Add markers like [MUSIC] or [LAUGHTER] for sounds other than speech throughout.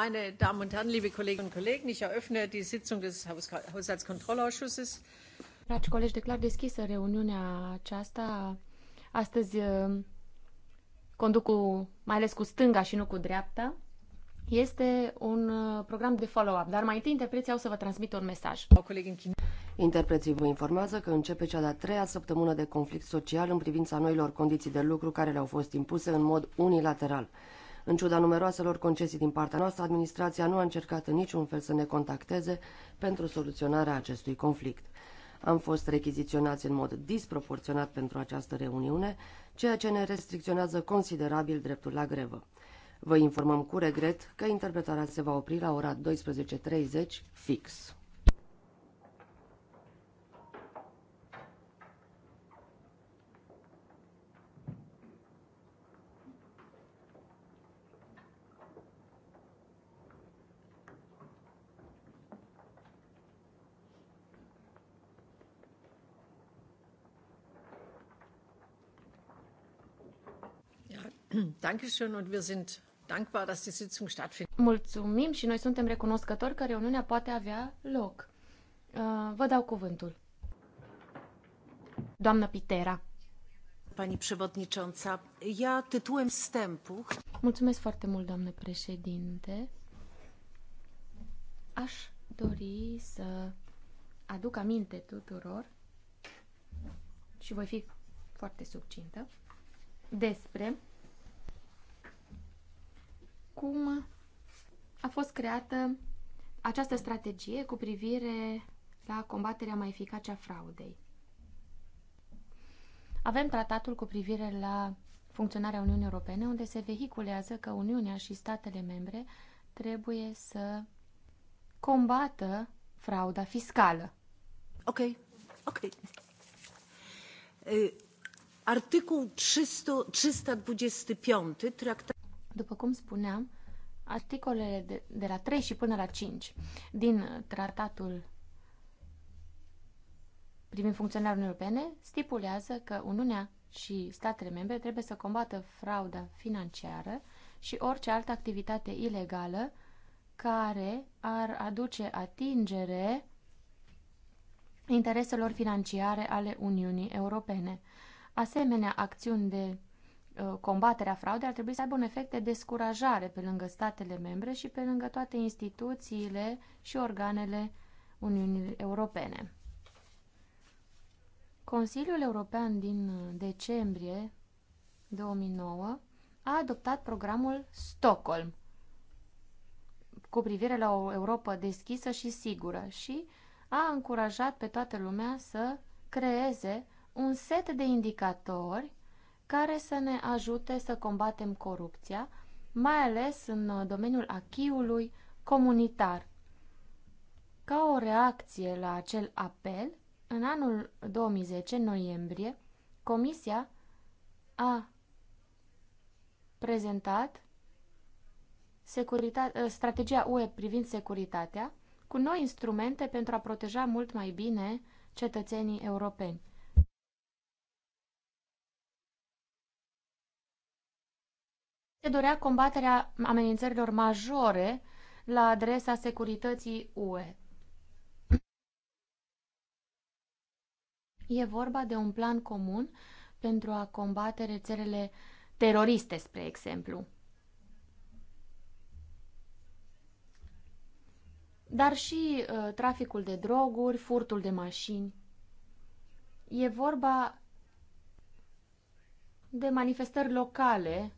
meine Damen und Herren, liebe Kolleginnen und Kollegen, ich eröffne die Sitzung des Haushaltskontrollausschusses. Dragi colegi, declar deschisă reuniunea aceasta. Astăzi uh, conduc cu, mai ales cu stânga și nu cu dreapta. Este un uh, program de follow-up, dar mai întâi interpreții au să vă transmit un mesaj. Interpreții vă informează că începe cea de-a treia săptămână de conflict social în privința noilor condiții de lucru care le-au fost impuse în mod unilateral. În ciuda numeroaselor concesii din partea noastră, administrația nu a încercat în niciun fel să ne contacteze pentru soluționarea acestui conflict. Am fost rechiziționați în mod disproporționat pentru această reuniune, ceea ce ne restricționează considerabil dreptul la grevă. Vă informăm cu regret că interpretarea se va opri la ora 12.30 fix. [CLEARS THROAT] Mulțumim și noi suntem recunoscători că reuniunea poate avea loc. Uh, vă dau cuvântul. Doamna Pitera. Pani przewodnicząca, ja tytułem wstępu... Mulțumesc foarte mult, doamnă președinte. Aș dori să aduc aminte tuturor și voi fi foarte succintă despre cum a fost creată această strategie cu privire la combaterea mai eficace a fraudei. Avem tratatul cu privire la funcționarea Uniunii Europene, unde se vehiculează că Uniunea și statele membre trebuie să combată frauda fiscală. Ok, ok. Artykuł 325 tractat. După cum spuneam, articolele de, de la 3 și până la 5 din tratatul privind funcționarea Uniunii Europene stipulează că Uniunea și statele membre trebuie să combată frauda financiară și orice altă activitate ilegală care ar aduce atingere intereselor financiare ale Uniunii Europene. Asemenea, acțiuni de Uh, combaterea fraudei ar trebui să aibă un efect de descurajare pe lângă statele membre și pe lângă toate instituțiile și organele Uniunii Europene. Consiliul European din uh, decembrie 2009 a adoptat programul Stockholm cu privire la o Europa deschisă și sigură și a încurajat pe toată lumea să creeze un set de indicatori care să ne ajute să combatem corupția, mai ales în uh, domeniul achiului comunitar. Ca o reacție la acel apel, în anul 2010, noiembrie, Comisia a prezentat uh, strategia UE privind securitatea cu noi instrumente pentru a proteja mult mai bine cetățenii europeni. se dorea combaterea amenințărilor majore la adresa securității UE. E vorba de un plan comun pentru a combate rețelele teroriste, spre exemplu. Dar și uh, traficul de droguri, furtul de mașini. E vorba de manifestări locale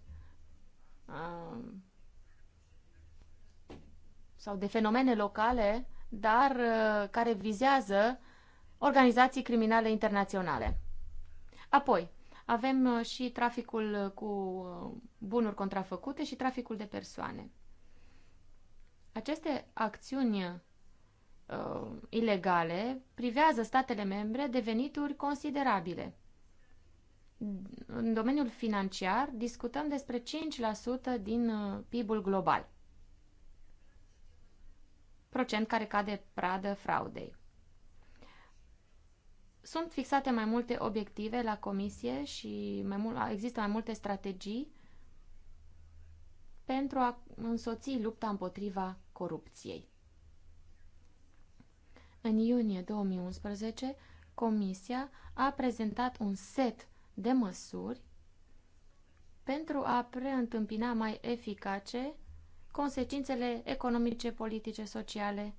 Um, sau de fenomene locale, dar uh, care vizează organizații criminale internaționale. Apoi, avem uh, și traficul uh, cu bunuri contrafăcute și traficul de persoane. Aceste acțiuni uh, ilegale privează statele membre de venituri considerabile – în domeniul financiar discutăm despre 5% din uh, PIB-ul global. Procent care cade pradă fraudei. Sunt fixate mai multe obiective la comisie și mai mul- există mai multe strategii pentru a însoți lupta împotriva corupției. În iunie 2011, Comisia a prezentat un set de măsuri pentru a preîntâmpina mai eficace consecințele economice, politice, sociale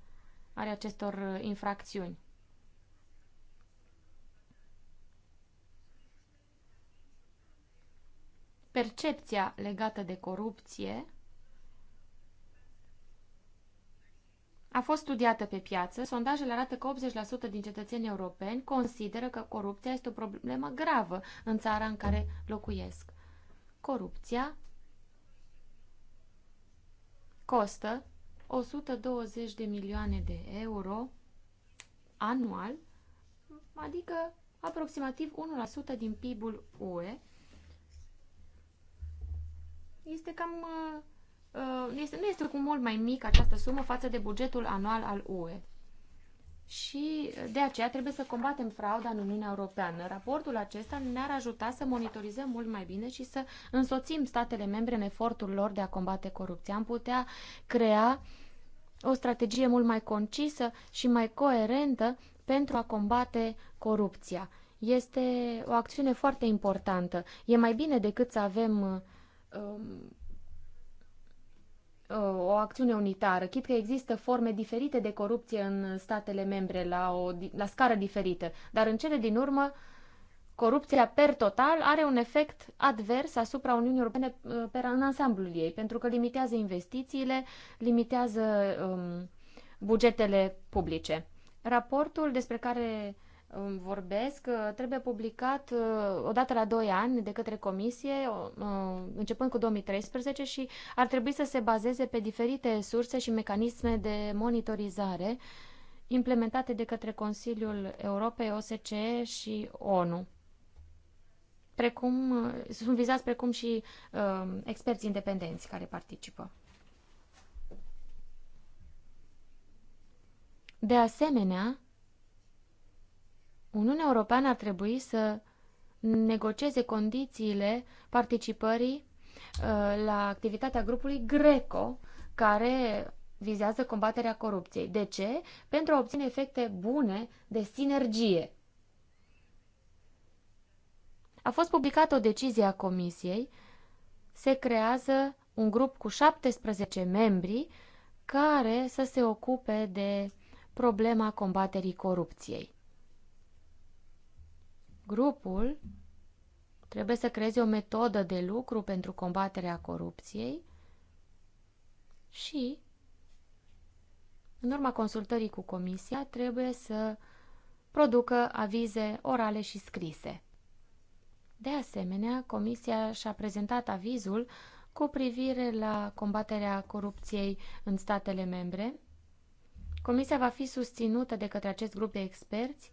ale acestor uh, infracțiuni. Percepția legată de corupție a fost studiată pe piață, sondajele arată că 80% din cetățenii europeni consideră că corupția este o problemă gravă în țara în care locuiesc. Corupția costă 120 de milioane de euro anual, adică aproximativ 1% din PIB-ul UE. Este cam uh, Uh, este, nu este cu mult mai mică această sumă față de bugetul anual al UE. Și uh, de aceea trebuie să combatem frauda în Uniunea Europeană. Raportul acesta ne-ar ajuta să monitorizăm mult mai bine și să însoțim statele membre în efortul lor de a combate corupția. Am putea crea o strategie mult mai concisă și mai coerentă pentru a combate corupția. Este o acțiune foarte importantă. E mai bine decât să avem uh, um, Uh, o acțiune unitară, chit că există forme diferite de corupție în statele membre la, o, la scară diferită, dar în cele din urmă corupția per total are un efect advers asupra Uniunii Europene uh, per, în ansamblul ei, pentru că limitează investițiile, limitează um, bugetele publice. Raportul despre care vorbesc, uh, trebuie publicat uh, odată la 2 ani de către comisie, uh, începând cu 2013 și ar trebui să se bazeze pe diferite surse și mecanisme de monitorizare implementate de către Consiliul Europei, OSCE și ONU. Precum, sunt vizați precum și uh, experți independenți care participă. De asemenea, Uniunea Europeană ar trebui să negocieze condițiile participării uh, la activitatea grupului Greco, care vizează combaterea corupției. De ce? Pentru a obține efecte bune de sinergie. A fost publicată o decizie a Comisiei. Se creează un grup cu 17 membri care să se ocupe de problema combaterii corupției. Grupul trebuie să creeze o metodă de lucru pentru combaterea corupției și, în urma consultării cu comisia, trebuie să producă avize orale și scrise. De asemenea, comisia și-a prezentat avizul cu privire la combaterea corupției în statele membre. Comisia va fi susținută de către acest grup de experți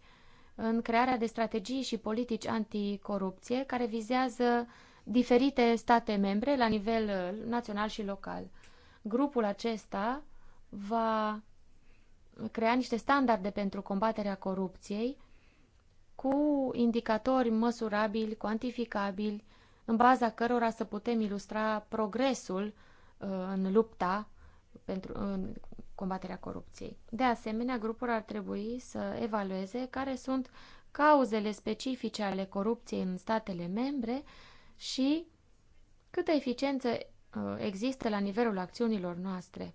în crearea de strategii și politici anticorupție care vizează diferite state membre la nivel uh, național și local. Grupul acesta va crea niște standarde pentru combaterea corupției cu indicatori măsurabili, cuantificabili, în baza cărora să putem ilustra progresul uh, în lupta pentru, în, combaterea corupției. De asemenea, grupul ar trebui să evalueze care sunt cauzele specifice ale corupției în statele membre și câtă eficiență uh, există la nivelul acțiunilor noastre.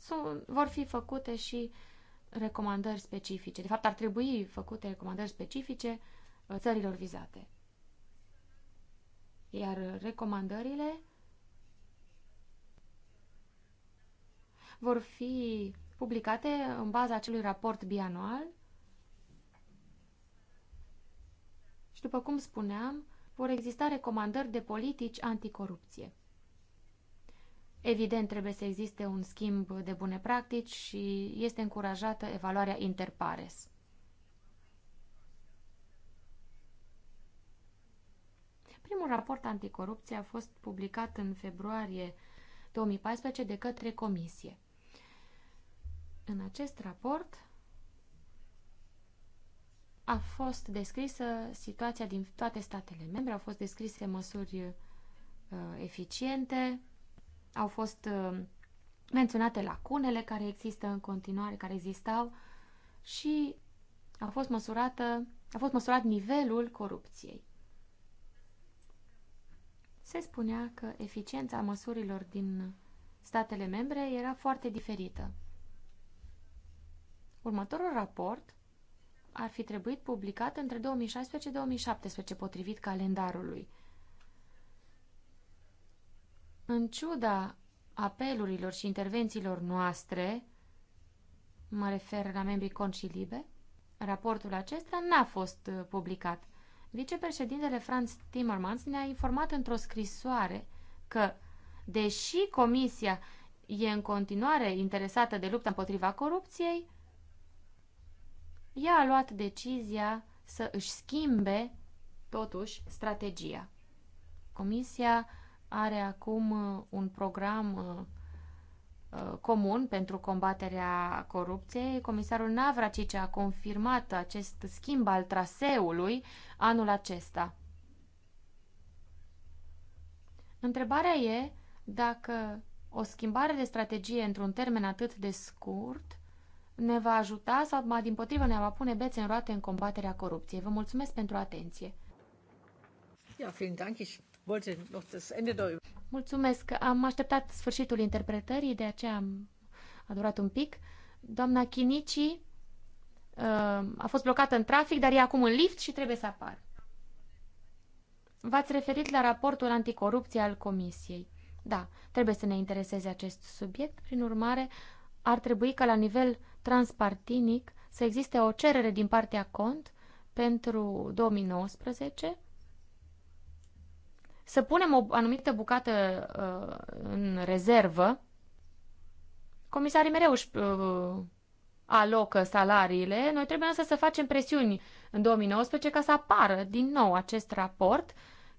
Sunt, vor fi făcute și recomandări specifice. De fapt, ar trebui făcute recomandări specifice uh, țărilor vizate. Iar recomandările vor fi publicate în baza acelui raport bianual și, după cum spuneam, vor exista recomandări de politici anticorupție. Evident, trebuie să existe un schimb de bune practici și este încurajată evaluarea interpares. Primul raport anticorupție a fost publicat în februarie 2014 de către Comisie. În acest raport a fost descrisă situația din toate statele membre, au fost descrise măsuri uh, eficiente, au fost uh, menționate lacunele care există în continuare, care existau și a fost, măsurată, a fost măsurat nivelul corupției. Se spunea că eficiența măsurilor din statele membre era foarte diferită. Următorul raport ar fi trebuit publicat între 2016-2017, potrivit calendarului. În ciuda apelurilor și intervențiilor noastre, mă refer la membrii Concilibe, raportul acesta n-a fost uh, publicat. Vicepreședintele Franz Timmermans ne-a informat într-o scrisoare că, deși Comisia e în continuare interesată de lupta împotriva corupției, ea a luat decizia să își schimbe, totuși, strategia. Comisia are acum uh, un program uh, uh, comun pentru combaterea corupției. Comisarul Navracice a confirmat acest schimb al traseului anul acesta. Întrebarea e dacă o schimbare de strategie într-un termen atât de scurt ne va ajuta sau, mai din potrivă, ne va pune bețe în roate în combaterea corupției. Vă mulțumesc pentru atenție. Ja, vielen Dank. Ich wollte noch das Ende Mulțumesc. Am așteptat sfârșitul interpretării, de aceea am... a durat un pic. Doamna Chinici uh, a fost blocată în trafic, dar e acum în lift și trebuie să apar. V-ați referit la raportul anticorupție al Comisiei. Da, trebuie să ne intereseze acest subiect, prin urmare, ar trebui ca la nivel transpartinic să existe o cerere din partea cont pentru 2019 să punem o anumită bucată uh, în rezervă. Comisarii mereu își uh, alocă salariile. Noi trebuie însă să facem presiuni în 2019 ca să apară din nou acest raport,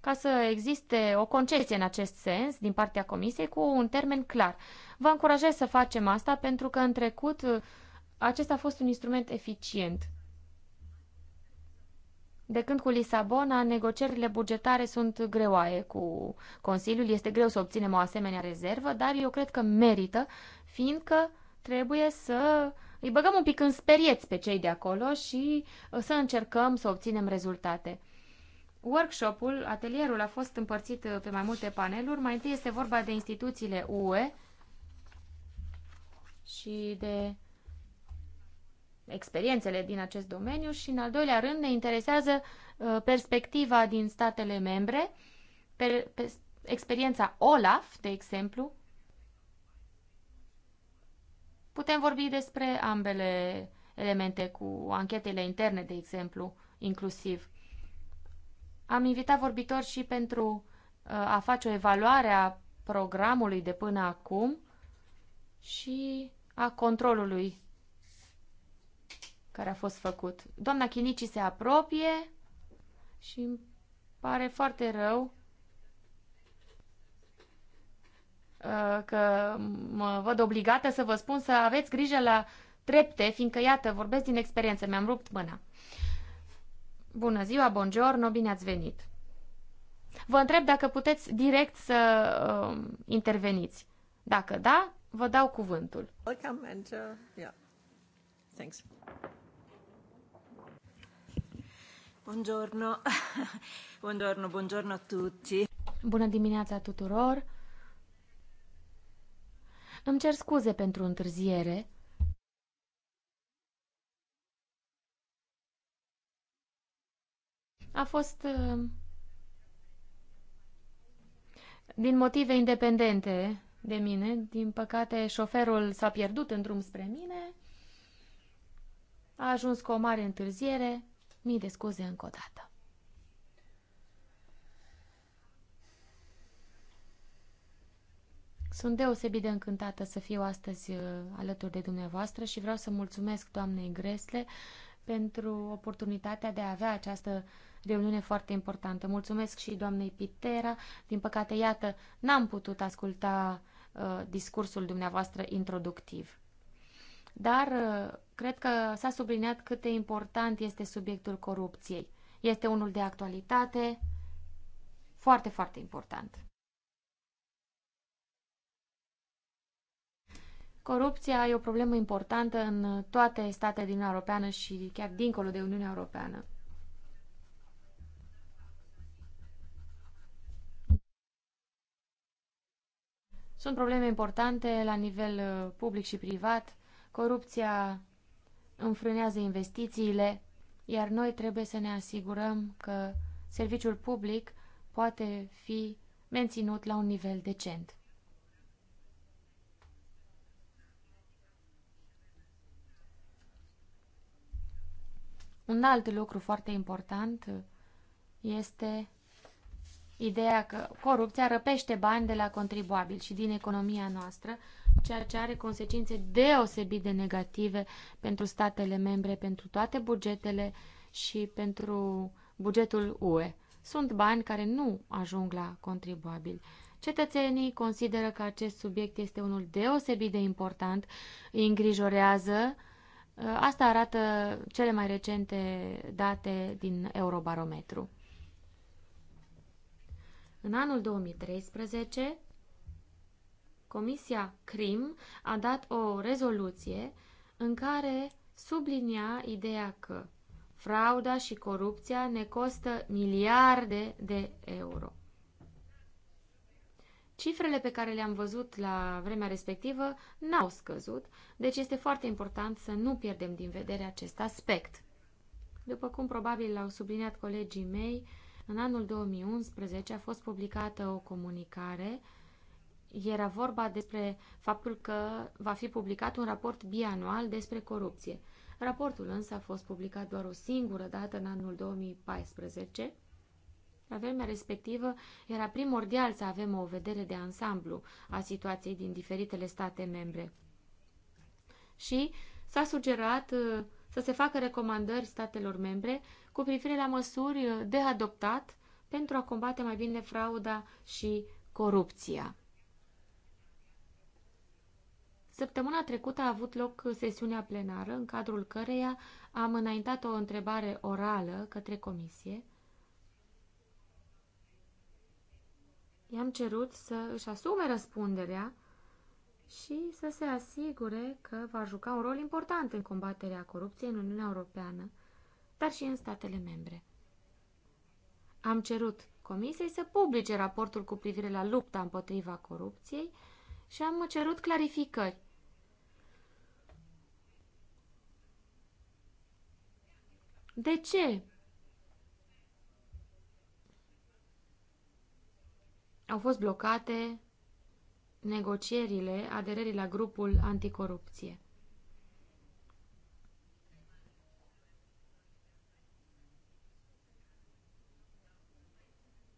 ca să existe o concesie în acest sens din partea Comisiei cu un termen clar. Vă încurajez să facem asta pentru că în trecut uh, acesta a fost un instrument eficient. De când cu Lisabona, negocierile bugetare sunt greoaie cu Consiliul. Este greu să obținem o asemenea rezervă, dar eu cred că merită, fiindcă trebuie să îi băgăm un pic în sperieți pe cei de acolo și uh, să încercăm să obținem rezultate. Workshopul, atelierul a fost împărțit uh, pe mai multe paneluri. Mai întâi este vorba de instituțiile UE și de experiențele din acest domeniu și, în al doilea rând, ne interesează uh, perspectiva din statele membre, pe, pe, experiența OLAF, de exemplu. Putem vorbi despre ambele elemente cu anchetele interne, de exemplu, inclusiv. Am invitat vorbitori și pentru uh, a face o evaluare a programului de până acum și a controlului care a fost făcut. Doamna Chinici se apropie și îmi pare foarte rău uh, că mă văd obligată să vă spun să aveți grijă la trepte, fiindcă, iată, vorbesc din experiență, mi-am rupt mâna. Bună ziua, buongiorno, bine ați venit. Vă întreb dacă puteți direct să uh, interveniți. Dacă da, vă dau cuvântul. Welcome and, uh, yeah. Thanks. Buongiorno. [LAUGHS] Buongiorno, buongiorno a tutti. Bună dimineața tuturor. Îmi cer scuze pentru întârziere. A fost uh, din motive independente de mine. Din păcate, șoferul s-a pierdut în drum spre mine. A ajuns cu o mare întârziere Mii de scuze încă o dată. Sunt deosebit de încântată să fiu astăzi uh, alături de dumneavoastră și vreau să mulțumesc doamnei Gresle pentru oportunitatea de a avea această reuniune foarte importantă. Mulțumesc și doamnei Pitera. Din păcate, iată, n-am putut asculta uh, discursul dumneavoastră introductiv. Dar uh, Cred că s-a subliniat cât de important este subiectul corupției. Este unul de actualitate, foarte, foarte important. Corupția e o problemă importantă în toate statele din Europeană și chiar dincolo de Uniunea Europeană. Sunt probleme importante la nivel uh, public și privat. Corupția înfrânează investițiile, iar noi trebuie să ne asigurăm că serviciul public poate fi menținut la un nivel decent. Un alt lucru foarte important este ideea că corupția răpește bani de la contribuabil și din economia noastră, ceea ce are consecințe deosebit de negative pentru statele membre, pentru toate bugetele și pentru bugetul UE. Sunt bani care nu ajung la contribuabil. Cetățenii consideră că acest subiect este unul deosebit de important, îi îngrijorează. Asta arată cele mai recente date din Eurobarometru. În anul 2013, Comisia CRIM a dat o rezoluție în care sublinia ideea că frauda și corupția ne costă miliarde de euro. Cifrele pe care le-am văzut la vremea respectivă n-au scăzut, deci este foarte important să nu pierdem din vedere acest aspect. După cum probabil l-au subliniat colegii mei, în anul 2011 a fost publicată o comunicare era vorba despre faptul că va fi publicat un raport bianual despre corupție. Raportul însă a fost publicat doar o singură dată în anul 2014. La vremea respectivă era primordial să avem o vedere de ansamblu a situației din diferitele state membre. Și s-a sugerat uh, să se facă recomandări statelor membre cu privire la măsuri de adoptat pentru a combate mai bine frauda și corupția. Săptămâna trecută a avut loc sesiunea plenară, în cadrul căreia am înaintat o întrebare orală către comisie. I-am cerut să își asume răspunderea și să se asigure că va juca un rol important în combaterea corupției în Uniunea Europeană, dar și în statele membre. Am cerut Comisiei să publice raportul cu privire la lupta împotriva corupției și am cerut clarificări De ce au fost blocate negocierile aderării la grupul anticorupție?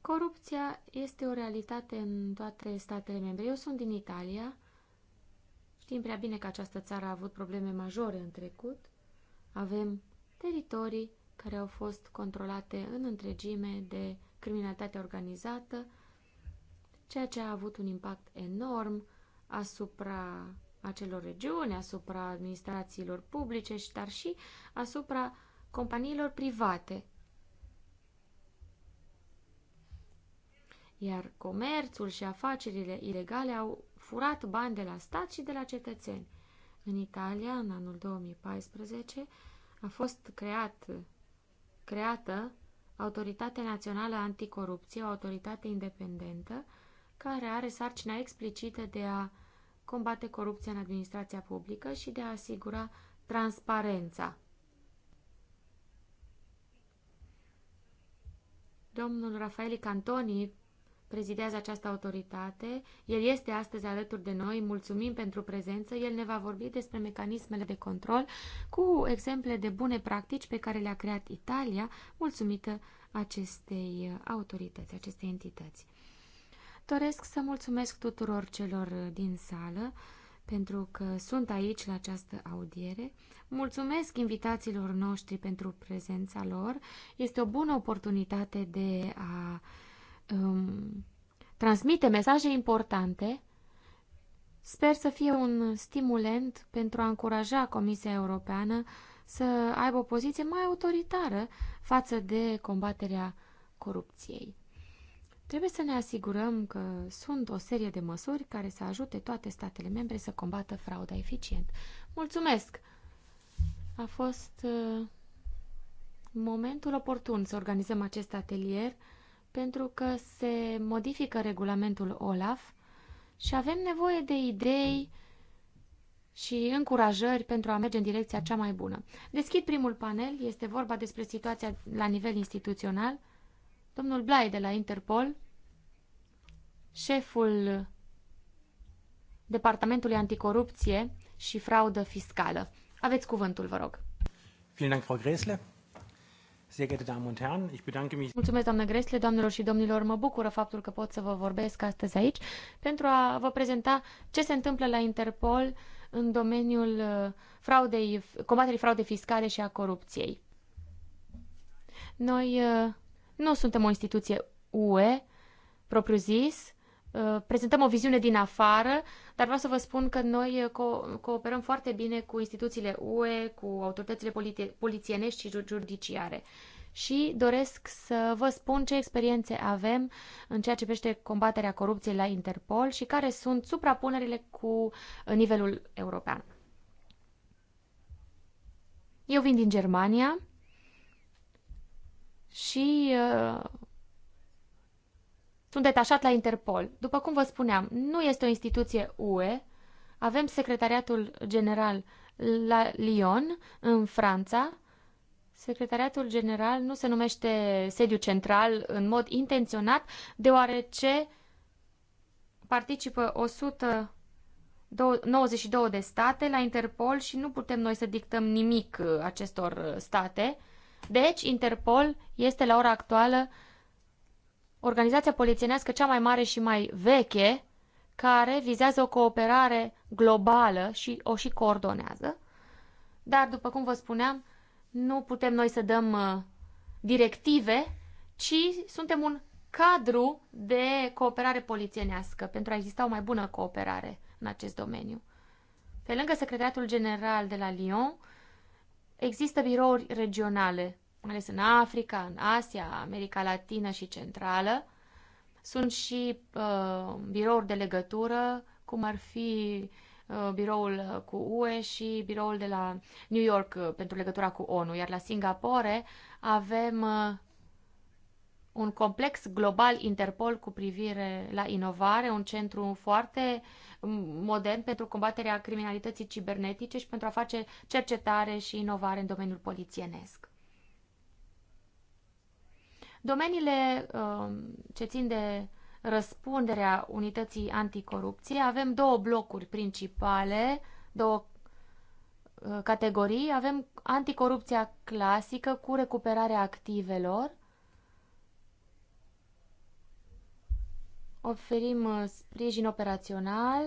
Corupția este o realitate în toate statele membre. Eu sunt din Italia. Știm prea bine că această țară a avut probleme majore în trecut. Avem teritorii care au fost controlate în întregime de criminalitatea organizată, ceea ce a avut un impact enorm asupra acelor regiuni, asupra administrațiilor publice, dar și asupra companiilor private. Iar comerțul și afacerile ilegale au furat bani de la stat și de la cetățeni. În Italia, în anul 2014, a fost creat, creată Autoritatea Națională Anticorupție, o autoritate independentă, care are sarcina explicită de a combate corupția în administrația publică și de a asigura transparența. Domnul Rafael Cantoni, prezidează această autoritate. El este astăzi alături de noi, mulțumim pentru prezență. El ne va vorbi despre mecanismele de control cu exemple de bune practici pe care le-a creat Italia, mulțumită acestei autorități, acestei entități. Doresc să mulțumesc tuturor celor din sală pentru că sunt aici la această audiere. Mulțumesc invitațiilor noștri pentru prezența lor. Este o bună oportunitate de a um, transmite mesaje importante, sper să fie un stimulent pentru a încuraja Comisia Europeană să aibă o poziție mai autoritară față de combaterea corupției. Trebuie să ne asigurăm că sunt o serie de măsuri care să ajute toate statele membre să combată frauda eficient. Mulțumesc! A fost uh, momentul oportun să organizăm acest atelier pentru că se modifică regulamentul OLAF și avem nevoie de idei și încurajări pentru a merge în direcția cea mai bună. Deschid primul panel, este vorba despre situația la nivel instituțional. Domnul Blai de la Interpol, șeful Departamentului Anticorupție și Fraudă Fiscală. Aveți cuvântul, vă rog. Vielen Dank, Frau Gräßle. Mulțumesc, doamnă Gresle, doamnelor și domnilor. Mă bucură faptul că pot să vă vorbesc astăzi aici pentru a vă prezenta ce se întâmplă la Interpol în domeniul uh, fraudei, combaterii fraudei fiscale și a corupției. Noi uh, nu suntem o instituție UE, propriu-zis, Uh, prezentăm o viziune din afară, dar vreau să vă spun că noi uh, co- cooperăm foarte bine cu instituțiile UE, cu autoritățile politi- polițienești și judiciare. Și doresc să vă spun ce experiențe avem în ceea ce privește combaterea corupției la Interpol și care sunt suprapunerile cu uh, nivelul european. Eu vin din Germania și sunt detașat la Interpol. După cum vă spuneam, nu este o instituție UE. Avem secretariatul general la Lyon, în Franța. Secretariatul general nu se numește sediu central în mod intenționat, deoarece participă 192 de state la Interpol și nu putem noi să dictăm nimic uh, acestor uh, state. Deci, Interpol este la ora actuală organizația polițienească cea mai mare și mai veche, care vizează o cooperare globală și o și coordonează. Dar, după cum vă spuneam, nu putem noi să dăm uh, directive, ci suntem un cadru de cooperare polițienească pentru a exista o mai bună cooperare în acest domeniu. Pe lângă Secretariatul General de la Lyon, există birouri regionale mai ales în Africa, în Asia, America Latină și Centrală. Sunt și uh, birouri de legătură, cum ar fi uh, biroul cu UE și biroul de la New York uh, pentru legătura cu ONU. Iar la Singapore avem uh, un complex global Interpol cu privire la inovare, un centru foarte modern pentru combaterea criminalității cibernetice și pentru a face cercetare și inovare în domeniul polițienesc. Domeniile um, ce țin de răspunderea unității anticorupție, avem două blocuri principale, două uh, categorii. Avem anticorupția clasică cu recuperarea activelor. Oferim uh, sprijin operațional,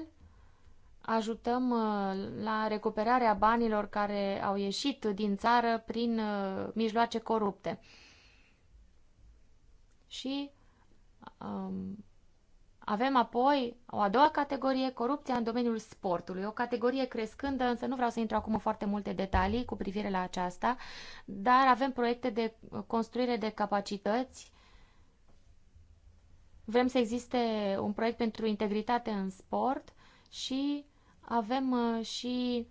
ajutăm uh, la recuperarea banilor care au ieșit din țară prin mijloace corupte. Și um, avem apoi o a doua categorie, corupția în domeniul sportului, o categorie crescândă, însă nu vreau să intru acum în foarte multe detalii cu privire la aceasta, dar avem proiecte de construire de capacități. Vrem să existe un proiect pentru integritate în sport și avem uh, și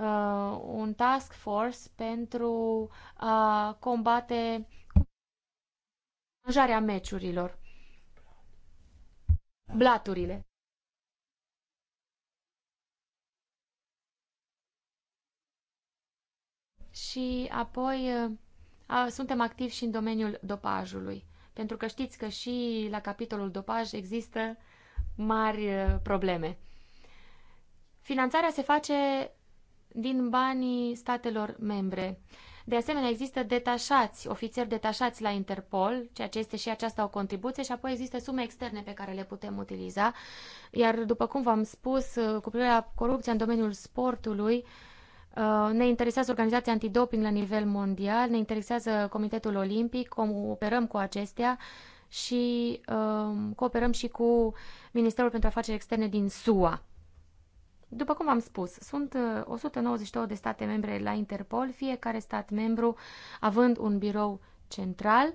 uh, un task force pentru a combate aranjarea meciurilor. Blaturile. Și apoi a, suntem activi și în domeniul dopajului. Pentru că știți că și la capitolul dopaj există mari probleme. Finanțarea se face din banii statelor membre. De asemenea, există detașați, ofițeri detașați la Interpol, ceea ce este și aceasta o contribuție, și apoi există sume externe pe care le putem utiliza. Iar, după cum v-am spus, uh, cu privire la corupția în domeniul sportului, uh, ne interesează organizația antidoping la nivel mondial, ne interesează Comitetul Olimpic, cooperăm cu acestea și uh, cooperăm și cu Ministerul pentru Afaceri Externe din SUA. După cum am spus, sunt 192 uh, de state membre la Interpol, fiecare stat membru având un birou central.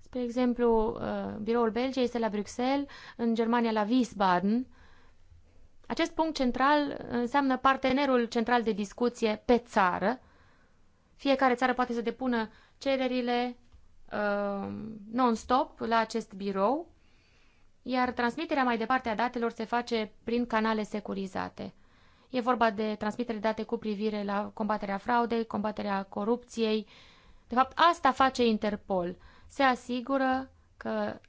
Spre exemplu, uh, biroul Belgiei este la Bruxelles, în Germania la Wiesbaden. Acest punct central înseamnă partenerul central de discuție pe țară. Fiecare țară poate să depună cererile uh, non-stop la acest birou iar transmiterea mai departe a datelor se face prin canale securizate. E vorba de transmitere de date cu privire la combaterea fraudei, combaterea corupției. De fapt, asta face Interpol. Se asigură că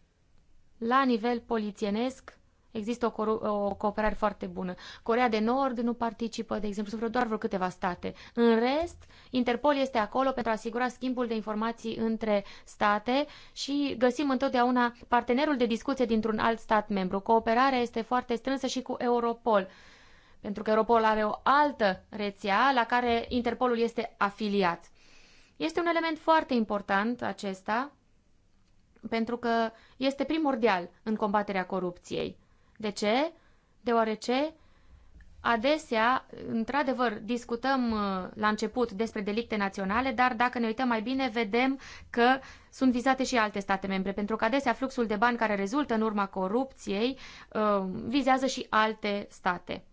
la nivel polițienesc Există o, o cooperare foarte bună. Corea de Nord nu participă, de exemplu, sunt doar vreo câteva state. În rest, Interpol este acolo pentru a asigura schimbul de informații între state și găsim întotdeauna partenerul de discuție dintr-un alt stat membru. Cooperarea este foarte strânsă și cu Europol, pentru că Europol are o altă rețea la care Interpolul este afiliat. Este un element foarte important acesta, pentru că este primordial în combaterea corupției. De ce? Deoarece adesea, într-adevăr, discutăm uh, la început despre delicte naționale, dar dacă ne uităm mai bine, vedem că sunt vizate și alte state membre, pentru că adesea fluxul de bani care rezultă în urma corupției uh, vizează și alte state.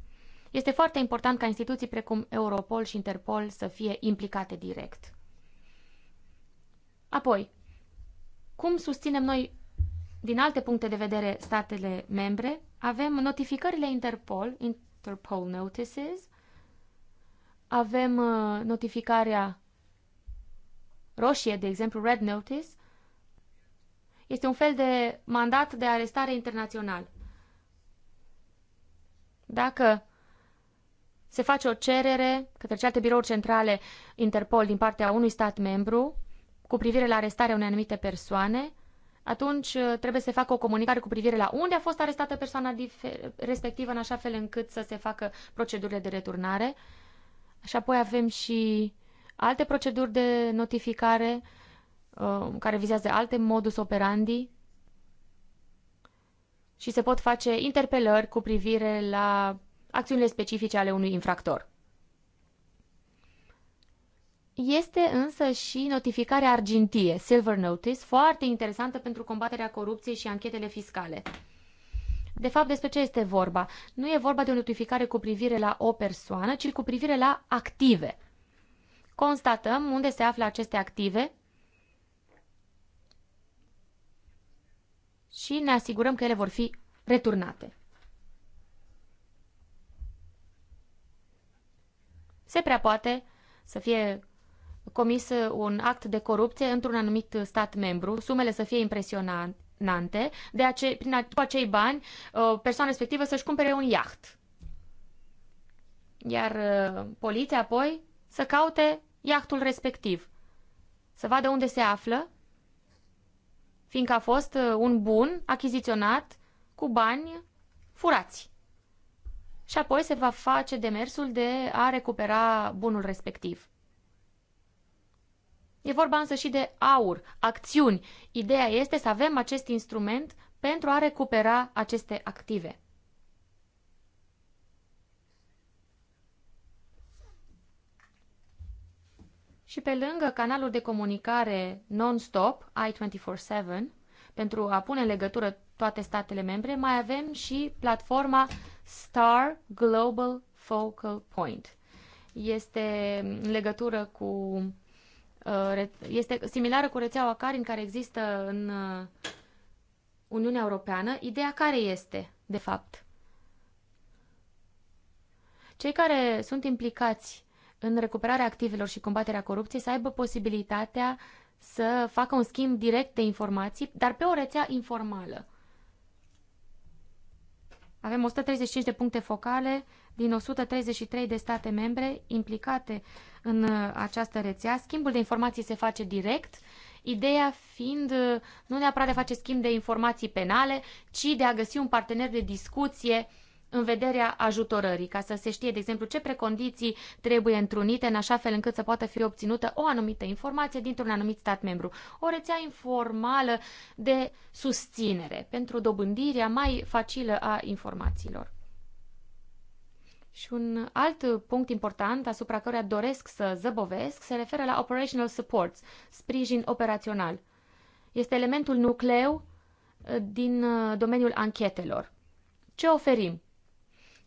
Este foarte important ca instituții precum Europol și Interpol să fie implicate direct. Apoi, cum susținem noi din alte puncte de vedere statele membre, avem notificările Interpol, Interpol Notices, avem uh, notificarea roșie, de exemplu Red Notice, este un fel de mandat de arestare internațional. Dacă se face o cerere către celelalte birouri centrale Interpol din partea unui stat membru cu privire la arestarea unei anumite persoane, atunci uh, trebuie să se facă o comunicare cu privire la unde a fost arestată persoana respectivă, în așa fel încât să se facă procedurile de returnare. Și apoi avem și alte proceduri de notificare uh, care vizează alte modus operandi și se pot face interpelări cu privire la acțiunile specifice ale unui infractor. Este însă și notificarea argintie, Silver Notice, foarte interesantă pentru combaterea corupției și anchetele fiscale. De fapt, despre ce este vorba? Nu e vorba de o notificare cu privire la o persoană, ci cu privire la active. Constatăm unde se află aceste active și ne asigurăm că ele vor fi returnate. Se prea poate să fie comis un act de corupție într-un anumit stat membru, sumele să fie impresionante, de ace- prin a- cu acei bani uh, persoana respectivă să-și cumpere un iaht. Iar uh, poliția apoi să caute iahtul respectiv, să vadă unde se află, fiindcă a fost uh, un bun achiziționat cu bani furați. Și apoi se va face demersul de a recupera bunul respectiv. E vorba însă și de aur, acțiuni. Ideea este să avem acest instrument pentru a recupera aceste active. Și pe lângă canalul de comunicare non-stop, I24-7, pentru a pune în legătură toate statele membre, mai avem și platforma Star Global Focal Point. Este în legătură cu Uh, este similară cu rețeaua CARIN care există în uh, Uniunea Europeană. Ideea care este, de fapt? Cei care sunt implicați în recuperarea activelor și combaterea corupției să aibă posibilitatea să facă un schimb direct de informații, dar pe o rețea informală. Avem 135 de puncte focale din 133 de state membre implicate în uh, această rețea. Schimbul de informații se face direct, ideea fiind uh, nu neapărat de a face schimb de informații penale, ci de a găsi un partener de discuție în vederea ajutorării, ca să se știe, de exemplu, ce precondiții trebuie întrunite în așa fel încât să poată fi obținută o anumită informație dintr-un anumit stat membru. O rețea informală de susținere pentru dobândirea mai facilă a informațiilor. Și un alt punct important asupra căruia doresc să zăbovesc se referă la operational supports, sprijin operațional. Este elementul nucleu uh, din uh, domeniul anchetelor. Ce oferim?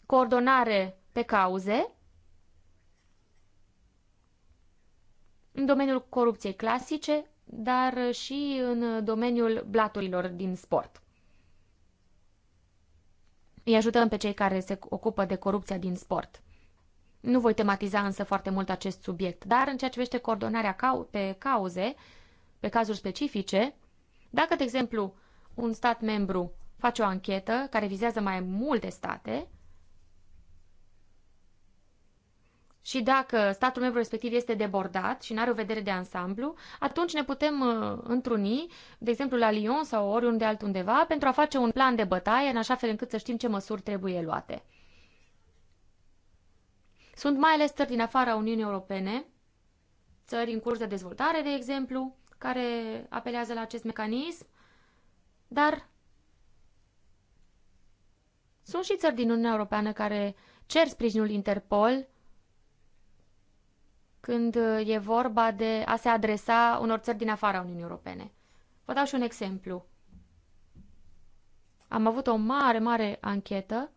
Coordonare pe cauze, în domeniul corupției clasice, dar și în domeniul blaturilor din sport îi ajutăm pe cei care se ocupă de corupția din sport. Nu voi tematiza însă foarte mult acest subiect, dar în ceea ce vește coordonarea cau- pe cauze, pe cazuri specifice, dacă, de exemplu, un stat membru face o anchetă care vizează mai multe state, și dacă statul membru respectiv este debordat și nu are o vedere de ansamblu, atunci ne putem uh, întruni, de exemplu la Lyon sau oriunde altundeva, pentru a face un plan de bătaie, în așa fel încât să știm ce măsuri trebuie luate. Sunt mai ales țări din afara Uniunii Europene, țări în curs de dezvoltare, de exemplu, care apelează la acest mecanism, dar sunt și țări din Uniunea Europeană care cer sprijinul Interpol când uh, e vorba de a se adresa unor țări din afara Uniunii Europene. Vă dau și un exemplu. Am avut o mare, mare anchetă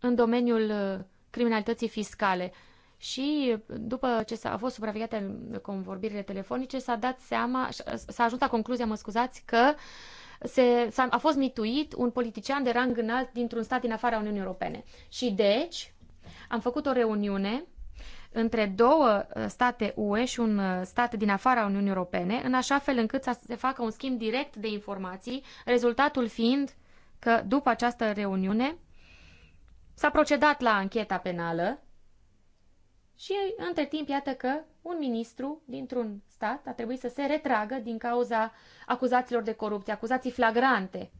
în domeniul uh, criminalității fiscale și uh, după ce s-a fost supravegheată convorbirile telefonice, s-a dat seama, s-a ajuns la concluzia, mă scuzați, că se, a a fost mituit un politician de rang înalt dintr-un stat din afara Uniunii Europene. Și deci, am făcut o reuniune între două uh, state UE și un uh, stat din afara Uniunii Europene, în așa fel încât să se facă un schimb direct de informații, rezultatul fiind că după această reuniune s-a procedat la ancheta penală și între timp iată că un ministru dintr-un stat a trebuit să se retragă din cauza acuzațiilor de corupție, acuzații flagrante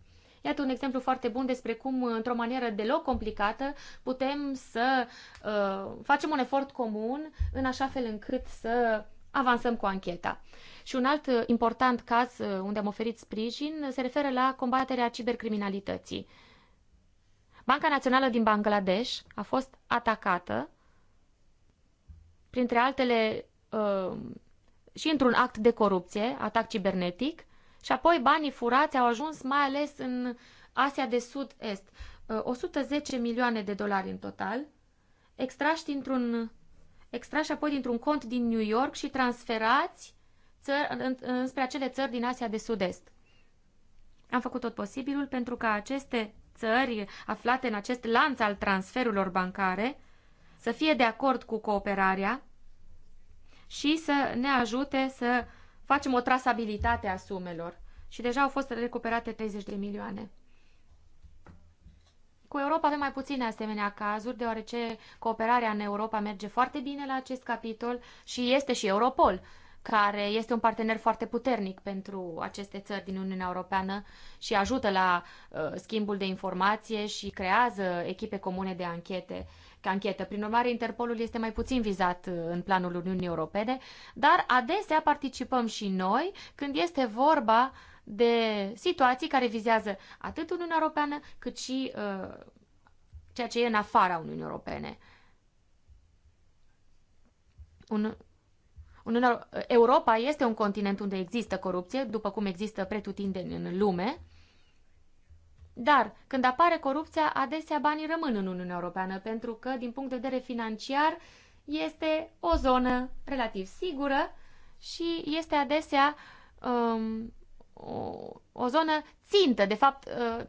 Iată un exemplu foarte bun despre cum, într-o manieră deloc complicată, putem să uh, facem un efort comun în așa fel încât să avansăm cu ancheta. Și un alt uh, important caz uh, unde am oferit sprijin se referă la combaterea cibercriminalității. Banca Națională din Bangladesh a fost atacată, printre altele, uh, și într-un act de corupție, atac cibernetic, și apoi banii furați au ajuns mai ales în Asia de Sud-Est. 110 uh, milioane de dolari în total, extrași dintr-un extrași apoi dintr-un cont din New York și transferați țări, în, înspre acele țări din Asia de Sud-Est. Am făcut tot posibilul pentru ca aceste țări aflate în acest lanț al transferurilor bancare să fie de acord cu cooperarea și să ne ajute să facem o trasabilitate a sumelor și deja au fost recuperate 30 de milioane. Cu Europa avem mai puține asemenea cazuri, deoarece cooperarea în Europa merge foarte bine la acest capitol și este și Europol, care este un partener foarte puternic pentru aceste țări din Uniunea Europeană și ajută la uh, schimbul de informație și creează echipe comune de anchete. Uh, anchetă. Prin urmare, Interpolul este mai puțin vizat uh, în planul Uniunii Europene, dar adesea participăm și noi când este vorba de situații care vizează atât Uniunea Europeană cât și uh, ceea ce e în afara Uniunii Europene. Un, uh, Europa este un continent unde există corupție, după cum există pretutindeni în lume, dar când apare corupția, adesea banii rămân în Uniunea Europeană, pentru că, din punct de vedere financiar, este o zonă relativ sigură și este adesea um, o, o zonă țintă. De fapt, uh,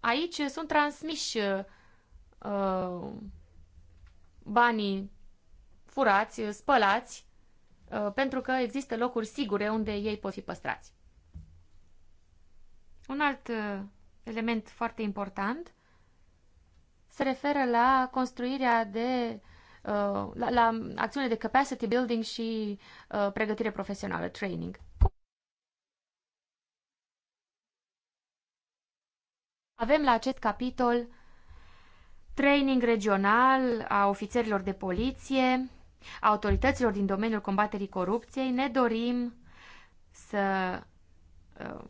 aici sunt transmiși uh, banii furați, spălați, uh, pentru că există locuri sigure unde ei pot fi păstrați. Un alt uh, element foarte important, se referă la construirea de uh, la, la acțiune de capacity building și uh, pregătire profesională, training. Avem la acest capitol training regional a ofițerilor de poliție, a autorităților din domeniul combaterii corupției. Ne dorim să uh,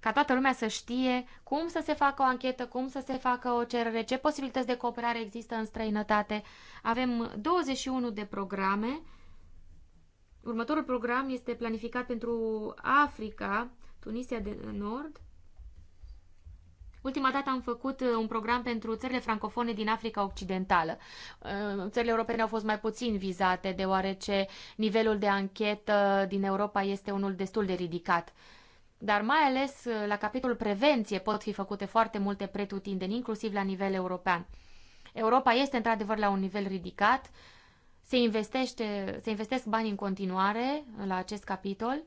ca toată lumea să știe cum să se facă o anchetă, cum să se facă o cerere, ce posibilități de cooperare există în străinătate. Avem 21 de programe. Următorul program este planificat pentru Africa, Tunisia de Nord. Ultima dată am făcut uh, un program pentru țările francofone din Africa Occidentală. Uh, țările europene au fost mai puțin vizate, deoarece nivelul de anchetă din Europa este unul destul de ridicat. Dar mai ales uh, la capitolul prevenție pot fi făcute foarte multe pretutindeni, inclusiv la nivel european. Europa este într-adevăr la un nivel ridicat, se, investește, se investesc bani în continuare la acest capitol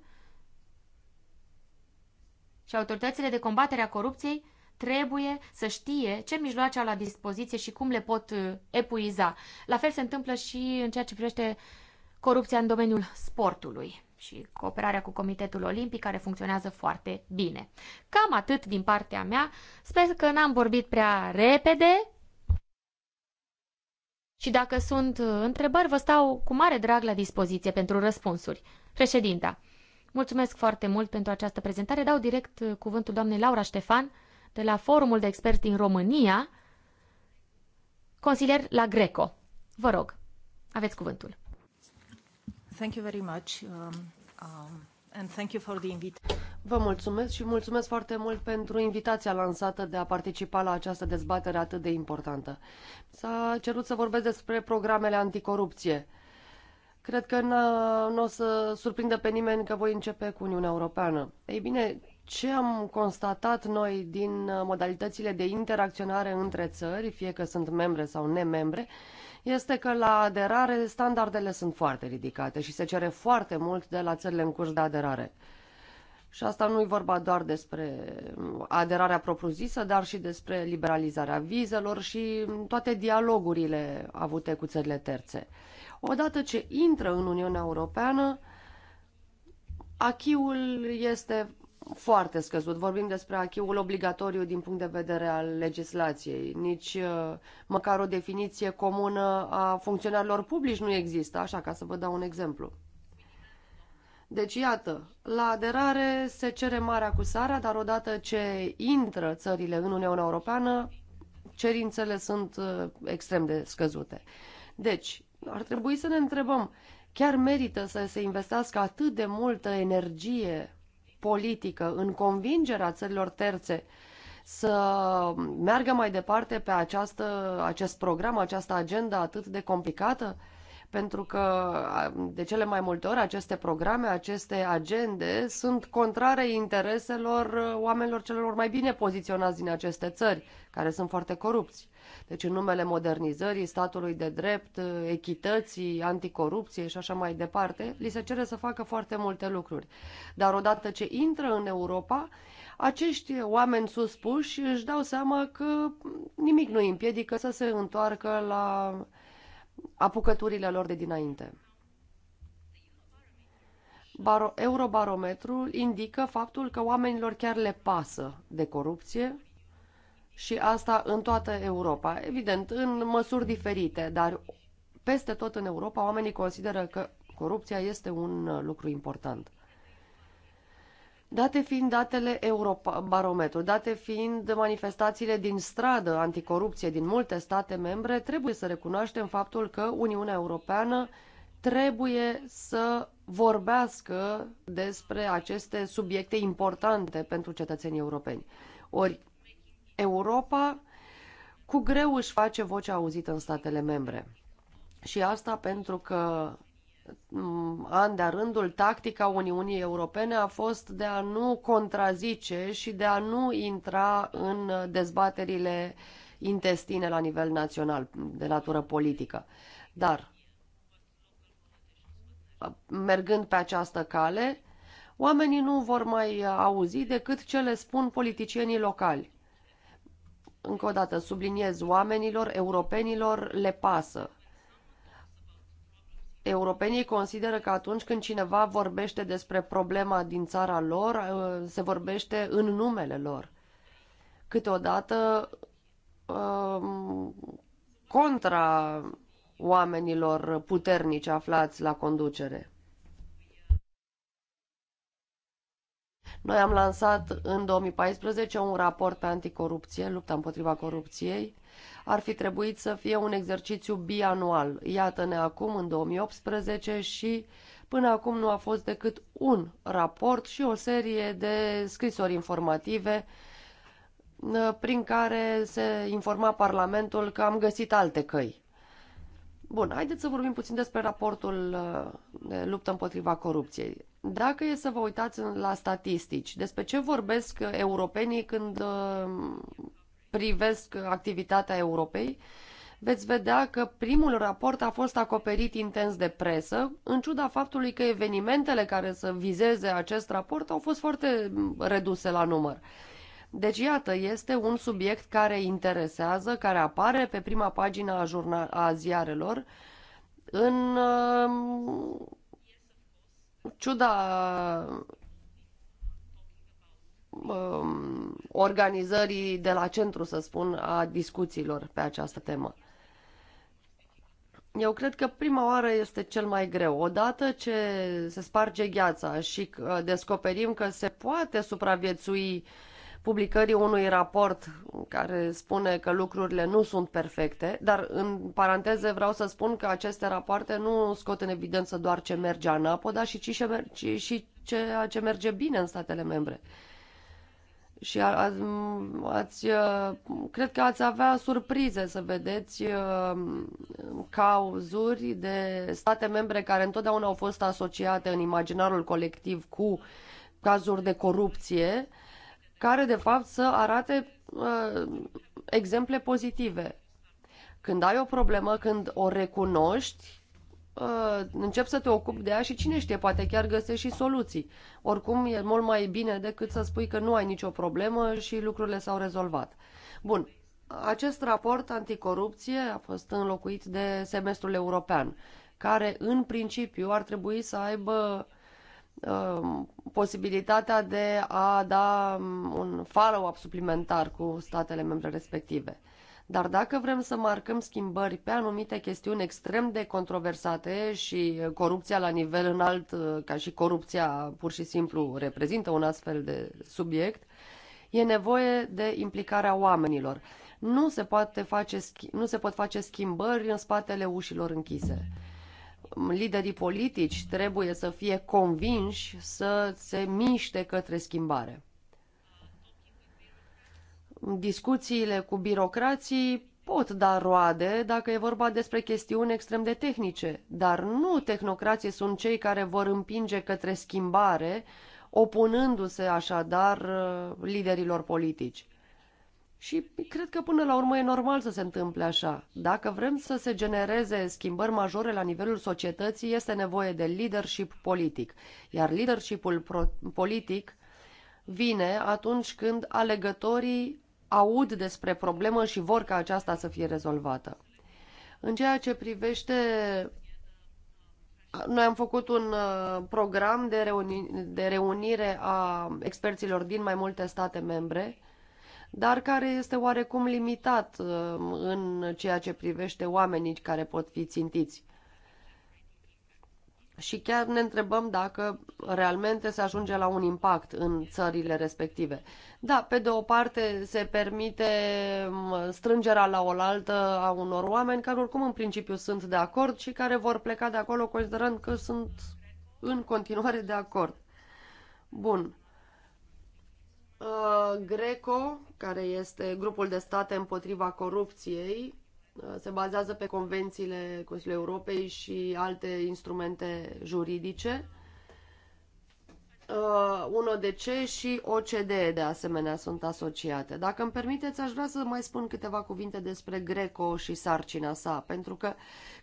și autoritățile de combatere a corupției trebuie să știe ce mijloace au la dispoziție și cum le pot uh, epuiza. La fel se întâmplă și în ceea ce privește corupția în domeniul sportului și cooperarea cu Comitetul Olimpic, care funcționează foarte bine. Cam atât din partea mea. Sper că n-am vorbit prea repede. Și dacă sunt uh, întrebări, vă stau cu mare drag la dispoziție pentru răspunsuri. Președinta, mulțumesc foarte mult pentru această prezentare. Dau direct uh, cuvântul doamnei Laura Ștefan de la Forumul de Experți din România, consilier la Greco. Vă rog, aveți cuvântul. Thank you very much. Um, um, and thank you for the invitation. Vă mulțumesc și mulțumesc foarte mult pentru invitația lansată de a participa la această dezbatere atât de importantă. S-a cerut să vorbesc despre programele anticorupție. Cred că nu o să surprindă pe nimeni că voi începe cu Uniunea Europeană. Ei bine, ce am constatat noi din modalitățile de interacționare între țări, fie că sunt membre sau nemembre, este că la aderare standardele sunt foarte ridicate și se cere foarte mult de la țările în curs de aderare. Și asta nu e vorba doar despre aderarea propriu-zisă, dar și despre liberalizarea vizelor și toate dialogurile avute cu țările terțe. Odată ce intră în Uniunea Europeană, achiul este foarte scăzut. Vorbim despre achiul obligatoriu din punct de vedere al legislației. Nici uh, măcar o definiție comună a funcționarilor publici nu există, așa ca să vă dau un exemplu. Deci, iată, la aderare se cere marea cu sara, dar odată ce intră țările în Uniunea Europeană, cerințele sunt uh, extrem de scăzute. Deci, ar trebui să ne întrebăm, chiar merită să se investească atât de multă energie politică, în convingerea țărilor terțe să meargă mai departe pe această, acest program, această agenda atât de complicată? Pentru că de cele mai multe ori aceste programe, aceste agende sunt contrare intereselor oamenilor celor mai bine poziționați din aceste țări, care sunt foarte corupți. Deci în numele modernizării, statului de drept, echității, anticorupției și așa mai departe, li se cere să facă foarte multe lucruri. Dar odată ce intră în Europa, acești oameni suspuși își dau seama că nimic nu îi împiedică să se întoarcă la apucăturile lor de dinainte. Eurobarometrul indică faptul că oamenilor chiar le pasă de corupție și asta în toată Europa. Evident, în măsuri diferite, dar peste tot în Europa oamenii consideră că corupția este un lucru important. Date fiind datele barometru, date fiind manifestațiile din stradă anticorupție din multe state membre, trebuie să recunoaștem faptul că Uniunea Europeană trebuie să vorbească despre aceste subiecte importante pentru cetățenii europeni. Ori Europa cu greu își face vocea auzită în statele membre. Și asta pentru că an de rândul tactica Uniunii Europene a fost de a nu contrazice și de a nu intra în dezbaterile intestine la nivel național, de natură politică. Dar, mergând pe această cale, oamenii nu vor mai uh, auzi decât ce le spun politicienii locali. Încă o dată, subliniez, oamenilor, europenilor le pasă. Europenii consideră că atunci când cineva vorbește despre problema din țara lor, uh, se vorbește în numele lor. Câteodată um, contra oamenilor puternici aflați la conducere. Noi am lansat în 2014 un raport pe anticorupție, lupta împotriva corupției. Ar fi trebuit să fie un exercițiu bianual. Iată-ne acum în 2018 și până acum nu a fost decât un raport și o serie de scrisori informative prin care se informa Parlamentul că am găsit alte căi. Bun, haideți să vorbim puțin despre raportul uh, de luptă împotriva corupției. Dacă e să vă uitați la statistici, despre ce vorbesc uh, europenii când uh, privesc activitatea Europei, veți vedea că primul raport a fost acoperit intens de presă, în ciuda faptului că evenimentele care să vizeze acest raport au fost foarte mm, reduse la număr. Deci, iată, este un subiect care interesează, care apare pe prima pagină a, jurnal, a ziarelor, în uh, ciuda uh, organizării de la centru, să spun, a discuțiilor pe această temă. Eu cred că prima oară este cel mai greu. Odată ce se sparge gheața și uh, descoperim că se poate supraviețui uh, publicării unui raport care spune că lucrurile nu sunt perfecte, dar în paranteze vreau să spun că aceste rapoarte nu scot în evidență doar ce merge dar și, ci și, și ceea ce merge bine în statele membre. Și a, a, ați, uh, cred că ați avea surprize să vedeți uh, cauzuri de state membre care întotdeauna au fost asociate în imaginarul colectiv cu cazuri de corupție, care de fapt să arate uh, exemple pozitive. Când ai o problemă, când o recunoști, uh, încep să te ocupi de ea și cine știe, poate chiar găsești și soluții. Oricum, e mult mai bine decât să spui că nu ai nicio problemă și lucrurile s-au rezolvat. Bun, acest raport anticorupție a fost înlocuit de semestrul european, care în principiu ar trebui să aibă uh, Um, posibilitatea de a da um, un follow-up suplimentar cu statele membre respective. Dar dacă vrem să marcăm schimbări pe anumite chestiuni extrem de controversate și corupția la nivel înalt, uh, ca și corupția pur și simplu reprezintă un astfel de subiect, e nevoie de implicarea oamenilor. Nu se, poate face, nu se pot face schimbări în spatele ușilor închise liderii politici trebuie să fie convinși să se miște către schimbare. Discuțiile cu birocrații pot da roade dacă e vorba despre chestiuni extrem de tehnice, dar nu tehnocrații sunt cei care vor împinge către schimbare, opunându-se așadar uh, liderilor politici. Și cred că până la urmă e normal să se întâmple așa. Dacă vrem să se genereze schimbări majore la nivelul societății, este nevoie de leadership politic. Iar leadershipul politic vine atunci când alegătorii aud despre problemă și vor ca aceasta să fie rezolvată. În ceea ce privește noi am făcut un uh, program de, reuni, de reunire a experților din mai multe state membre dar care este oarecum limitat uh, în ceea ce privește oamenii care pot fi țintiți. Și chiar ne întrebăm dacă realmente se ajunge la un impact în țările respective. Da, pe de o parte se permite strângerea la oaltă a unor oameni care oricum în principiu sunt de acord și care vor pleca de acolo considerând că sunt în continuare de acord. Bun. Uh, Greco, care este grupul de state împotriva corupției, uh, se bazează pe convențiile Consiliului Europei și alte instrumente juridice. Uh, ODC și OCDE de asemenea sunt asociate. Dacă îmi permiteți, aș vrea să mai spun câteva cuvinte despre Greco și sarcina sa, pentru că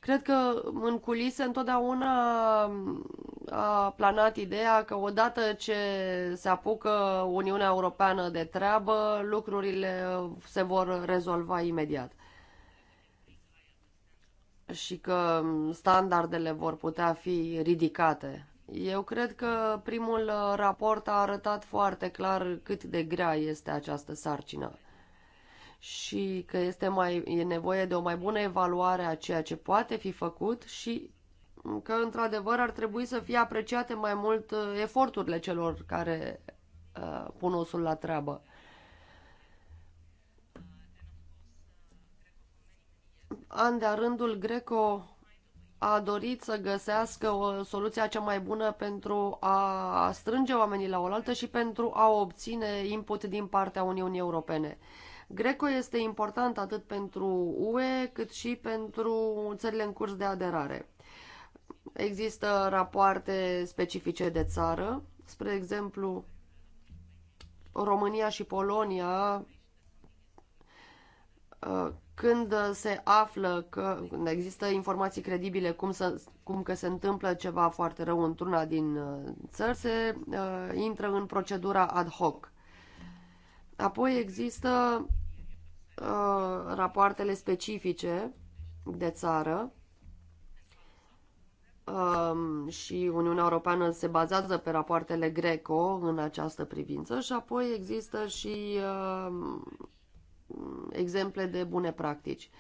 cred că în culise întotdeauna uh, a planat ideea că odată ce se apucă Uniunea Europeană de treabă, lucrurile uh, se vor rezolva imediat și că standardele vor putea fi ridicate eu cred că primul uh, raport a arătat foarte clar cât de grea este această sarcină și că este mai, e nevoie de o mai bună evaluare a ceea ce poate fi făcut și că, într-adevăr, ar trebui să fie apreciate mai mult uh, eforturile celor care uh, pun osul la treabă. An de rândul Greco a dorit să găsească o soluția cea mai bună pentru a strânge oamenii la oaltă și pentru a obține input din partea Uniunii Europene. Greco este important atât pentru UE cât și pentru țările în curs de aderare. Există rapoarte specifice de țară, spre exemplu România și Polonia uh, când uh, se află că când există informații credibile cum, să, cum că se întâmplă ceva foarte rău într-una din uh, țări, se uh, intră în procedura ad hoc. Apoi există uh, rapoartele specifice de țară uh, și Uniunea Europeană se bazează pe rapoartele greco în această privință și apoi există și uh, exemple de bune practici.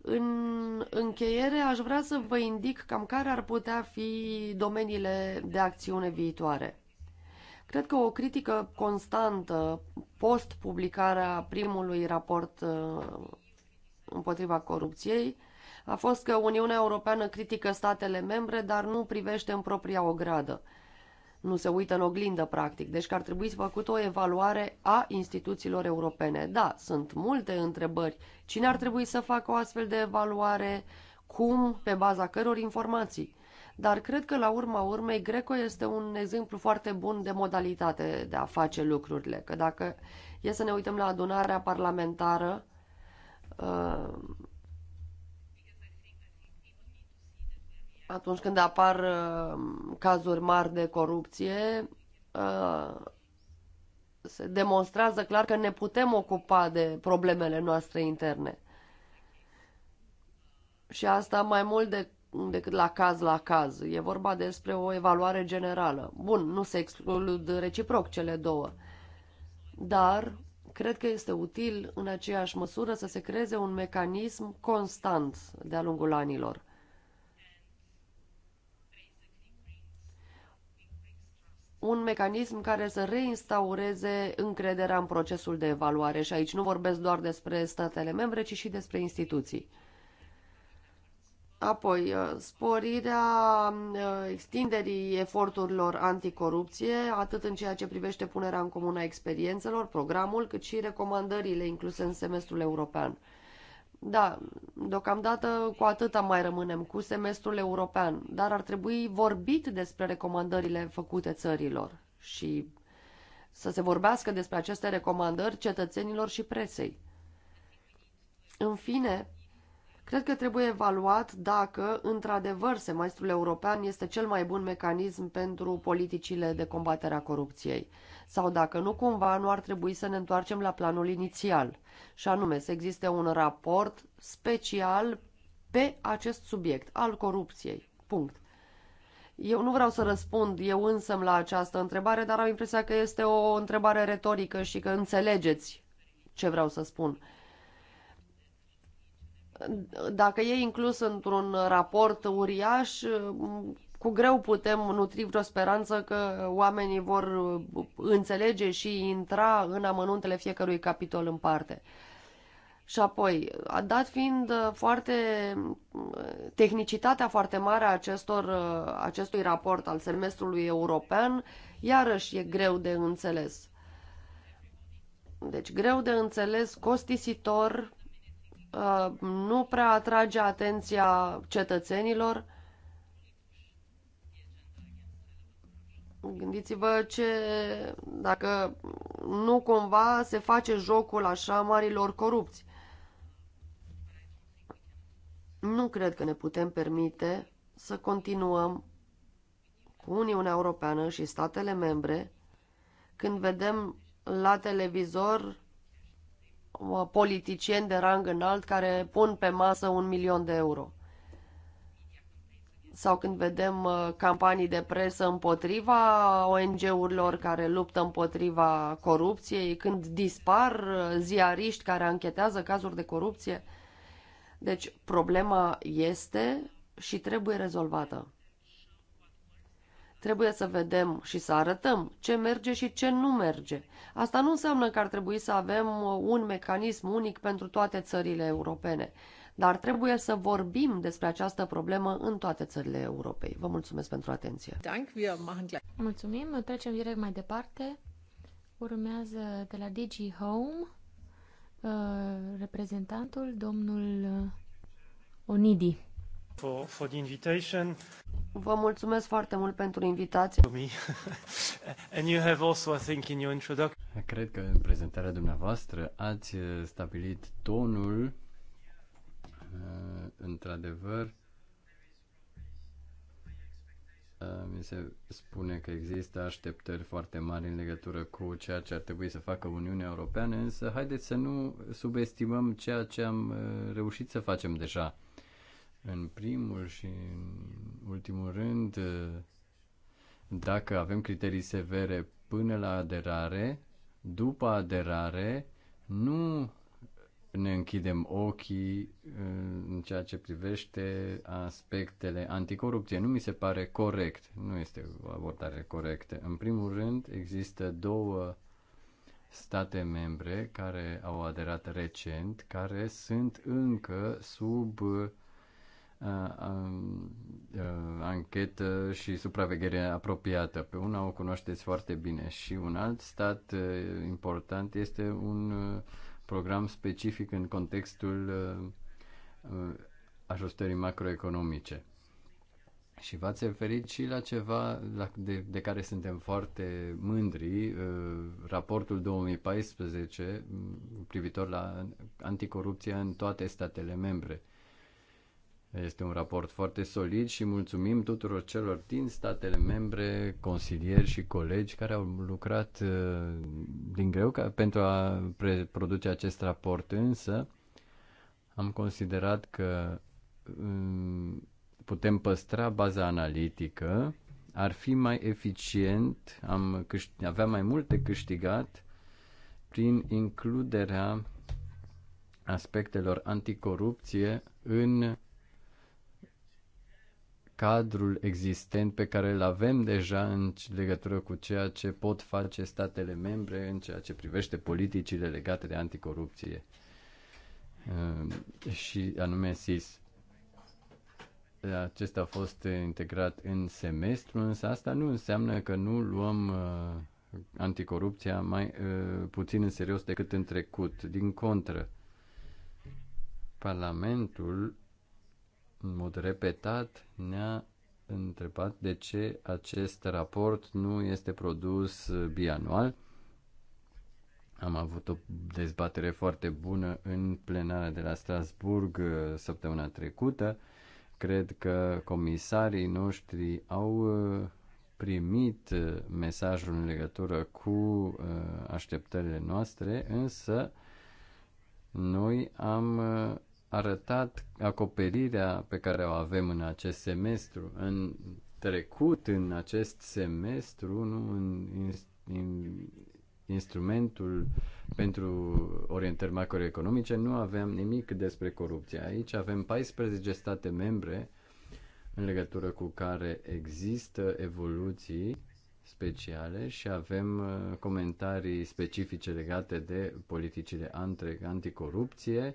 În încheiere, aș vrea să vă indic cam care ar putea fi domeniile de acțiune viitoare. Cred că o critică constantă post-publicarea primului raport uh, împotriva corupției a fost că Uniunea Europeană critică statele membre, dar nu privește în propria ogradă nu se uită în oglindă, practic. Deci că ar trebui făcut o evaluare a instituțiilor europene. Da, sunt multe întrebări. Cine ar trebui să facă o astfel de evaluare? Cum? Pe baza căror informații? Dar cred că, la urma urmei, Greco este un exemplu foarte bun de modalitate de a face lucrurile. Că dacă e să ne uităm la adunarea parlamentară, uh, atunci când apar uh, cazuri mari de corupție, uh, se demonstrează clar că ne putem ocupa de problemele noastre interne. Și asta mai mult de, decât la caz la caz. E vorba despre o evaluare generală. Bun, nu se exclud reciproc cele două. Dar cred că este util în aceeași măsură să se creeze un mecanism constant de-a lungul anilor. un mecanism care să reinstaureze încrederea în procesul de evaluare și aici nu vorbesc doar despre statele membre, ci și despre instituții. Apoi, uh, sporirea uh, extinderii eforturilor anticorupție, atât în ceea ce privește punerea în comună a experiențelor, programul, cât și recomandările incluse în semestrul european. Da, deocamdată cu atâta mai rămânem cu semestrul european, dar ar trebui vorbit despre recomandările făcute țărilor și să se vorbească despre aceste recomandări cetățenilor și presei. În fine, cred că trebuie evaluat dacă, într-adevăr, semestrul european este cel mai bun mecanism pentru politicile de combatere a corupției. Sau dacă nu, cumva nu ar trebui să ne întoarcem la planul inițial, și anume să existe un raport special pe acest subiect al corupției. Punct. Eu nu vreau să răspund eu însăm la această întrebare, dar am impresia că este o întrebare retorică și că înțelegeți ce vreau să spun. Dacă e inclus într-un raport uriaș, cu greu putem nutri vreo speranță că oamenii vor uh, înțelege și intra în amănuntele fiecărui capitol în parte. Și apoi, dat fiind uh, foarte uh, tehnicitatea foarte mare a acestor, acestui raport al semestrului european, iarăși e greu de înțeles. Deci greu de înțeles, costisitor, nu prea atrage atenția cetățenilor, Gândiți-vă ce, dacă nu cumva se face jocul așa marilor corupți. Nu cred că ne putem permite să continuăm cu Uniunea Europeană și statele membre când vedem la televizor uh, politicieni de rang înalt care pun pe masă un milion de euro sau când vedem uh, campanii de presă împotriva ONG-urilor care luptă împotriva corupției, când dispar uh, ziariști care anchetează cazuri de corupție. Deci problema este și trebuie rezolvată. Trebuie să vedem și să arătăm ce merge și ce nu merge. Asta nu înseamnă că ar trebui să avem uh, un mecanism unic pentru toate țările europene dar trebuie să vorbim despre această problemă în toate țările Europei. Vă mulțumesc pentru atenție. Mulțumim, trecem direct mai departe. Urmează de la Digi Home uh, reprezentantul, domnul uh, Onidi. For, for the invitation. Vă mulțumesc foarte mult pentru invitație. [LAUGHS] And you have also, I think, in your introduction. Cred că în prezentarea dumneavoastră ați uh, stabilit tonul Uh, într-adevăr, uh, mi se spune că există așteptări foarte mari în legătură cu ceea ce ar trebui să facă Uniunea Europeană, însă haideți să nu subestimăm ceea ce am uh, reușit să facem deja. În primul și în ultimul rând, dacă avem criterii severe până la aderare, după aderare, nu ne închidem ochii uh, în ceea ce privește aspectele anticorupție. Nu mi se pare corect, nu este o abordare corectă. În primul rând, există două state membre care au aderat recent, care sunt încă sub uh, uh, um, anchetă și supraveghere apropiată. Pe una o cunoașteți foarte bine și un alt stat important este un uh, program specific în contextul uh, uh, ajustării macroeconomice. Și v-ați referit și la ceva de, de care suntem foarte mândri, uh, raportul 2014 mm, privitor la anticorupția în toate statele membre. Este un raport foarte solid și mulțumim tuturor celor din statele membre, consilieri și colegi care au lucrat uh, din greu ca, pentru a produce acest raport, însă am considerat că um, putem păstra baza analitică, ar fi mai eficient, am câștig, avea mai multe câștigat prin includerea aspectelor anticorupție în cadrul existent pe care îl avem deja în legătură cu ceea ce pot face statele membre în ceea ce privește politicile legate de anticorupție uh, și anume SIS. Acesta a fost integrat în semestru, însă asta nu înseamnă că nu luăm uh, anticorupția mai uh, puțin în serios decât în trecut. Din contră, Parlamentul în mod repetat ne-a întrebat de ce acest raport nu este produs bianual. Am avut o dezbatere foarte bună în plenarea de la Strasburg uh, săptămâna trecută. Cred că comisarii noștri au uh, primit uh, mesajul în legătură cu așteptările noastre, însă noi am arătat acoperirea pe care o avem în acest semestru. În trecut, în acest semestru, nu în, în, în instrumentul pentru orientări macroeconomice, nu aveam nimic despre corupție. Aici avem 14 state membre în legătură cu care există evoluții speciale și avem uh, comentarii specifice legate de politicile anticorupție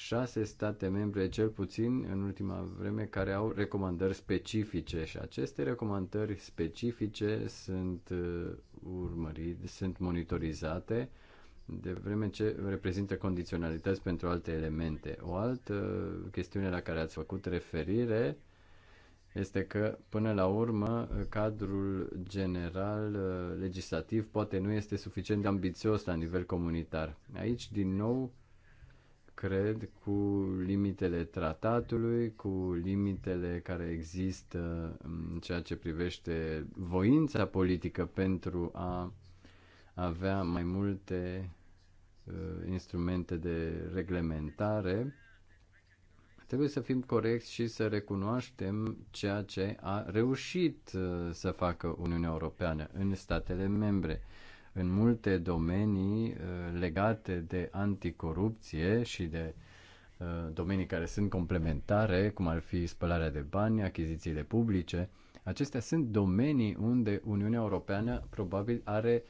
șase state membre, cel puțin în ultima vreme, care au recomandări specifice și aceste recomandări specifice sunt uh, urmărite, sunt monitorizate de vreme ce reprezintă condiționalități pentru alte elemente. O altă chestiune la care ați făcut referire este că, până la urmă, cadrul general uh, legislativ poate nu este suficient de ambițios la nivel comunitar. Aici, din nou, cred, cu limitele tratatului, cu limitele care există în ceea ce privește voința politică pentru a avea mai multe uh, instrumente de reglementare, trebuie să fim corecți și să recunoaștem ceea ce a reușit uh, să facă Uniunea Europeană în statele membre. Uh, în multe domenii uh, legate de anticorupție și de uh, domenii care sunt complementare, cum ar fi spălarea de bani, achizițiile publice. Acestea sunt domenii unde Uniunea Europeană probabil are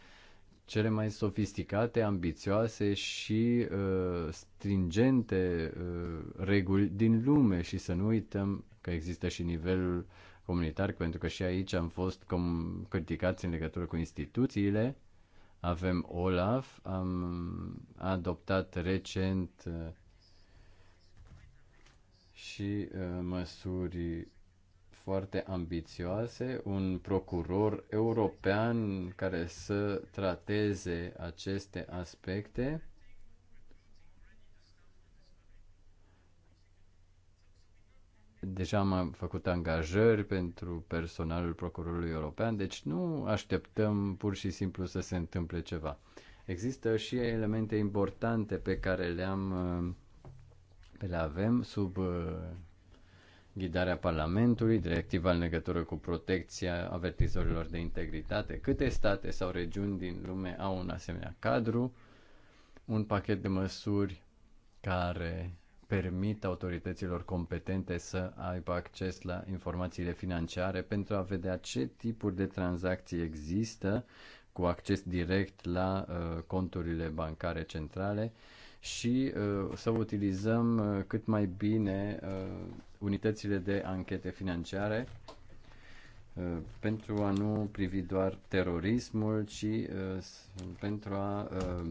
cele mai sofisticate, ambițioase și uh, stringente uh, reguli din lume și să nu uităm că există și nivelul comunitar, pentru că și aici am fost com- criticați în legătură cu instituțiile avem Olaf, am adoptat recent uh, și uh, măsuri foarte ambițioase, un procuror european care să trateze aceste aspecte Deja am făcut angajări pentru personalul Procurorului European, deci nu așteptăm pur și simplu să se întâmple ceva. Există și elemente importante pe care le-am pe le avem sub uh, ghidarea Parlamentului, directiva în legătură cu protecția avertizorilor de integritate. Câte state sau regiuni din lume au un asemenea cadru? Un pachet de măsuri care permit autorităților competente să aibă acces la informațiile financiare pentru a vedea ce tipuri de tranzacții există cu acces direct la uh, conturile bancare centrale și uh, să utilizăm uh, cât mai bine uh, unitățile de anchete financiare Uh, pentru a nu privi doar terorismul, ci uh, pentru a uh,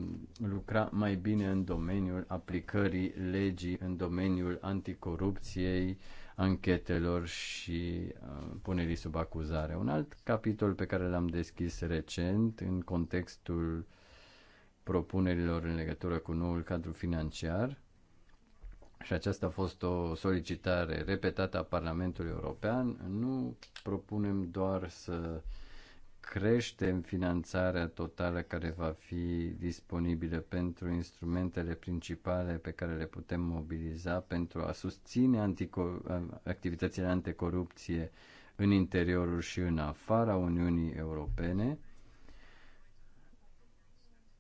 lucra mai bine în domeniul aplicării legii, în domeniul anticorupției, anchetelor și punerii sub acuzare. Un alt capitol pe care l-am deschis recent în contextul propunerilor în legătură cu noul cadru financiar și aceasta a fost o solicitare repetată a Parlamentului European, nu propunem doar să creștem finanțarea totală care va fi disponibilă pentru instrumentele principale pe care le putem mobiliza pentru a susține antico- activitățile anticorupție în interiorul și în afara Uniunii Europene,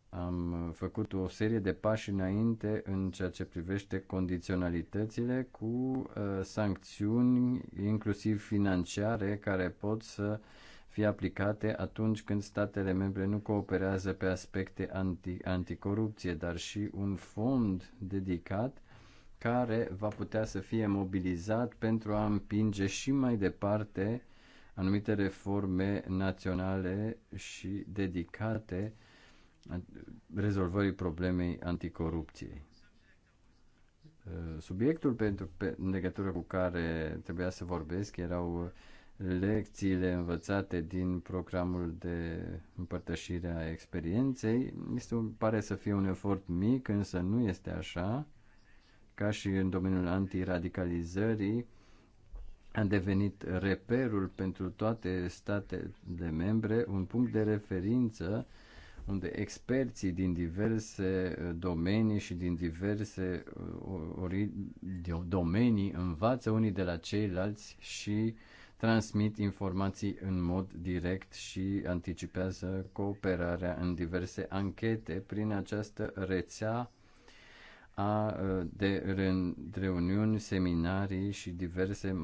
am făcut o serie de pași înainte în ceea ce privește condiționalitățile cu uh, sancțiuni, inclusiv financiare, care pot să fie aplicate atunci când statele membre nu cooperează pe aspecte anti, anticorupție, dar și un fond dedicat care va putea să fie mobilizat pentru a împinge și mai departe anumite reforme naționale și dedicate uh, rezolvării problemei anticorupției. Uh, subiectul pentru, pe, în legătură cu care trebuia să vorbesc erau lecțiile învățate din programul de împărtășire a experienței. Este, pare să fie un efort mic, însă nu este așa. Ca și în domeniul antiradicalizării, a devenit reperul pentru toate statele membre, un punct de referință uh, unde experții din diverse uh, domenii și din diverse uh, ori, domenii învață unii de la ceilalți și transmit informații în mod direct și anticipează cooperarea în diverse anchete prin această rețea a, uh, de reuniuni, seminarii și diverse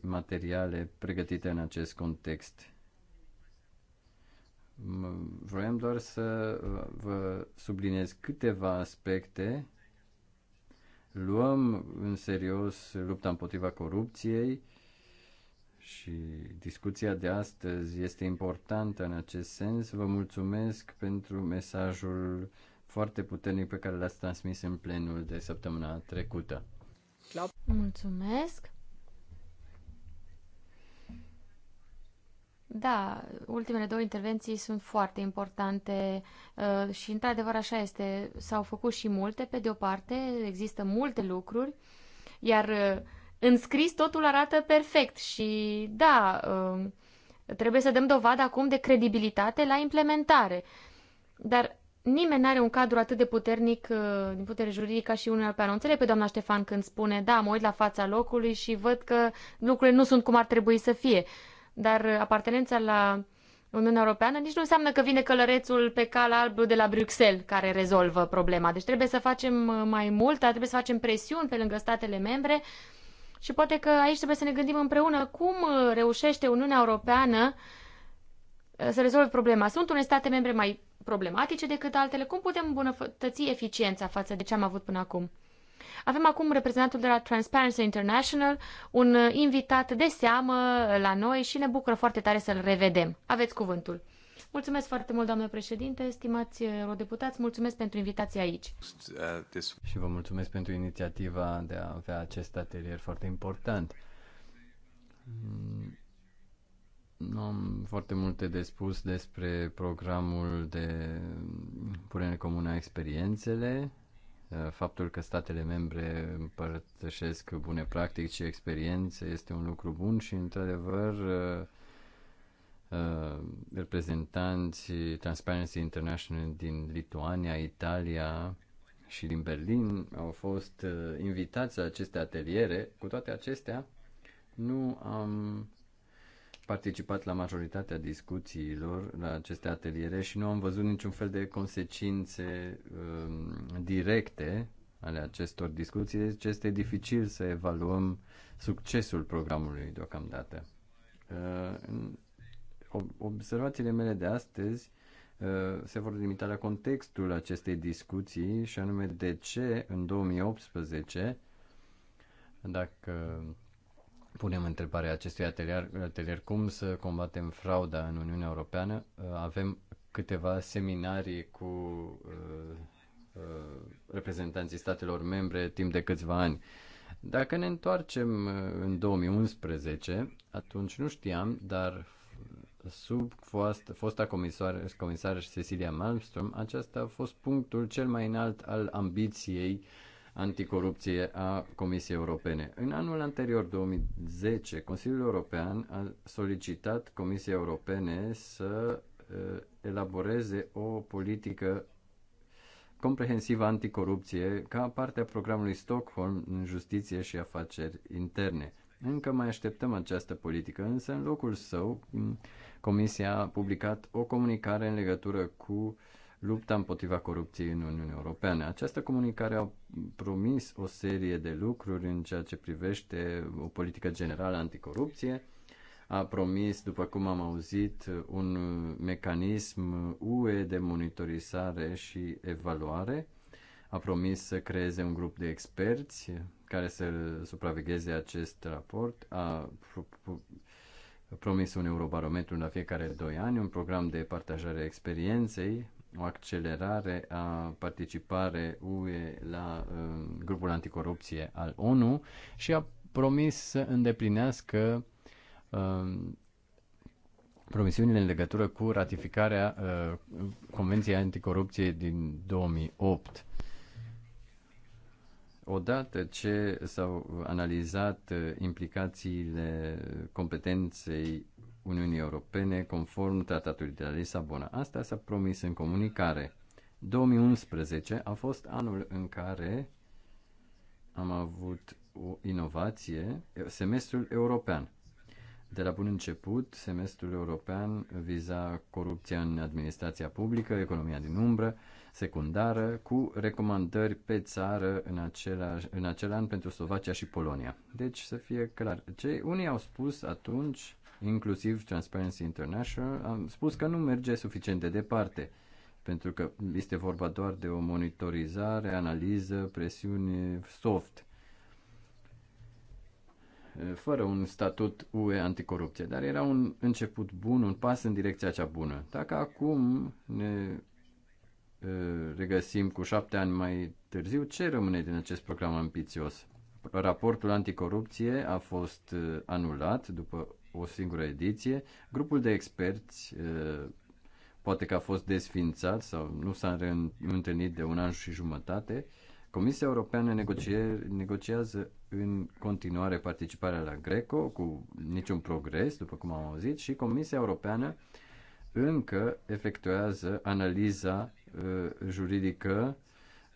materiale pregătite în acest context Vreau doar să vă subliniez câteva aspecte. Luăm în serios lupta împotriva corupției și discuția de astăzi este importantă în acest sens. Vă mulțumesc pentru mesajul foarte puternic pe care l-ați transmis în plenul de săptămâna trecută. Mulțumesc! Da, ultimele două intervenții sunt foarte importante uh, și, într-adevăr, așa este. S-au făcut și multe, pe de o parte, există multe lucruri, iar uh, în scris totul arată perfect și, da, uh, trebuie să dăm dovadă acum de credibilitate la implementare. Dar nimeni nu are un cadru atât de puternic din putere juridică și Uniunea pe Înțeleg pe doamna Ștefan când spune, da, mă uit la fața locului și văd că lucrurile nu sunt cum ar trebui să fie dar apartenența la Uniunea Europeană nici nu înseamnă că vine călărețul pe cal alb de la Bruxelles care rezolvă problema. Deci trebuie să facem uh, mai mult, dar trebuie să facem presiuni pe lângă statele membre și poate că aici trebuie să ne gândim împreună cum uh, reușește Uniunea Europeană uh, să rezolve problema. Sunt unele state membre mai problematice decât altele. Cum putem îmbunătăți eficiența față de ce am avut până acum? Avem acum reprezentantul de la Transparency International, un uh, invitat de seamă uh, la noi și ne bucură foarte tare să-l revedem. Aveți cuvântul. Mulțumesc foarte mult, doamnă președinte, stimați uh, eurodeputați, mulțumesc pentru invitația aici. Și vă mulțumesc pentru inițiativa de a avea acest atelier foarte important. Nu am foarte multe de spus despre programul de punere comună a experiențele Eh, faptul că statele membre împărtășesc bune practici și experiențe este un lucru bun și, într-adevăr, eh, eh, reprezentanți Transparency International din Lituania, Italia și din Berlin au fost invitați la aceste ateliere. Cu toate acestea, nu am participat la majoritatea discuțiilor la aceste ateliere și nu am văzut niciun fel de consecințe um, directe ale acestor discuții, deci este dificil să evaluăm succesul programului deocamdată. Uh, observațiile mele de astăzi uh, se vor limita la contextul acestei discuții și anume de ce în 2018, dacă punem întrebarea acestui atelier, atelier cum să combatem frauda în Uniunea Europeană. Uh, avem câteva seminarii cu uh, uh, reprezentanții statelor membre timp de câțiva ani. Dacă ne întoarcem în 2011, atunci nu știam, dar sub fost, fosta comisar, Cecilia Malmström, acesta a fost punctul cel mai înalt al ambiției uh, anticorupție a Comisiei Europene. În anul anterior, 2010, Consiliul European a solicitat Comisiei Europene să elaboreze o politică comprehensivă anticorupție ca parte a programului Stockholm în justiție și afaceri interne. Încă mai așteptăm această politică, însă în locul său Comisia a publicat o comunicare în legătură cu uh, lupta împotriva corupției în Uniunea Europeană. Această comunicare a promis o serie de lucruri în ceea ce privește o politică generală anticorupție, a promis, după cum am auzit, un mecanism UE de monitorizare și evaluare, a promis să creeze un grup de experți care să supravegheze acest raport, a promis un eurobarometru la fiecare doi ani, un program de partajare a experienței o accelerare a participare UE la um, grupul anticorupție al ONU și a promis să îndeplinească um, promisiunile în legătură cu ratificarea uh, Convenției Anticorupție din 2008. Odată ce s-au analizat uh, implicațiile competenței Uniunii Europene conform Tratatului de la Lisabona. Asta s-a promis în comunicare. 2011 a fost anul în care am avut o inovație, semestrul european. De la bun început, semestrul european viza corupția în administrația publică, economia din umbră, secundară, cu recomandări pe țară în, acela, în acel an pentru Slovacia și Polonia. Deci, să fie clar, cei unii au spus atunci inclusiv Transparency International, am spus că nu merge suficient de departe, pentru că este vorba doar de o monitorizare, analiză, presiune soft, fără un statut UE anticorupție, dar era un început bun, un pas în direcția cea bună. Dacă acum ne regăsim cu șapte ani mai târziu, ce rămâne din acest program ambițios? Raportul anticorupție a fost anulat după o singură ediție. Grupul de experți poate că a fost desfințat sau nu s-a întâlnit de un an și jumătate. Comisia Europeană negociază în continuare participarea la Greco cu niciun progres, după cum am auzit, și Comisia Europeană încă efectuează analiza uh, juridică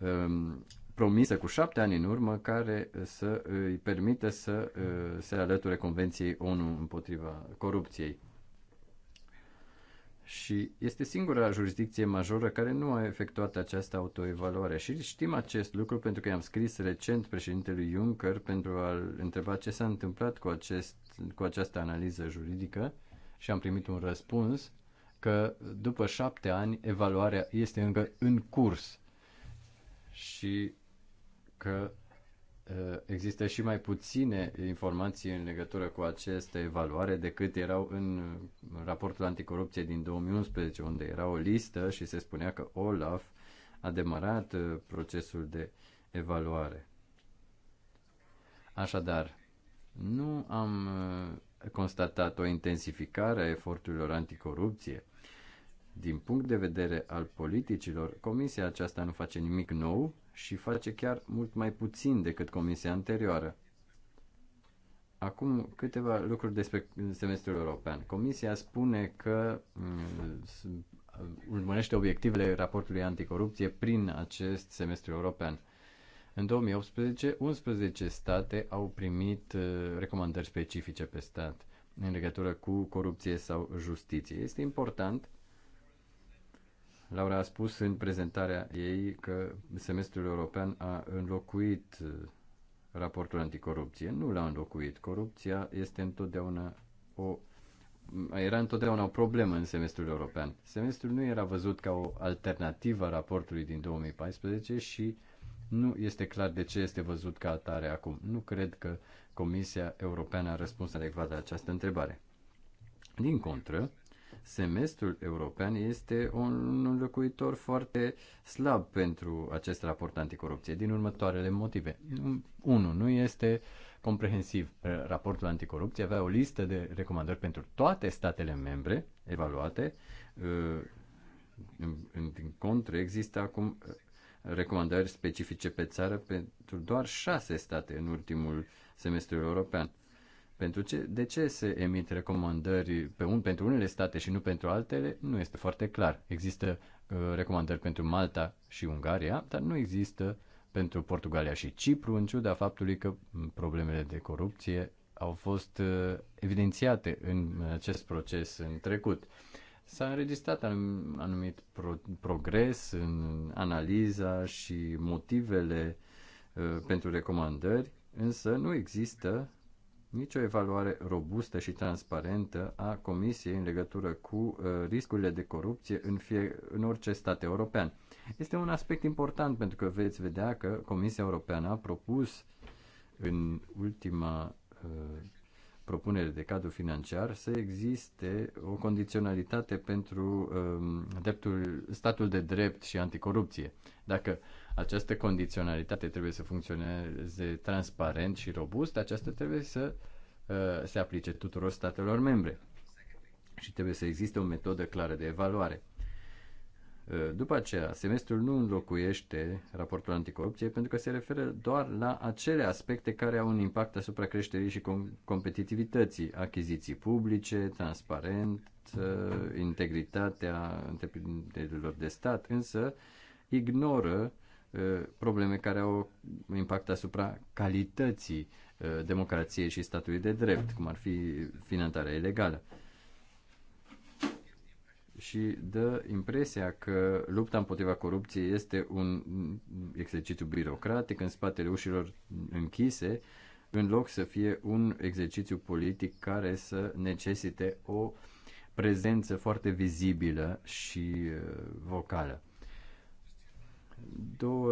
um, promisă cu șapte ani în urmă care uh, să uh, îi permită să uh, se alăture Convenției ONU împotriva corupției. Și este singura jurisdicție majoră care nu a efectuat această autoevaluare. Și știm acest lucru pentru că i-am scris recent președintelui Juncker pentru a-l întreba ce s-a întâmplat cu, acest, cu această analiză juridică și am primit un răspuns că după șapte ani evaluarea este încă în curs și că există și mai puține informații în legătură cu aceste evaluare decât erau în raportul anticorupție din 2011, unde era o listă și se spunea că Olaf a demarat procesul de evaluare. Așadar, nu am constatat o intensificare a eforturilor anticorupție. Din punct de vedere al politicilor, comisia aceasta nu face nimic nou, și face chiar mult mai puțin decât comisia anterioară. Acum câteva lucruri despre semestrul european. Comisia spune că mm, urmărește obiectivele raportului anticorupție prin acest semestru european. În 2018, 11 state au primit uh, recomandări specifice pe stat în legătură cu corupție sau justiție. Este important Laura a spus în prezentarea ei că semestrul european a înlocuit uh, raportul anticorupție. Nu l-a înlocuit. Corupția este întotdeauna o era întotdeauna o problemă în semestrul european. Semestrul nu era văzut ca o alternativă a raportului din 2014 și nu este clar de ce este văzut ca atare acum. Nu cred că Comisia Europeană a răspuns adecvat la această întrebare. Din contră, Semestrul european este un înlocuitor foarte slab pentru acest raport anticorupție, din următoarele motive. Unu, Nu este comprehensiv. Eh, raportul anticorupție avea o listă de recomandări pentru toate statele membre evaluate. Eh, în, în, în contră, există acum eh, recomandări specifice pe țară pentru doar șase state în ultimul semestru european. Pentru ce, de ce se emit recomandări pe un, pentru unele state și nu pentru altele, nu este foarte clar. Există uh, recomandări pentru Malta și Ungaria, dar nu există pentru Portugalia și Cipru, în ciuda faptului că mm, problemele de corupție au fost uh, evidențiate în acest proces în trecut. S-a înregistrat anum, anumit pro, progres în analiza și motivele uh, pentru recomandări, însă nu există nicio evaluare robustă și transparentă a Comisiei în legătură cu uh, riscurile de corupție în, fie, în orice stat european. Este un aspect important pentru că veți vedea că Comisia Europeană a propus în ultima uh, propunere de cadru financiar să existe o condiționalitate pentru uh, dreptul, statul de drept și anticorupție. Dacă această condiționalitate trebuie să funcționeze transparent și robust, aceasta trebuie să uh, se aplice tuturor statelor membre și trebuie să existe o metodă clară de evaluare. Uh, după aceea, semestrul nu înlocuiește raportul anticorupție pentru că se referă doar la acele aspecte care au un impact asupra creșterii și competitivității, achiziții publice, transparent, uh, integritatea întreprinderilor de stat, însă ignoră Uh, probleme care au impact asupra calității uh, democrației și statului de drept, cum ar fi finanțarea ilegală. Și dă impresia că lupta împotriva corupției este un exercițiu birocratic în spatele ușilor închise, în loc să fie un exercițiu politic care să necesite o prezență foarte vizibilă și uh, vocală două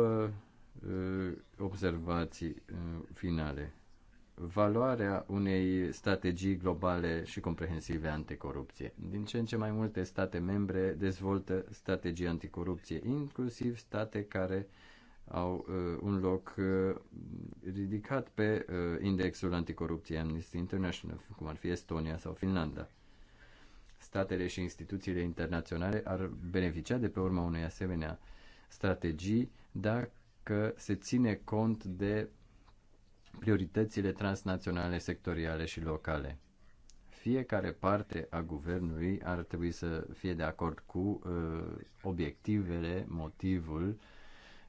uh, observații uh, finale. Valoarea unei strategii globale și comprehensive anticorupție. Din ce în ce mai multe state membre dezvoltă strategii anticorupție, inclusiv state care au uh, un loc uh, ridicat pe uh, indexul anticorupției Amnesty International, cum ar fi Estonia sau Finlanda. Statele și instituțiile internaționale ar beneficia de pe urma unei asemenea uh, strategii dacă se ține cont de prioritățile transnaționale, sectoriale și locale. Fiecare parte a guvernului ar trebui să fie de acord cu uh, obiectivele, motivul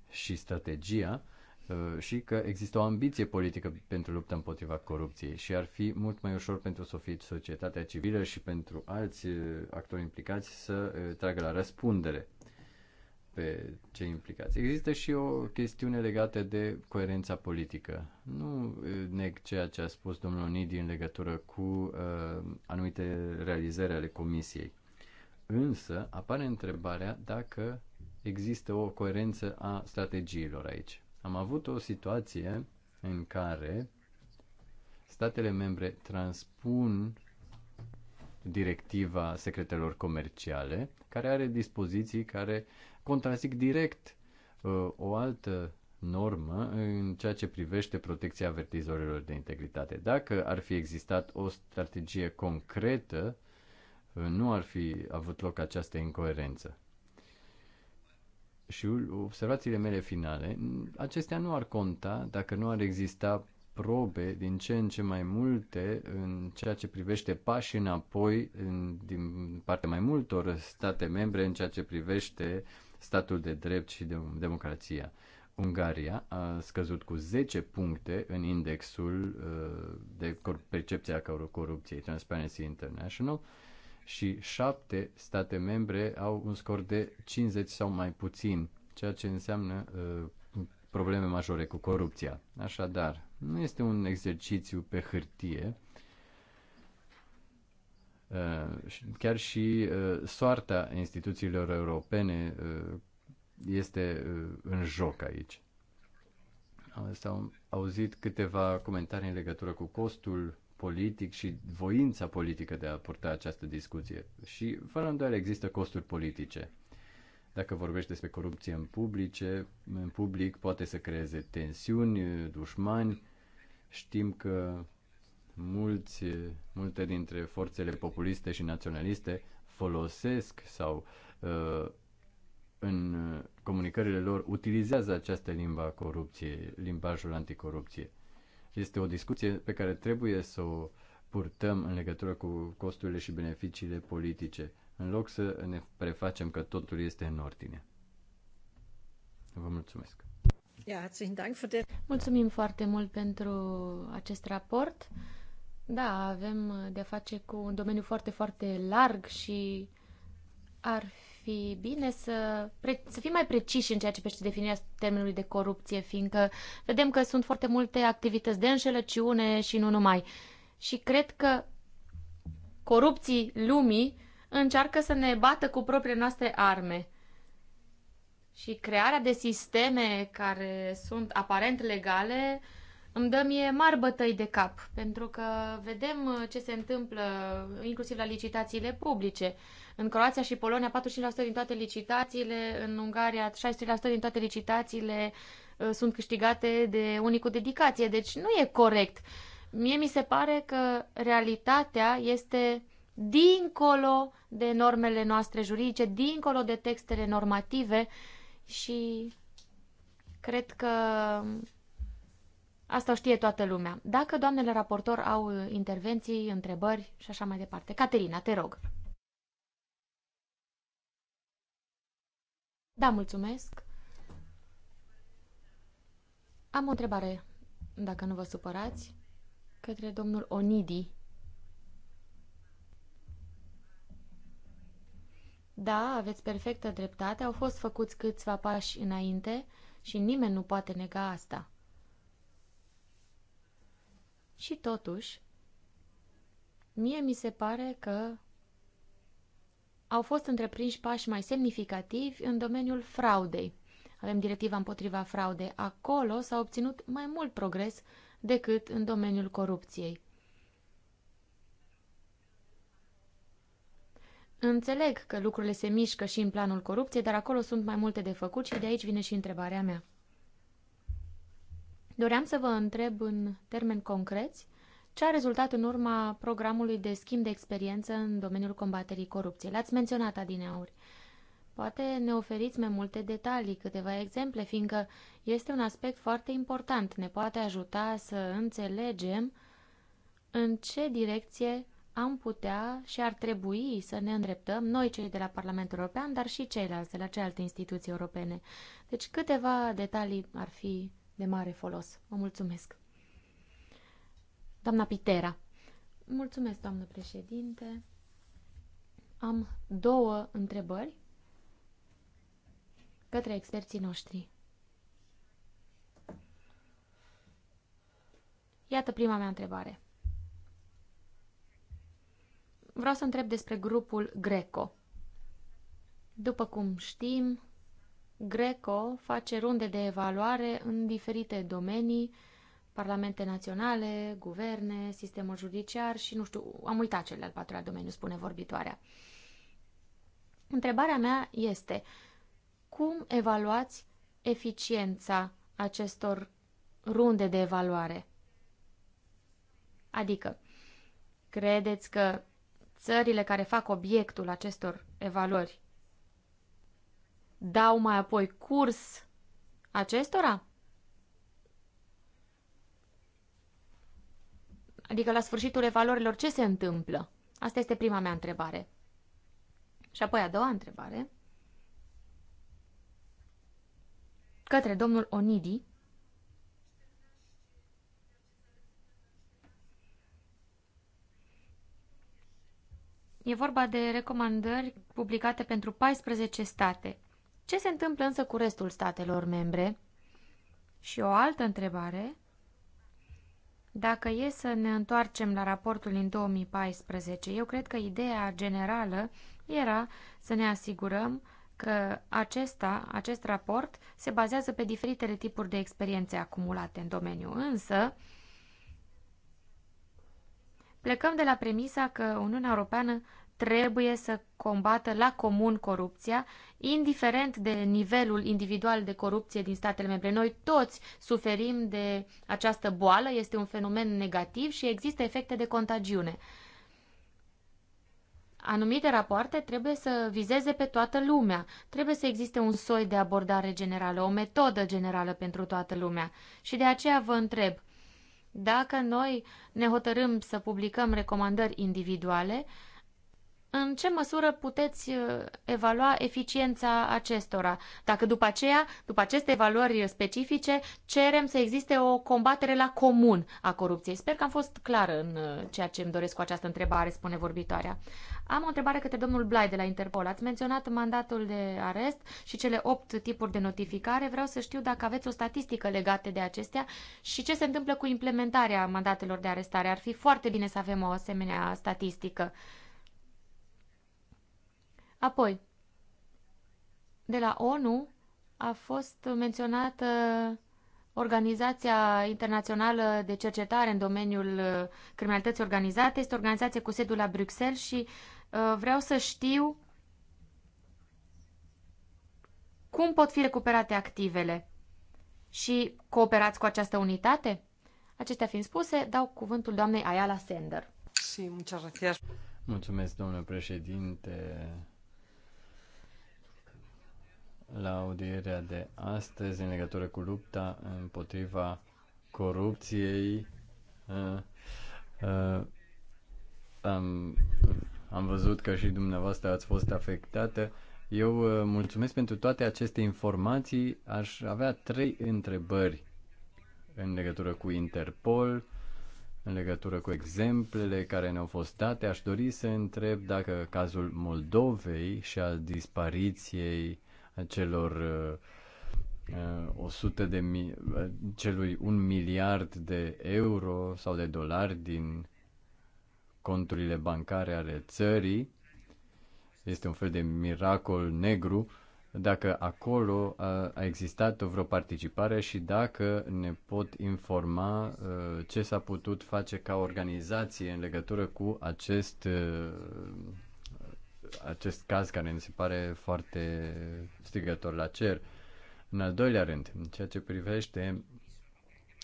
și strategia uh, și că există o ambiție politică pentru lupta împotriva corupției și ar fi mult mai ușor pentru societatea civilă și pentru alți uh, actori implicați să uh, tragă la răspundere pe cei implicați. Există și o chestiune legată de coerența politică. Nu neg ceea ce a spus domnul Nidi în legătură cu uh, anumite realizări ale comisiei. Însă apare întrebarea dacă există o coerență a strategiilor aici. Am avut o situație în care statele membre transpun directiva secretelor comerciale, care are dispoziții care contrazic direct uh, o altă normă în ceea ce privește protecția avertizorilor de integritate. Dacă ar fi existat o strategie concretă, uh, nu ar fi avut loc această incoerență. Și observațiile mele finale, acestea nu ar conta dacă nu ar exista probe din ce în ce mai multe în ceea ce privește pași înapoi în, din partea mai multor state membre în ceea ce privește uh, statul de drept și de democrația. Ungaria a scăzut cu 10 puncte în indexul uh, de percepția corupției Transparency International și 7 state membre au un scor de 50 sau mai puțin, ceea ce înseamnă uh, probleme majore cu corupția. Așadar, nu este un exercițiu pe hârtie, Uh, chiar și uh, soarta instituțiilor europene uh, este în joc aici. S-au auzit câteva comentarii în legătură cu costul politic și voința politică de a purta această discuție. Și, fără îndoială, există costuri politice. Dacă vorbești despre corupție în, publice, în public, poate să creeze tensiuni, dușmani. Știm că mulți, eh, multe dintre forțele populiste și naționaliste folosesc sau uh, în eh, comunicările lor utilizează această limba corupției, limbajul anticorupție. Este o discuție pe care trebuie să o purtăm în legătură cu costurile și beneficiile politice, în loc să ne prefacem că totul este în ordine. Vă mulțumesc! Mulțumim foarte mult pentru acest raport. Da, avem uh, de-a face cu un domeniu foarte, foarte larg și ar fi bine să, să fim mai preciși în ceea ce privește definirea termenului de corupție, fiindcă vedem că sunt foarte multe activități de înșelăciune și nu numai. Și cred că corupții lumii încearcă să ne bată cu propriile noastre arme. Și crearea de sisteme care sunt aparent legale uh, îmi dă mie mari bătăi de cap, pentru că vedem uh, ce se întâmplă uh, inclusiv la licitațiile publice. În Croația și Polonia 45% din toate licitațiile, în Ungaria 63% din toate licitațiile uh, sunt câștigate de unii cu dedicație, deci nu e corect. Mie mi se pare că realitatea este dincolo de normele noastre juridice, dincolo de textele normative și cred că um, Asta o știe toată lumea. Dacă doamnele raportor au uh, intervenții, întrebări și așa mai departe. Caterina, te rog. Da, mulțumesc. Am o întrebare, dacă nu vă supărați, către domnul Onidi. Da, aveți perfectă dreptate, au fost făcuți câțiva pași înainte și nimeni nu poate nega asta. Și totuși, mie mi se pare că au fost întreprinși pași mai semnificativi în domeniul fraudei. Avem directiva împotriva fraudei. Acolo s-a obținut mai mult progres decât în domeniul corupției. Înțeleg că lucrurile se mișcă și în planul corupției, dar acolo sunt mai multe de făcut și de aici vine și întrebarea mea. Doream să vă întreb în termeni concreți ce a rezultat în urma programului de schimb de experiență în domeniul combaterii corupției. L-ați menționat adineauri. Poate ne oferiți mai multe detalii, câteva exemple, fiindcă este un aspect foarte important. Ne poate ajuta să înțelegem în ce direcție am putea și ar trebui să ne îndreptăm, noi cei de la Parlamentul European, dar și ceilalți de la celelalte instituții europene. Deci câteva detalii ar fi de mare folos. Vă mulțumesc. Doamna Pitera. Mulțumesc, doamnă președinte. Am două întrebări către experții noștri. Iată prima mea întrebare. Vreau să întreb despre grupul Greco. După cum știm, Greco face runde de evaluare în diferite domenii, parlamente naționale, guverne, sistemul judiciar și, nu știu, am uitat cel al patrulea domeniu, spune vorbitoarea. Întrebarea mea este, cum evaluați eficiența acestor runde de evaluare? Adică, credeți că țările care fac obiectul acestor evaluări dau mai apoi curs acestora? Adică la sfârșitul evaluărilor ce se întâmplă? Asta este prima mea întrebare. Și apoi a doua întrebare. Către domnul Onidi. E vorba de recomandări publicate pentru 14 state. Ce se întâmplă însă cu restul statelor membre? Și o altă întrebare, dacă e să ne întoarcem la raportul din 2014, eu cred că ideea generală era să ne asigurăm că acesta, acest raport se bazează pe diferitele tipuri de experiențe acumulate în domeniu. Însă, plecăm de la premisa că Uniunea Europeană trebuie să combată la comun corupția, indiferent de nivelul individual de corupție din statele membre. Noi toți suferim de această boală, este un fenomen negativ și există efecte de contagiune. Anumite rapoarte trebuie să vizeze pe toată lumea. Trebuie să existe un soi de abordare generală, o metodă generală pentru toată lumea. Și de aceea vă întreb, dacă noi ne hotărâm să publicăm recomandări individuale, în ce măsură puteți uh, evalua eficiența acestora? Dacă după aceea, după aceste evaluări specifice, cerem să existe o combatere la comun a corupției. Sper că am fost clară în uh, ceea ce îmi doresc cu această întrebare, spune vorbitoarea. Am o întrebare către domnul Blai de la Interpol. Ați menționat mandatul de arest și cele opt tipuri de notificare. Vreau să știu dacă aveți o statistică legată de acestea și ce se întâmplă cu implementarea mandatelor de arestare. Ar fi foarte bine să avem o asemenea statistică. Apoi, de la ONU a fost menționată Organizația Internațională de Cercetare în domeniul uh, criminalității organizate. Este o organizație cu sediul la Bruxelles și uh, vreau să știu cum pot fi recuperate activele și cooperați cu această unitate? Acestea fiind spuse, dau cuvântul doamnei Ayala Sender. Mulțumesc, domnule președinte la audierea de astăzi în legătură cu lupta împotriva corupției. Uh, uh, am, am văzut că și dumneavoastră ați fost afectată. Eu uh, mulțumesc pentru toate aceste informații. Aș avea trei întrebări în legătură cu Interpol, în legătură cu exemplele care ne-au fost date. Aș dori să întreb dacă cazul Moldovei și al dispariției acelor 100 uh, uh, de mi- uh, celui un miliard de euro sau de dolari din conturile bancare ale țării. Este un fel de miracol negru dacă acolo a existat vreo participare și dacă ne pot informa ce s-a putut face ca organizație în legătură cu acest acest caz care mi se pare foarte strigător la cer. În al doilea rând, în ceea ce privește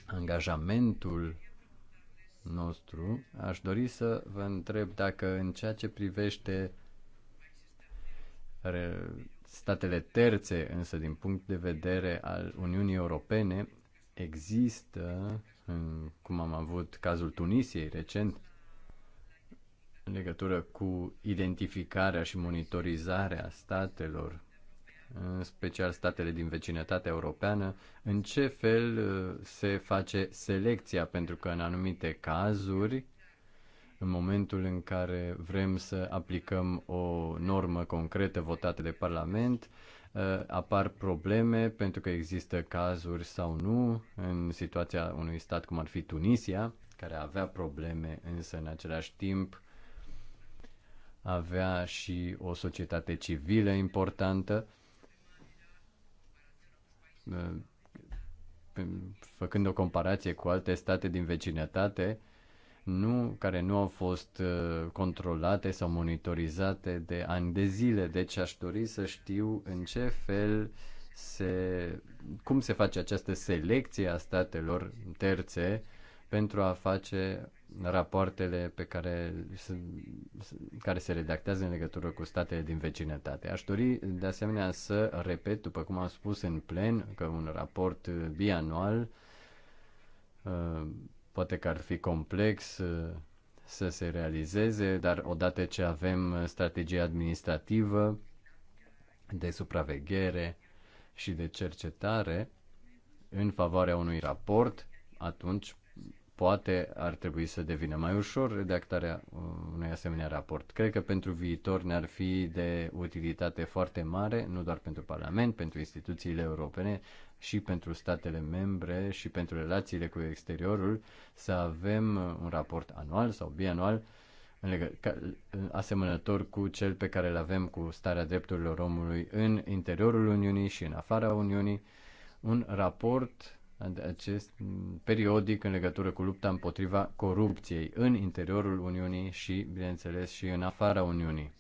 angajamentul nostru, aș dori să vă întreb dacă în ceea ce privește statele terțe, însă din punct de vedere al Uniunii Europene, există, cum am avut cazul Tunisiei recent, în legătură cu identificarea și monitorizarea statelor, în special statele din vecinătatea europeană, în ce fel uh, se face selecția, pentru că în anumite cazuri, în momentul în care vrem să aplicăm o normă concretă votată de Parlament, uh, apar probleme pentru că există cazuri sau nu în situația unui stat cum ar fi Tunisia, care avea probleme, însă în același timp avea și o societate civilă importantă, uh, făcând o comparație cu alte state din vecinătate, nu, care nu au fost uh, controlate sau monitorizate de ani de zile. Deci aș dori să știu în ce fel se, cum se face această selecție a statelor terțe pentru a face rapoartele pe care, care se redactează în legătură cu statele din vecinătate. Aș dori de asemenea să repet, după cum am spus în plen, că un raport bianual uh, poate că ar fi complex uh, să se realizeze, dar odată ce avem strategia administrativă de supraveghere și de cercetare în favoarea unui raport, atunci poate ar trebui să devină mai ușor redactarea uh, unui asemenea raport. Cred că pentru viitor ne-ar fi de utilitate foarte mare, nu doar pentru Parlament, pentru instituțiile europene și pentru statele membre și pentru relațiile cu exteriorul, să avem uh, un raport anual sau bianual în legă, ca, uh, asemănător cu cel pe care îl avem cu starea drepturilor omului în interiorul Uniunii și în afara Uniunii, un raport acest periodic în legătură cu lupta împotriva corupției în interiorul Uniunii și, bineînțeles, și în afara Uniunii.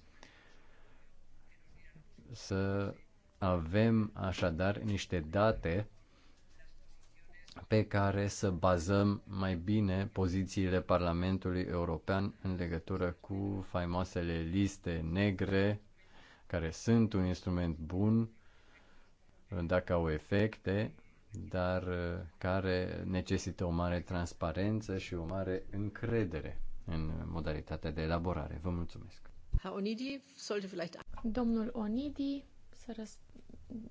Să avem așadar niște date pe care să bazăm mai bine pozițiile Parlamentului European în legătură cu faimoasele liste negre, care sunt un instrument bun dacă au efecte, dar uh, care necesită o mare transparență și o mare încredere în modalitatea de elaborare. Vă mulțumesc. Onidi, vielleicht... Domnul Onidi, să răs...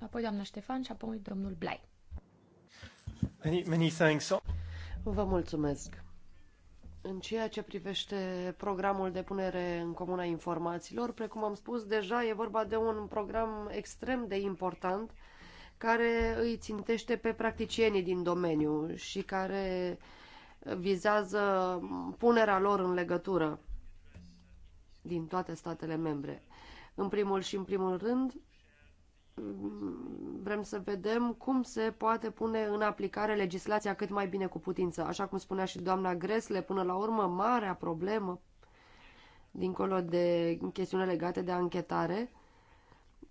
apoi doamna Ștefan și apoi domnul Blai. Many, many thanks. Vă mulțumesc. În ceea ce privește programul de punere în comuna informațiilor, precum am spus, deja e vorba de un program extrem de important care îi țintește pe practicienii din domeniu și care vizează punerea lor în legătură din toate statele membre. În primul și în primul rând, vrem să vedem cum se poate pune în aplicare legislația cât mai bine cu putință. Așa cum spunea și doamna Gresle, până la urmă, marea problemă, dincolo de chestiune legate de anchetare,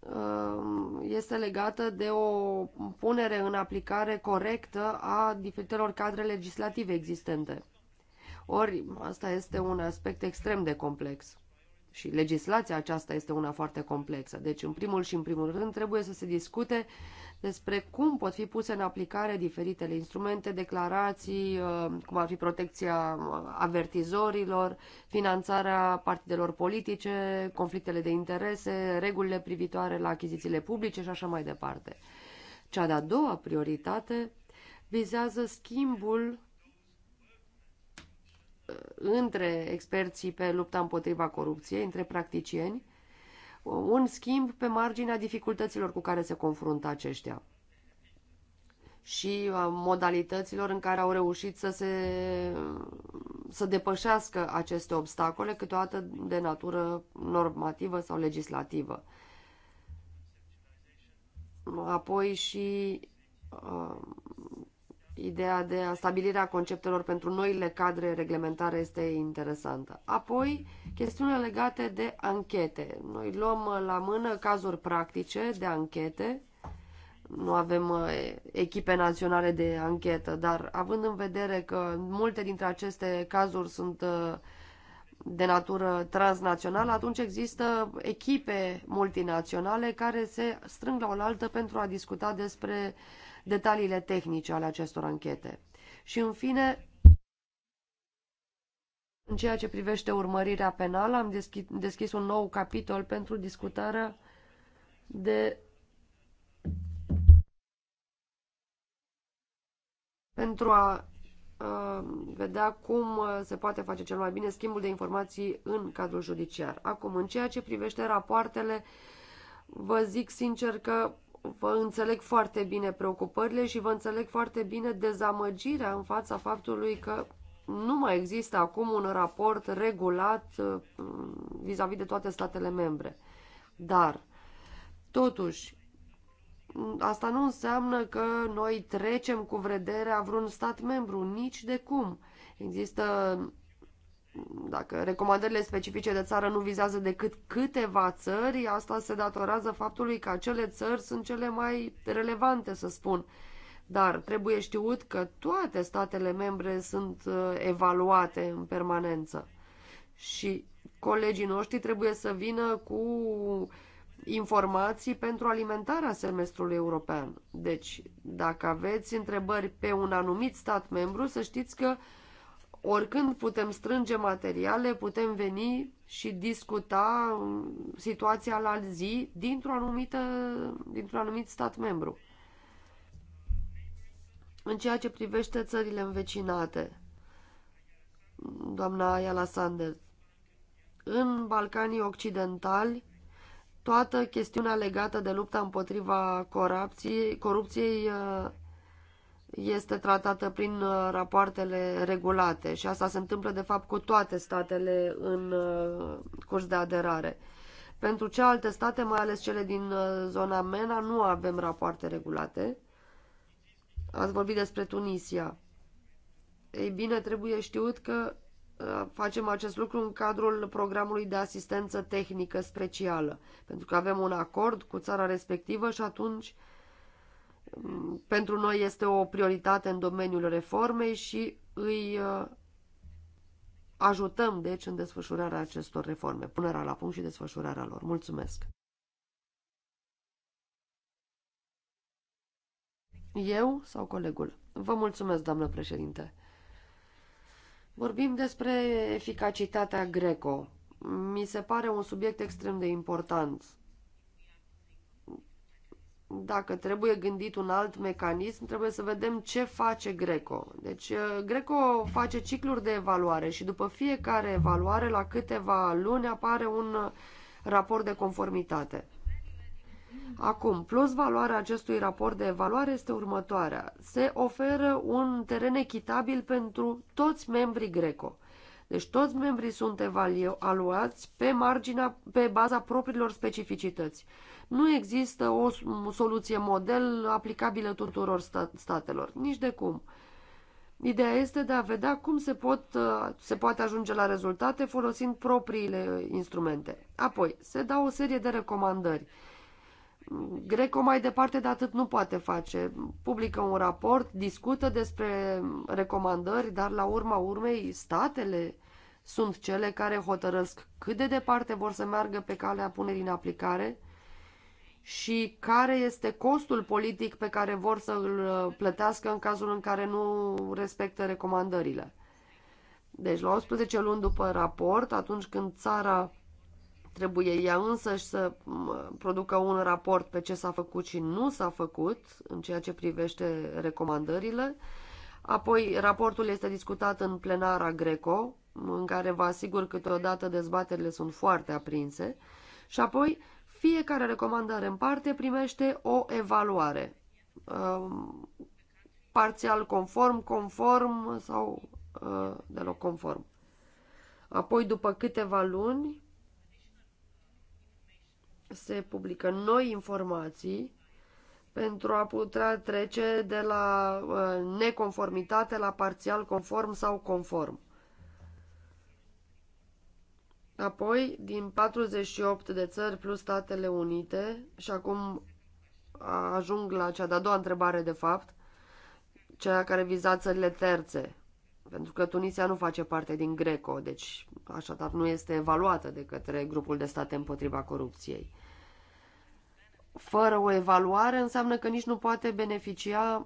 Um, este legată de o punere în aplicare corectă a diferitelor cadre legislative existente. Ori asta este un aspect extrem de complex și legislația aceasta este una foarte complexă. Deci, în primul și în primul rând, trebuie să se discute despre cum pot fi puse în aplicare diferitele instrumente, declarații, uh, cum ar fi protecția uh, avertizorilor, finanțarea partidelor politice, conflictele de interese, regulile privitoare la achizițiile publice și așa mai departe. Cea de-a doua prioritate vizează schimbul uh, între experții pe lupta împotriva corupției, între practicieni, un schimb pe marginea dificultăților cu care se confruntă aceștia și modalităților în care au reușit să se să depășească aceste obstacole, câteodată de natură normativă sau legislativă. Apoi și Ideea de a stabilirea conceptelor pentru noile cadre reglementare este interesantă. Apoi, chestiunile legate de anchete. Noi luăm la mână cazuri practice de anchete. Nu avem uh, echipe naționale de anchetă, dar având în vedere că multe dintre aceste cazuri sunt uh, de natură transnațională, atunci există echipe multinaționale care se strâng la oaltă pentru a discuta despre uh, detaliile tehnice ale acestor anchete. Și în fine, în ceea ce privește urmărirea penală, am deschis, deschis un nou capitol pentru discutarea de pentru a vedea cum se poate face cel mai bine schimbul de informații în cadrul judiciar. Acum, în ceea ce privește rapoartele, vă zic sincer că vă înțeleg foarte bine preocupările și vă înțeleg foarte bine dezamăgirea în fața faptului că nu mai există acum un raport regulat uh, vis-a-vis -vis de toate statele membre. Dar, totuși, asta nu înseamnă că noi trecem cu vrederea vreun stat membru, nici de cum. Există dacă recomandările specifice de țară nu vizează decât câteva țări, asta se datorează faptului că acele țări sunt cele mai relevante, să spun. Dar trebuie știut că toate statele membre sunt uh, evaluate în permanență. Și colegii noștri trebuie să vină cu informații pentru alimentarea semestrului european. Deci, dacă aveți întrebări pe un anumit stat membru, să știți că oricând putem strânge materiale, putem veni și discuta um, situația la zi dintr un anumit, dintr-un anumit stat membru. În ceea ce privește țările învecinate, doamna Ayala Sanders, în Balcanii Occidentali, toată chestiunea legată de lupta împotriva corupției, corupției uh, este tratată prin uh, rapoartele regulate și asta se întâmplă de fapt cu toate statele în uh, curs de aderare. Pentru cealaltă state, mai ales cele din uh, zona MENA, nu avem rapoarte regulate. Ați vorbit despre Tunisia. Ei bine, trebuie știut că facem acest lucru în cadrul programului de asistență tehnică specială, pentru că avem un acord cu țara respectivă și atunci uh, pentru noi este o prioritate în domeniul reformei și îi uh, ajutăm, deci, în desfășurarea acestor reforme, punerea la punct și desfășurarea lor. Mulțumesc! Eu sau colegul? Vă mulțumesc, doamnă președinte. Vorbim despre eficacitatea greco. Mi se pare un subiect extrem de important dacă trebuie gândit un alt mecanism, trebuie să vedem ce face Greco. Deci uh, Greco face cicluri de evaluare și după fiecare evaluare, la câteva luni, apare un uh, raport de conformitate. Acum, plus valoarea acestui raport de evaluare este următoarea. Se oferă un teren echitabil pentru toți membrii Greco. Deci toți membrii sunt evaluați pe marginea, pe baza propriilor specificități. Nu există o soluție model aplicabilă tuturor statelor, nici de cum. Ideea este de a vedea cum se, pot, uh, se poate ajunge la rezultate folosind propriile instrumente. Apoi, se dau o serie de recomandări. Greco mai departe de atât nu poate face. Publică un raport, discută despre recomandări, dar la urma urmei statele sunt cele care hotărăsc cât de departe vor să meargă pe calea punerii în aplicare și care este costul politic pe care vor să îl uh, plătească în cazul în care nu respectă recomandările. Deci, la 18 luni după raport, atunci când țara trebuie ea însăși să producă un raport pe ce s-a făcut și nu s-a făcut în ceea ce privește recomandările, apoi raportul este discutat în plenara Greco, în care vă asigur câteodată dezbaterile sunt foarte aprinse, și apoi fiecare recomandare în parte primește o evaluare, um, parțial conform, conform sau uh, deloc conform. Apoi, după câteva luni, se publică noi informații pentru a putea trece de la uh, neconformitate la parțial conform sau conform. Apoi, din 48 de țări plus Statele Unite, și acum ajung la cea de-a doua întrebare, de fapt, cea care viza țările terțe, pentru că Tunisia nu face parte din Greco, deci așadar nu este evaluată de către grupul de state împotriva corupției. Fără o evaluare înseamnă că nici nu poate beneficia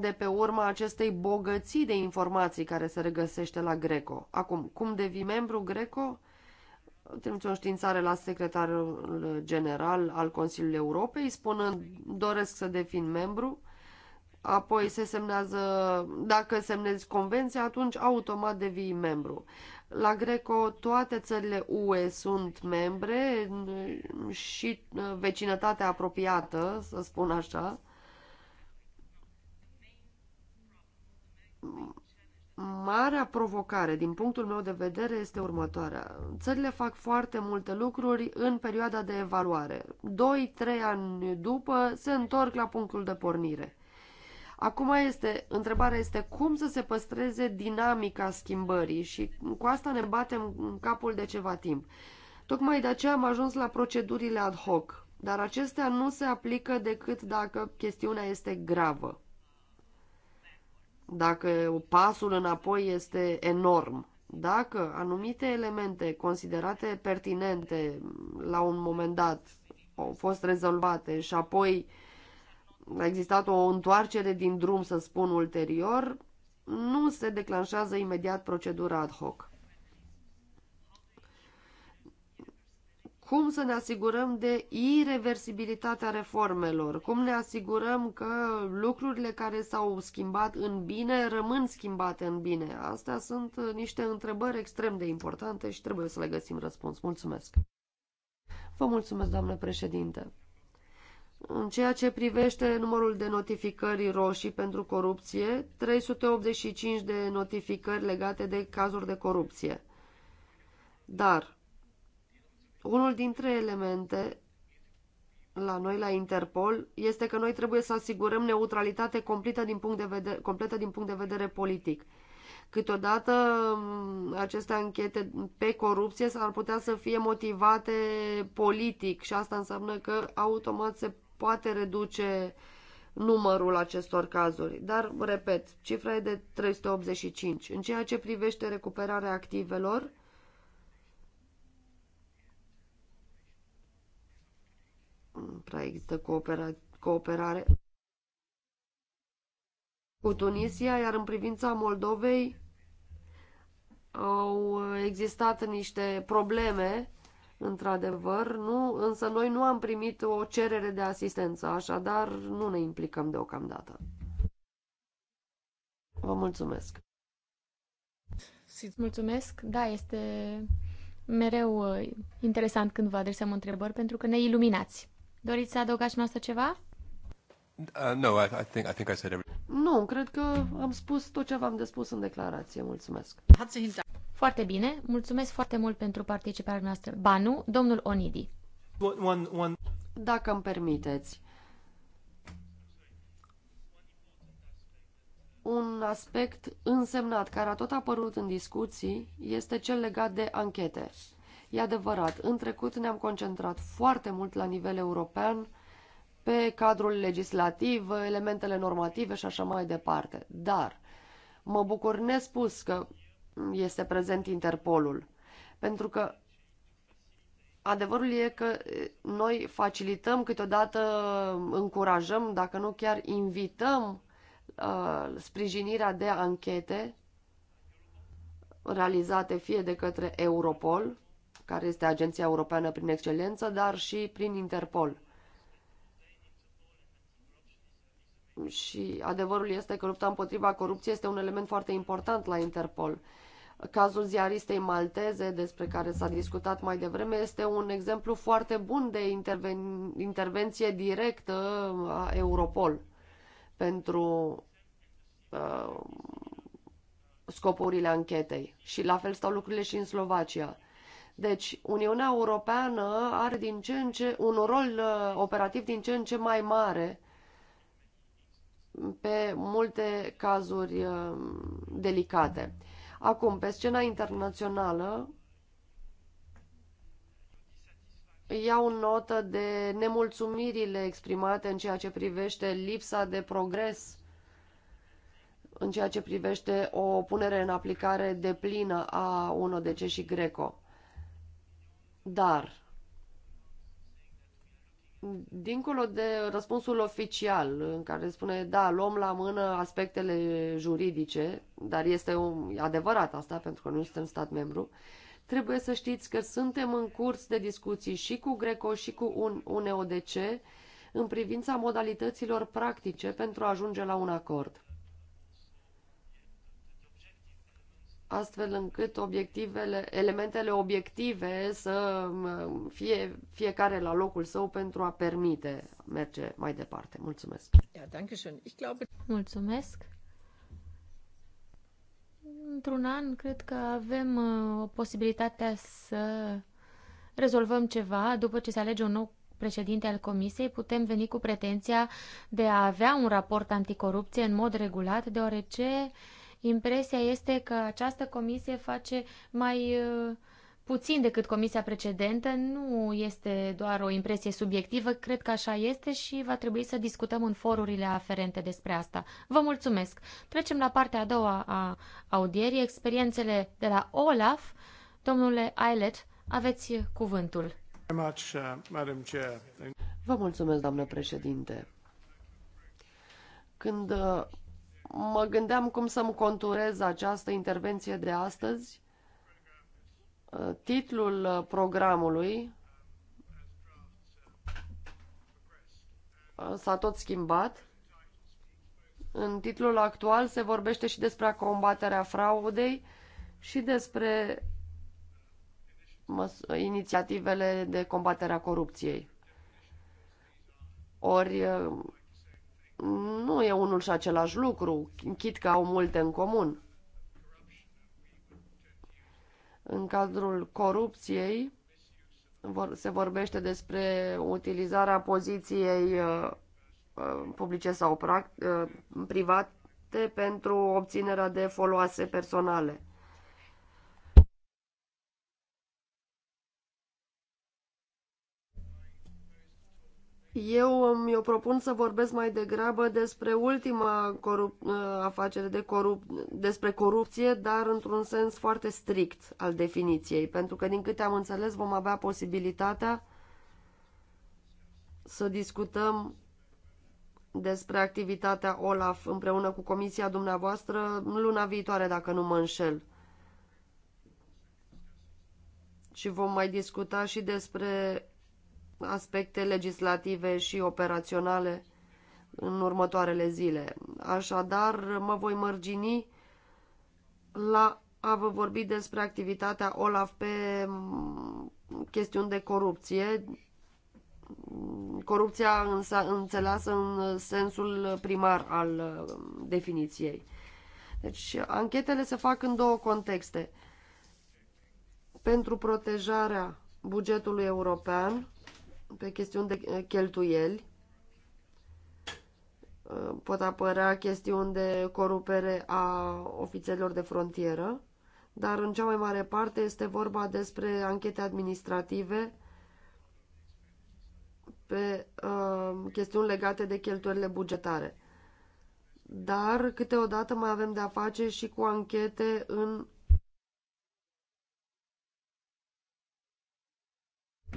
de pe urma acestei bogății de informații care se regăsește la Greco. Acum, cum devii membru Greco? Trimiți o științare la secretarul general al Consiliului Europei, spunând doresc să devin membru, apoi se semnează, dacă semnezi convenția, atunci automat devii membru. La Greco toate țările UE sunt membre și uh, vecinătatea apropiată, să spun așa, Marea provocare, din punctul meu de vedere, este următoarea. Țările fac foarte multe lucruri în perioada de evaluare. 2-3 ani după se întorc la punctul de pornire. Acum este, întrebarea este cum să se păstreze dinamica schimbării și cu asta ne batem în capul de ceva timp. Tocmai de aceea am ajuns la procedurile ad hoc, dar acestea nu se aplică decât dacă chestiunea este gravă dacă pasul înapoi este enorm, dacă anumite elemente considerate pertinente la un moment dat au fost rezolvate și apoi a existat o întoarcere din drum, să spun ulterior, nu se declanșează imediat procedura ad hoc. cum să ne asigurăm de ireversibilitatea reformelor, cum ne asigurăm că lucrurile care s-au schimbat în bine rămân schimbate în bine. Astea sunt niște întrebări extrem de importante și trebuie să le găsim răspuns. Mulțumesc! Vă mulțumesc, doamnă președinte! În ceea ce privește numărul de notificări roșii pentru corupție, 385 de notificări legate de cazuri de corupție. Dar unul dintre elemente la noi, la Interpol, este că noi trebuie să asigurăm neutralitate completă din punct de vedere, completă din punct de vedere politic. Câteodată mm, aceste anchete pe corupție s-ar putea să fie motivate politic și asta înseamnă că automat se poate reduce numărul acestor cazuri. Dar, repet, cifra e de 385. În ceea ce privește recuperarea activelor, prea există cooperare cu Tunisia, iar în privința Moldovei au existat niște probleme, într-adevăr, nu, însă noi nu am primit o cerere de asistență, așadar nu ne implicăm deocamdată. Vă mulțumesc! Mulțumesc! Da, este mereu uh, interesant când vă adresăm întrebări pentru că ne iluminați. Doriți să adăugați noastră ceva? Uh, no, I, think, I think I said everything. Nu, cred că am spus tot ce v-am de spus în declarație. Mulțumesc. Foarte bine. Mulțumesc foarte mult pentru participarea noastră. Banu, domnul Onidi. Dacă îmi permiteți. Un aspect însemnat care a tot apărut în discuții este cel legat de anchete. E adevărat, în trecut ne-am concentrat foarte mult la nivel european pe cadrul legislativ, elementele normative și așa mai departe. Dar mă bucur nespus că este prezent Interpolul, pentru că adevărul e că noi facilităm, câteodată încurajăm, dacă nu chiar invităm uh, sprijinirea de anchete realizate fie de către Europol, care este agenția europeană prin excelență, dar și prin Interpol. Și adevărul este că lupta împotriva corupției este un element foarte important la Interpol. Cazul ziaristei malteze, despre care s-a discutat mai devreme, este un exemplu foarte bun de interven intervenție directă a Europol pentru uh, scopurile anchetei. Și la fel stau lucrurile și în Slovacia. Deci, Uniunea Europeană are din ce în ce un rol uh, operativ din ce în ce mai mare pe multe cazuri uh, delicate. Acum, pe scena internațională, iau notă de nemulțumirile exprimate în ceea ce privește lipsa de progres în ceea ce privește o punere în aplicare deplină a UNODC și GRECO. Dar, dincolo de răspunsul oficial, în care spune, da, luăm la mână aspectele juridice, dar este un, adevărat asta, pentru că nu suntem stat membru, trebuie să știți că suntem în curs de discuții și cu Greco și cu UNEODC în privința modalităților practice pentru a ajunge la un acord. astfel încât obiectivele, elementele obiective să fie fiecare la locul său pentru a permite merge mai departe. Mulțumesc! Mulțumesc! Într-un an, cred că avem uh, o posibilitatea să rezolvăm ceva după ce se alege un nou președinte al Comisiei, putem veni cu pretenția de a avea un raport anticorupție în mod regulat, deoarece uh, impresia este că această comisie face mai uh, puțin decât comisia precedentă. Nu este doar o impresie subiectivă, cred că așa este și va trebui să discutăm în forurile aferente despre asta. Vă mulțumesc! Trecem la partea a doua a audierii, experiențele de la OLAF. Domnule Eilert, aveți cuvântul. Uh, Vă mulțumesc, doamnă președinte. Când uh, mă gândeam cum să-mi conturez această intervenție de astăzi. Uh, titlul uh, programului uh, s-a tot schimbat. În titlul actual se vorbește și despre combaterea fraudei și despre inițiativele de combaterea a corupției. Ori nu e unul și același lucru, chit că au multe în comun. În cadrul corupției vor, se vorbește despre utilizarea poziției uh, uh publice sau uh, private pentru obținerea de foloase personale. Eu îmi eu propun să vorbesc mai degrabă despre ultima corup- uh, afacere de corup- despre corupție, dar într-un sens foarte strict al definiției, pentru că, din câte am înțeles, vom avea posibilitatea să discutăm despre activitatea OLAF împreună cu comisia dumneavoastră luna viitoare, dacă nu mă înșel. Și vom mai discuta și despre aspecte legislative și operaționale în următoarele zile. Așadar, mă voi mărgini la a vă vorbi despre activitatea OLAF pe mm, chestiuni de corupție, corupția însă înțeleasă în sensul primar al mm, definiției. Deci, anchetele se fac în două contexte. Pentru protejarea bugetului european, pe chestiuni de eh, cheltuieli, eh, pot apărea chestiuni de corupere a ofițerilor de frontieră, dar în cea mai mare parte este vorba despre anchete administrative pe uh, chestiuni legate de cheltuielile bugetare. Dar câteodată mai avem de-a face și cu anchete în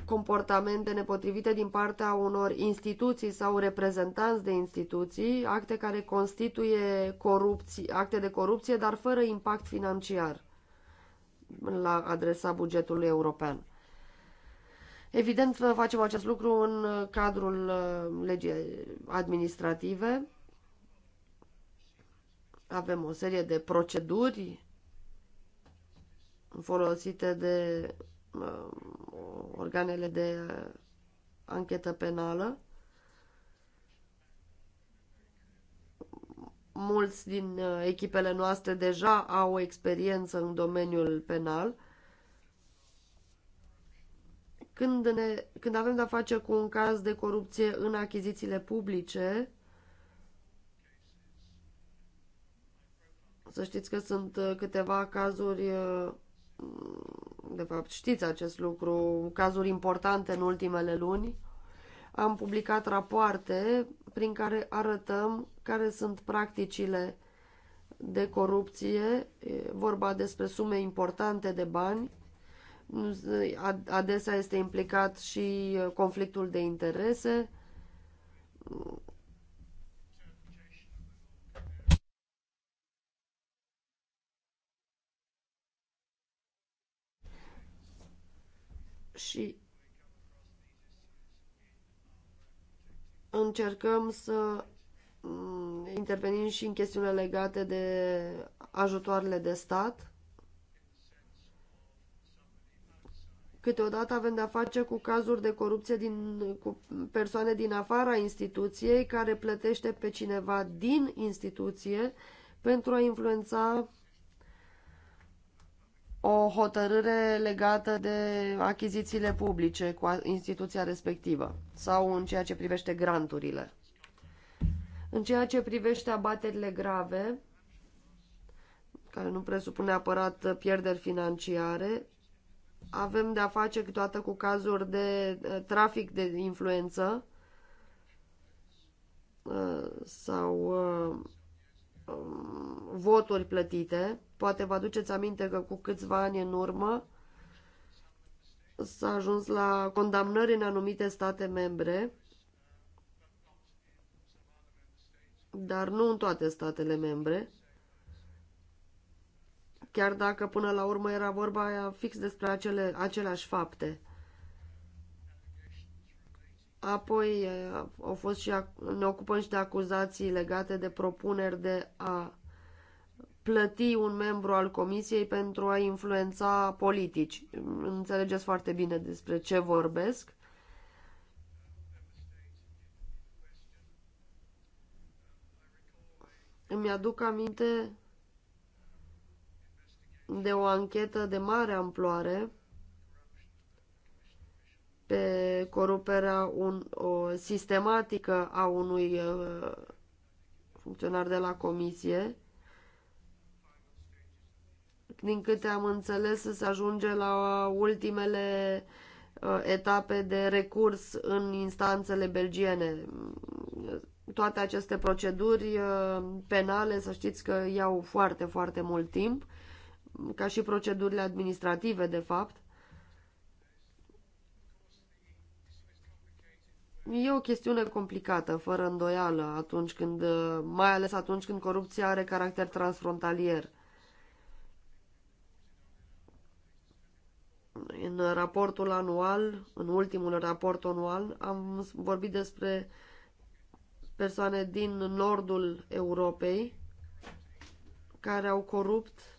comportamente nepotrivite din partea unor instituții sau reprezentanți de instituții, acte care constituie corupții, acte de corupție, dar fără impact financiar la adresa bugetului european. Evident, facem acest lucru în cadrul uh, legii administrative. Avem o serie de proceduri folosite de Uh, organele de uh, anchetă penală. Mulți din uh, echipele noastre deja au o experiență în domeniul penal. Când, ne, când avem de-a face cu un caz de corupție în achizițiile publice, să știți că sunt câteva cazuri de fapt știți acest lucru, cazuri importante în ultimele luni, am publicat rapoarte prin care arătăm care sunt practicile de corupție, e vorba despre sume importante de bani, adesea este implicat și conflictul de interese, și încercăm să mm, intervenim și în chestiunile legate de ajutoarele de stat. Câteodată avem de-a face cu cazuri de corupție din, cu persoane din afara instituției care plătește pe cineva din instituție pentru a influența o hotărâre legată de achizițiile publice cu instituția respectivă sau în ceea ce privește granturile. În ceea ce privește abaterile grave, care nu presupune aparat pierderi financiare, avem de-a face câteodată cu cazuri de uh, trafic de influență uh, sau uh, Um, voturi plătite. Poate vă aduceți aminte că cu câțiva ani în urmă s-a ajuns la condamnări în anumite state membre, dar nu în toate statele membre, chiar dacă până la urmă era vorba aia fix despre acele, aceleași fapte. Apoi au fost și, ne ocupăm și de acuzații legate de propuneri de a plăti un membru al comisiei pentru a influența politici. Înțelegeți foarte bine despre ce vorbesc. Îmi aduc aminte de o anchetă de mare amploare pe coruperea un, o, sistematică a unui uh, funcționar de la comisie. Din câte am înțeles, se ajunge la ultimele uh, etape de recurs în instanțele belgiene. Toate aceste proceduri uh, penale, să știți că iau foarte, foarte mult timp, ca și procedurile administrative, de fapt. E o chestiune complicată, fără îndoială, atunci când, uh, mai ales atunci când corupția are caracter transfrontalier. În raportul anual, în ultimul raport anual, am vorbit despre persoane din nordul Europei care au corupt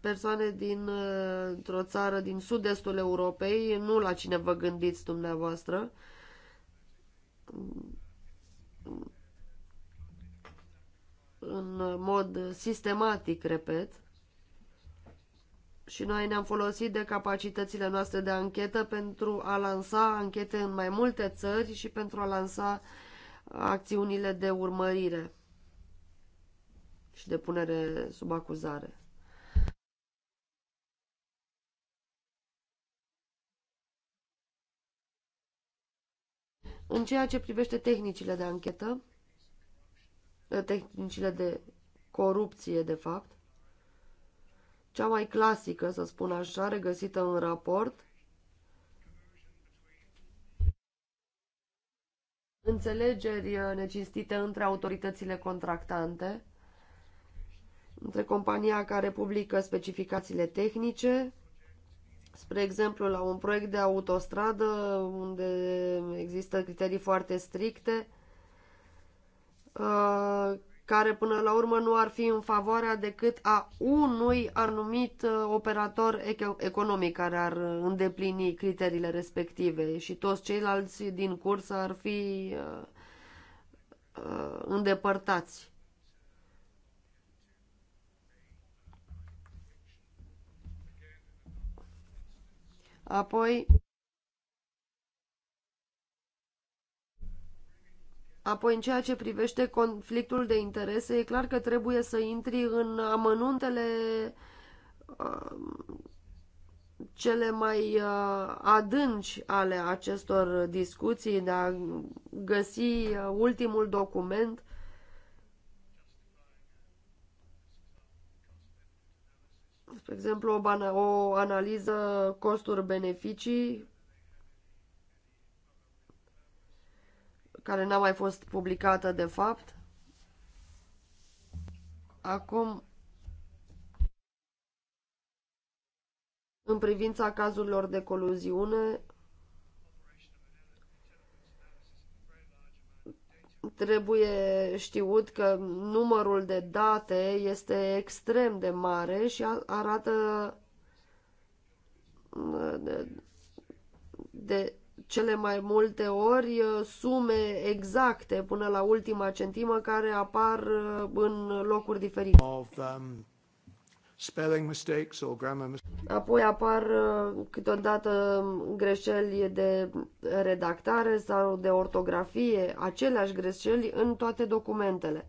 persoane dintr-o uh, țară din sud-estul Europei, nu la cine vă gândiți dumneavoastră. În mod sistematic, repet. Și noi ne-am folosit de capacitățile noastre de anchetă pentru a lansa anchete în mai multe țări și pentru a lansa acțiunile de urmărire și de punere sub acuzare. În ceea ce privește tehnicile de anchetă, eh, tehnicile de corupție, de fapt, cea mai clasică, să spun așa, regăsită în raport, înțelegeri eh, necinstite între autoritățile contractante, între compania care publică specificațiile tehnice spre exemplu, la un proiect de autostradă unde există criterii foarte stricte, uh, care până la urmă nu ar fi în favoarea decât a unui anumit uh, operator economic care ar îndeplini criteriile respective și toți ceilalți din curs ar fi uh, îndepărtați. Apoi, Apoi, în ceea ce privește conflictul de interese, e clar că trebuie să intri în amănuntele uh, cele mai uh, adânci ale acestor discuții, de a găsi uh, ultimul document spre exemplu, o, o analiză costuri-beneficii care n-a mai fost publicată de fapt. Acum, în privința cazurilor de coluziune, trebuie știut că numărul de date este extrem de mare și arată uh, de, de cele mai multe ori uh, sume exacte până la ultima centimă care apar uh, în locuri diferite. Of, um, spelling mistakes or grammar mistakes. Apoi apar uh, câteodată greșeli de redactare sau de ortografie, aceleași greșeli în toate documentele.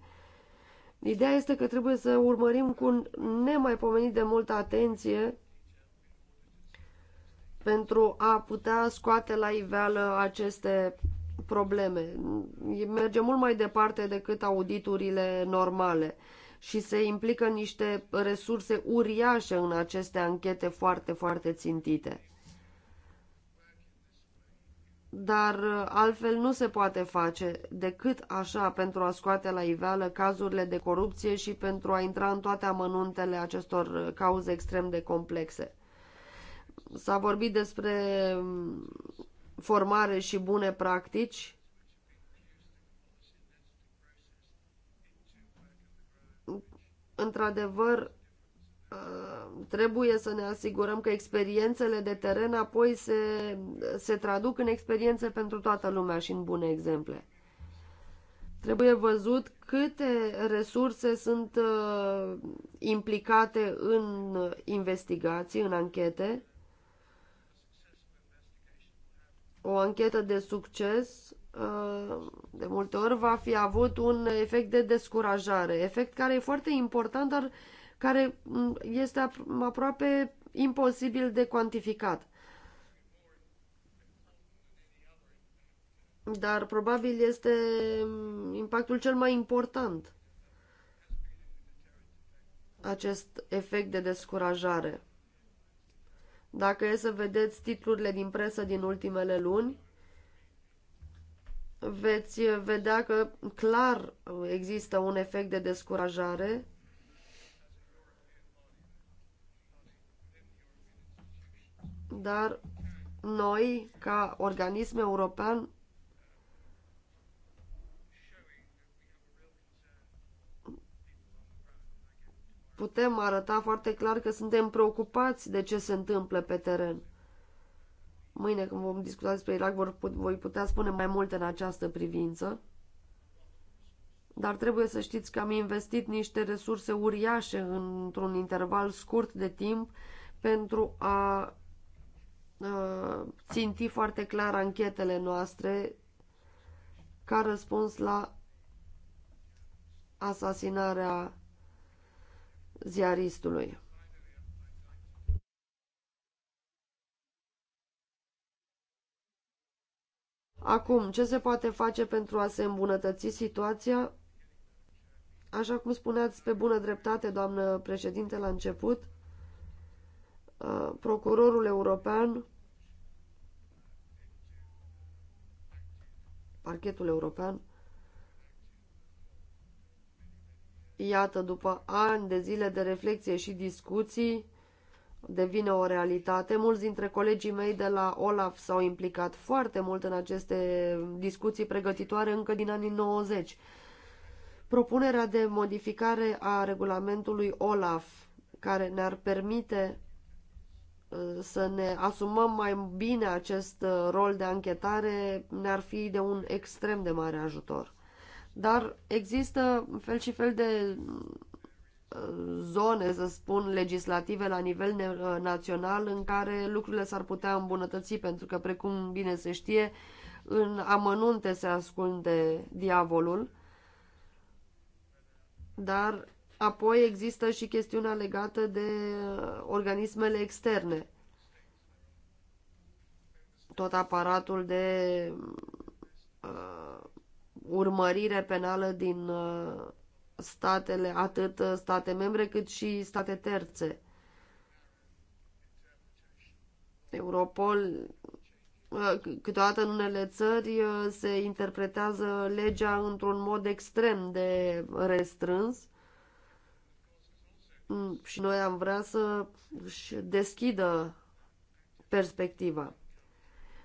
Ideea este că trebuie să urmărim cu nemaipomenit de multă atenție pentru a putea scoate la iveală aceste probleme. Merge mult mai departe decât auditurile normale și se implică niște resurse uriașe în aceste anchete foarte, foarte țintite. Dar uh, altfel nu se poate face decât așa pentru a scoate la iveală cazurile de corupție și pentru a intra în toate amănuntele acestor uh, cauze extrem de complexe. S-a vorbit despre mm, formare și bune practici într-adevăr, uh, trebuie să ne asigurăm că experiențele de teren apoi se, se traduc în experiențe pentru toată lumea și în bune exemple. Trebuie văzut câte resurse sunt uh, implicate în investigații, în anchete, o anchetă de succes uh, de multe ori va fi avut un efect de descurajare, efect care e foarte important, dar care mm, este aproape imposibil de cuantificat. Dar probabil este mm, impactul cel mai important acest efect de descurajare. Dacă e să vedeți titlurile din presă din ultimele luni, veți vedea că clar există un efect de descurajare dar noi, ca organism european, putem arăta foarte clar că suntem preocupați de ce se întâmplă pe teren. Mâine, când vom discuta despre Irak, vor, voi putea spune mai multe în această privință. Dar trebuie să știți că am investit niște resurse uriașe într-un interval scurt de timp pentru a ținti foarte clar anchetele noastre ca răspuns la asasinarea ziaristului. Acum, ce se poate face pentru a se îmbunătăți situația? Așa cum spuneați pe bună dreptate, doamnă președinte, la început, uh, procurorul european, parchetul european, iată, după ani de zile de reflexie și discuții, devine o realitate. Mulți dintre colegii mei de la OLAF s-au implicat foarte mult în aceste discuții pregătitoare încă din anii 90. Propunerea de modificare a regulamentului OLAF, care ne-ar permite uh, să ne asumăm mai bine acest uh, rol de anchetare, ne-ar fi de un extrem de mare ajutor. Dar există fel și fel de uh, zone, să spun, legislative la nivel uh, național în care lucrurile s-ar putea îmbunătăți, pentru că, precum bine se știe, în amănunte se ascunde diavolul. Dar apoi există și chestiunea legată de uh, organismele externe. Tot aparatul de uh, urmărire penală din uh, statele, atât uh, state membre cât și state terțe. Europol, uh, câteodată în unele țări se interpretează legea într-un mod extrem de restrâns mm, și noi am vrea să își deschidă perspectiva.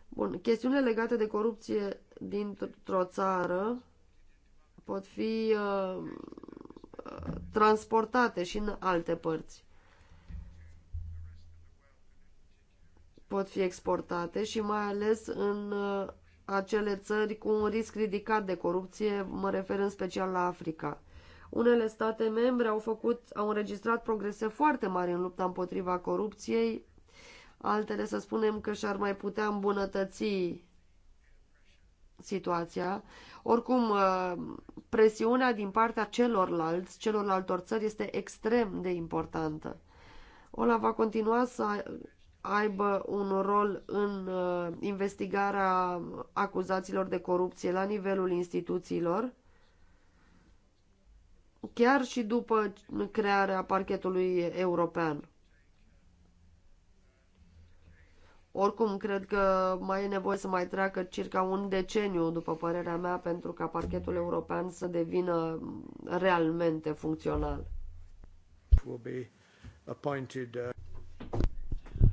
Bun, chestiunile legate de corupție dintr-o țară pot fi uh, transportate și în alte părți. Pot fi exportate și mai ales în uh, acele țări cu un risc ridicat de corupție, mă refer în special la Africa. Unele state membre au făcut, au înregistrat progrese foarte mari în lupta împotriva corupției, altele să spunem că și-ar mai putea îmbunătăți situația. Oricum, uh, presiunea din partea celorlalți, celorlaltor țări, este extrem de importantă. Ola va continua să aibă un rol în uh, investigarea acuzațiilor de corupție la nivelul instituțiilor, chiar și după crearea parchetului european. Oricum, cred că mai e nevoie să mai treacă circa un deceniu, după părerea mea, pentru ca parchetul european să devină realmente funcțional. Uh,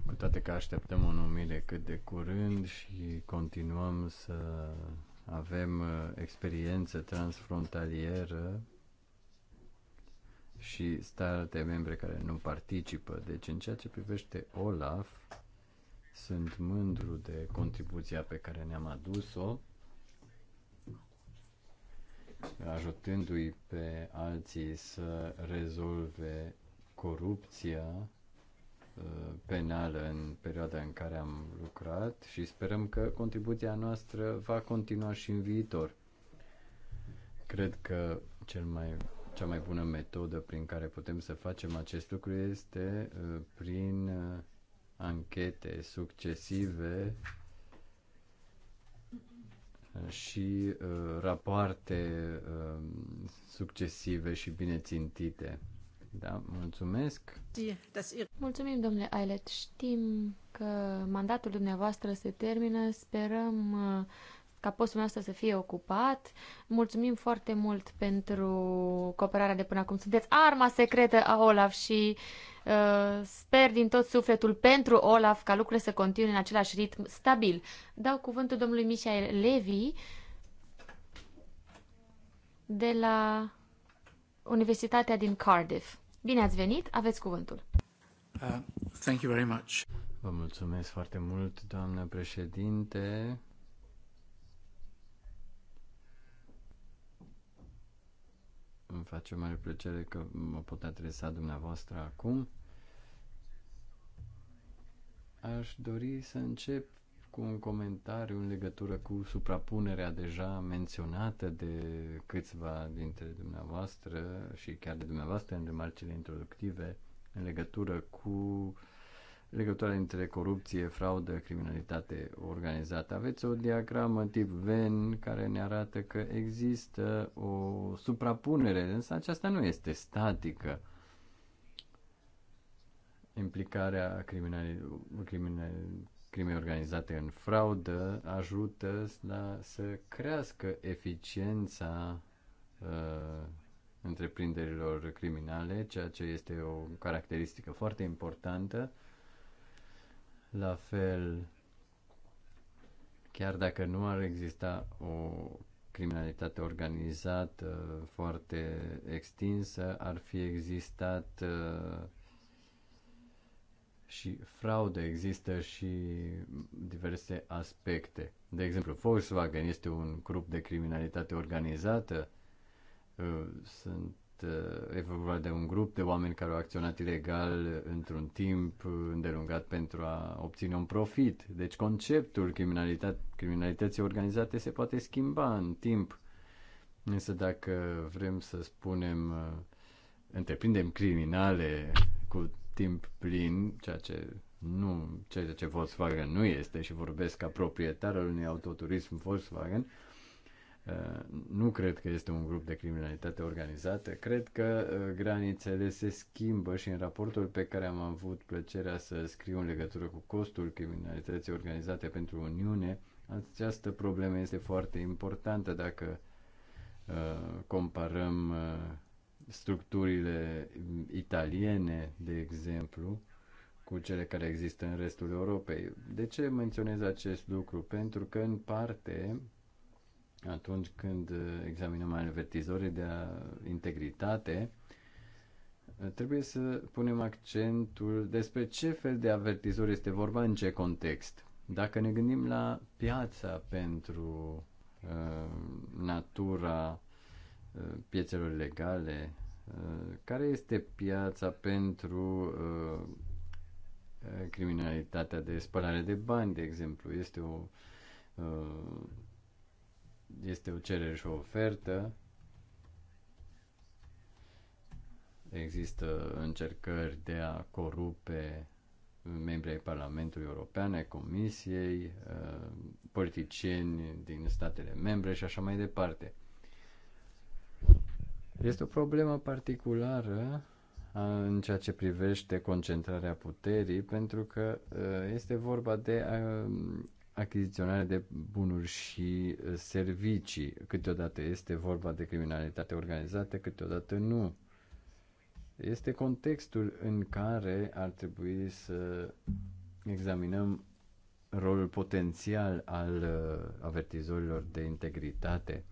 Cu toate că așteptăm o numire cât de curând și continuăm să avem uh, experiență transfrontalieră și state membre care nu participă. Deci, în ceea ce privește OLAF, sunt mândru de contribuția pe care ne-am adus-o, ajutându-i pe alții să rezolve corupția uh, penală în perioada în care am lucrat și sperăm că contribuția noastră va continua și în viitor. Cred că cel mai, cea mai bună metodă prin care putem să facem acest lucru este uh, prin uh, anchete succesive și uh, rapoarte uh, succesive și bine țintite. Da, mulțumesc. Mulțumim, domnule Ailet. Știm că mandatul dumneavoastră se termină. Sperăm uh, ca postul nostru să fie ocupat. Mulțumim foarte mult pentru cooperarea de până acum. Sunteți arma secretă a Olaf și uh, sper din tot sufletul pentru Olaf ca lucrurile să continue în același ritm stabil. Dau cuvântul domnului Michael Levi de la Universitatea din Cardiff. Bine ați venit, aveți cuvântul. Uh, thank you very much. Vă mulțumesc foarte mult, doamnă președinte. Îmi face o mare plăcere că mă pot adresa dumneavoastră acum. Aș dori să încep cu un comentariu în legătură cu suprapunerea deja menționată de câțiva dintre dumneavoastră și chiar de dumneavoastră în remarcile introductive în legătură cu uh, legătura între corupție, fraudă, criminalitate organizată. Aveți o diagramă tip VEN care ne arată că există o suprapunere, însă aceasta nu este statică. Implicarea criminali, criminali, crime organizate în fraudă ajută la, să crească eficiența uh, întreprinderilor criminale, ceea ce este o caracteristică foarte importantă la fel, chiar dacă nu ar exista o criminalitate organizată foarte extinsă, ar fi existat uh, și fraudă, există și diverse aspecte. De exemplu, Volkswagen este un grup de criminalitate organizată, uh, sunt Uh, e vorba de un grup de oameni care au acționat ilegal într-un timp îndelungat pentru a obține un profit. Deci conceptul criminalității organizate se poate schimba în timp. Însă dacă vrem să spunem uh, întreprindem criminale cu timp plin, ceea ce nu, ceea ce Volkswagen nu este și vorbesc ca proprietar al unui autoturism Volkswagen, Uh, nu cred că este un grup de criminalitate organizată, cred că uh, granițele se schimbă și în raportul pe care am avut plăcerea să scriu în legătură cu costul criminalității organizate pentru Uniune, această problemă este foarte importantă dacă uh, comparăm structurile italiene, de exemplu, cu cele care există în restul Europei. De ce menționez acest lucru? Pentru că, în parte, atunci când uh, examinăm avertizorii de uh, integritate, uh, trebuie să punem accentul despre ce fel de avertizor este vorba, în ce context. Dacă ne gândim la piața pentru uh, natura uh, piețelor legale, uh, care este piața pentru uh, criminalitatea de spălare de bani, de exemplu? Este o uh, este o cerere și o ofertă. Există încercări de a corupe membrii Parlamentului European, Comisiei, uh, politicieni din statele membre și așa mai departe. Este o problemă particulară în ceea ce privește concentrarea puterii, pentru că uh, este vorba de uh, achiziționare de bunuri și uh, servicii. Câteodată este vorba de criminalitate organizată, câteodată nu. Este contextul în care ar trebui să examinăm rolul potențial al uh, avertizorilor de integritate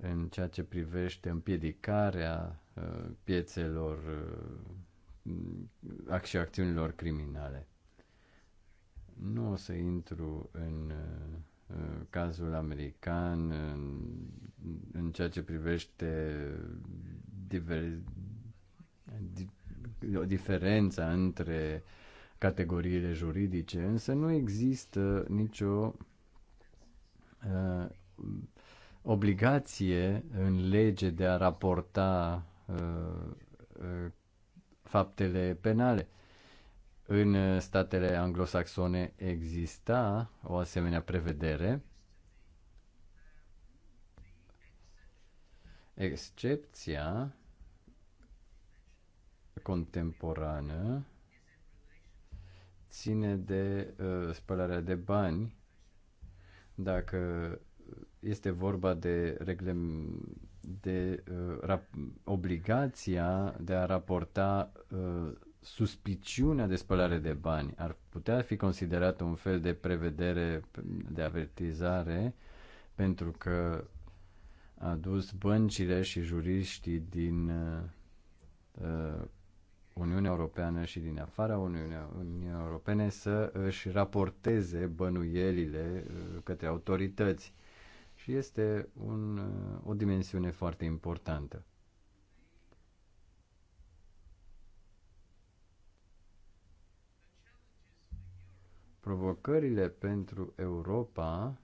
în ceea ce privește împiedicarea uh, piețelor și acțiunilor criminale. Nu o să intru în uh, cazul american în, în ceea ce privește diver, di, o diferența între categoriile juridice, însă nu există nicio uh, obligație în lege de a raporta uh, uh, faptele penale. Uh, în statele anglosaxone exista o asemenea prevedere, excepția contemporană ține de uh, spălarea de bani dacă este vorba de, regle, de uh, rap, obligația de a raporta uh, suspiciunea de spălare de bani ar putea fi considerată un fel de prevedere de avertizare pentru că a dus băncile și juriștii din uh, uh Uniunea Europeană și din afara Uniunii Europene să își raporteze bănuielile uh, către autorități. Și este un, uh, o dimensiune foarte importantă. Provocările pentru Europa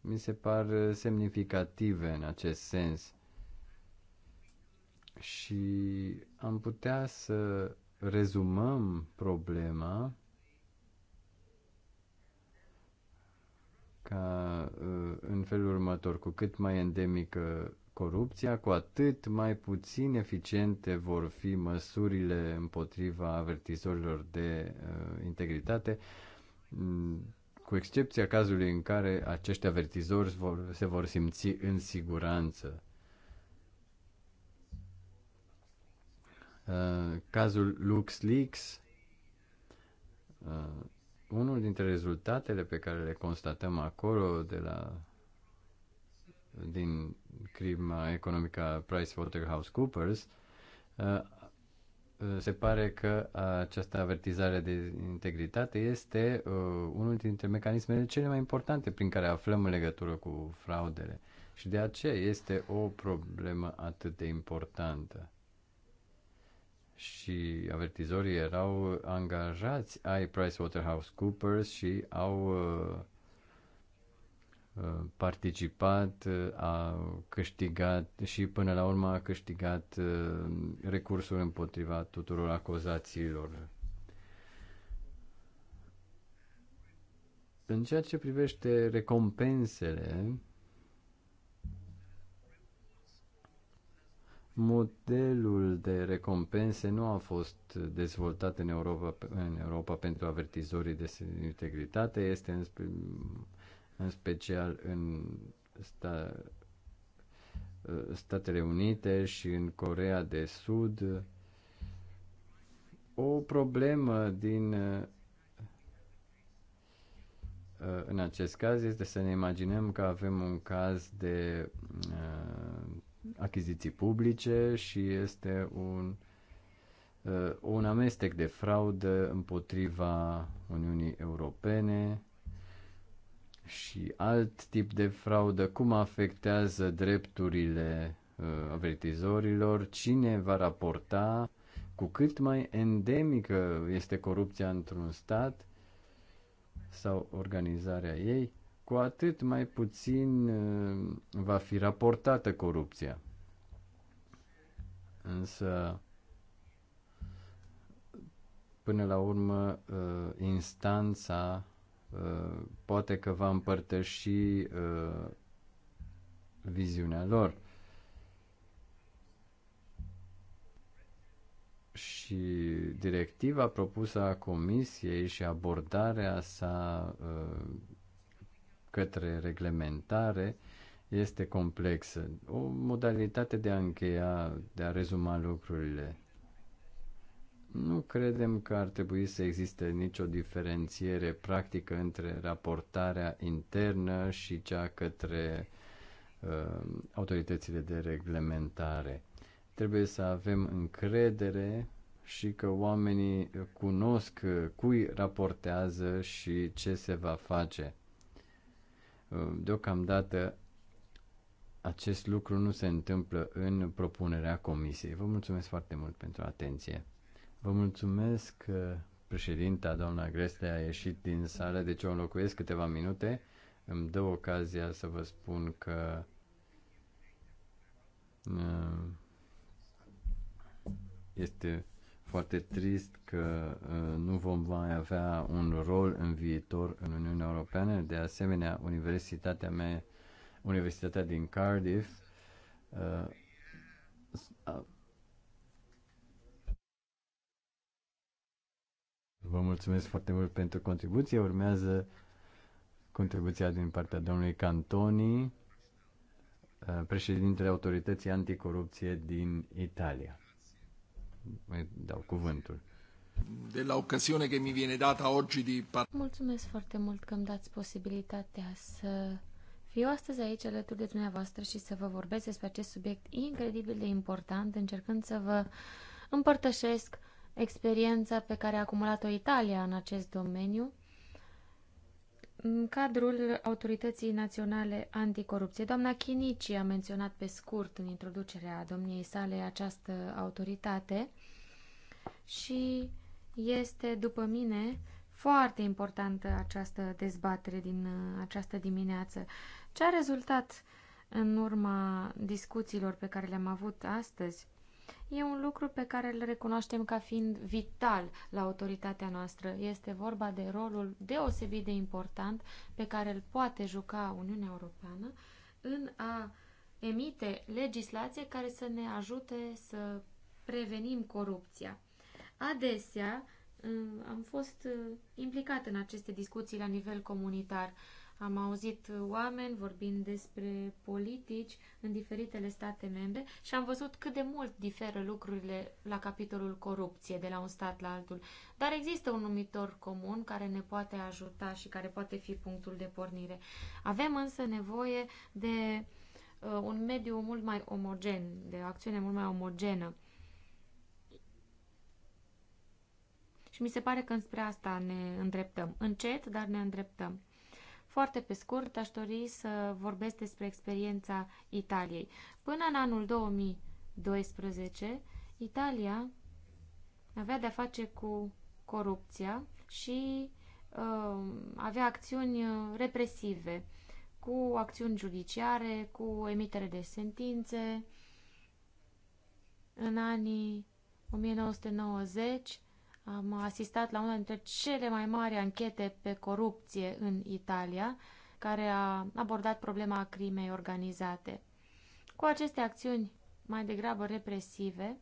mi se par semnificative în acest sens și am putea să rezumăm problema ca uh, în felul următor, cu cât mai endemică corupția, cu atât mai puțin eficiente vor fi măsurile împotriva avertizorilor de uh, integritate, mm, cu excepția cazului în care acești avertizori vor, se vor simți în siguranță. Uh, cazul LuxLeaks, uh, unul dintre rezultatele pe care le constatăm acolo de la din crima economică Waterhouse PricewaterhouseCoopers, uh, se pare că această avertizare de integritate este uh, unul dintre mecanismele cele mai importante prin care aflăm în legătură cu fraudele. Și de aceea este o problemă atât de importantă. Și avertizorii erau angajați ai PricewaterhouseCoopers și au uh, participat, a câștigat și până la urmă a câștigat recursul împotriva tuturor acuzațiilor. În ceea ce privește recompensele, modelul de recompense nu a fost dezvoltat în Europa, în Europa pentru avertizorii de integritate, este în în special în sta, Statele Unite și în Corea de Sud. O problemă din uh, în acest caz este să ne imaginăm că avem un caz de uh, achiziții publice și este un uh, un amestec de fraudă împotriva Uniunii Europene și alt tip de fraudă, cum afectează drepturile uh, avertizorilor, cine va raporta, cu cât mai endemică este corupția într-un stat sau organizarea ei, cu atât mai puțin uh, va fi raportată corupția. Însă, până la urmă, uh, instanța Eh, poate că va împărtăși uh, viziunea lor. Și directiva propusă a Comisiei și abordarea sa uh, către reglementare este complexă. O modalitate de a încheia, de a rezuma lucrurile nu credem că ar trebui să existe nicio diferențiere practică între raportarea internă și cea către uh, autoritățile de reglementare. Trebuie să avem încredere și că oamenii cunosc cui raportează și ce se va face. Uh, deocamdată acest lucru nu se întâmplă în propunerea comisiei. Vă mulțumesc foarte mult pentru atenție. Vă mulțumesc, președinta, doamna Gresle a ieșit din sală, deci o înlocuiesc câteva minute. Îmi dă ocazia să vă spun că uh, este foarte trist că uh, nu vom mai avea un rol în viitor în Uniunea Europeană. De asemenea, universitatea mea, Universitatea din Cardiff, uh, Vă mulțumesc foarte mult pentru contribuție. Urmează contribuția din partea domnului Cantoni, uh, președintele Autorității Anticorupție din Italia. Îi dau cuvântul. De la ocasiune că mi viene data oggi di... Mulțumesc foarte mult că îmi dați posibilitatea să fiu astăzi aici alături de dumneavoastră și să vă vorbesc despre acest subiect incredibil de important, încercând să vă împărtășesc experiența pe care a acumulat-o Italia în acest domeniu în cadrul Autorității Naționale Anticorupție. Doamna Chinici a menționat pe scurt în introducerea domniei sale această autoritate și este, după mine, foarte importantă această dezbatere din uh, această dimineață. Ce a rezultat în urma discuțiilor pe care le-am avut astăzi? E un lucru pe care îl recunoaștem ca fiind vital la autoritatea noastră. Este vorba de rolul deosebit de important pe care îl poate juca Uniunea Europeană în a emite legislație care să ne ajute să prevenim corupția. Adesea am fost implicat în aceste discuții la nivel comunitar. Am auzit oameni vorbind despre politici în diferitele state membre și am văzut cât de mult diferă lucrurile la capitolul corupție de la un stat la altul. Dar există un numitor comun care ne poate ajuta și care poate fi punctul de pornire. Avem însă nevoie de uh, un mediu mult mai omogen, de o acțiune mult mai omogenă. Și mi se pare că înspre asta ne îndreptăm. Încet, dar ne îndreptăm. Foarte pe scurt, aș dori să vorbesc despre experiența Italiei. Până în anul 2012, Italia avea de-a face cu corupția și uh, avea acțiuni represive, cu acțiuni judiciare, cu emitere de sentințe. În anii 1990 am asistat la una dintre cele mai mari anchete pe corupție în Italia, care a abordat problema crimei organizate. Cu aceste acțiuni mai degrabă represive,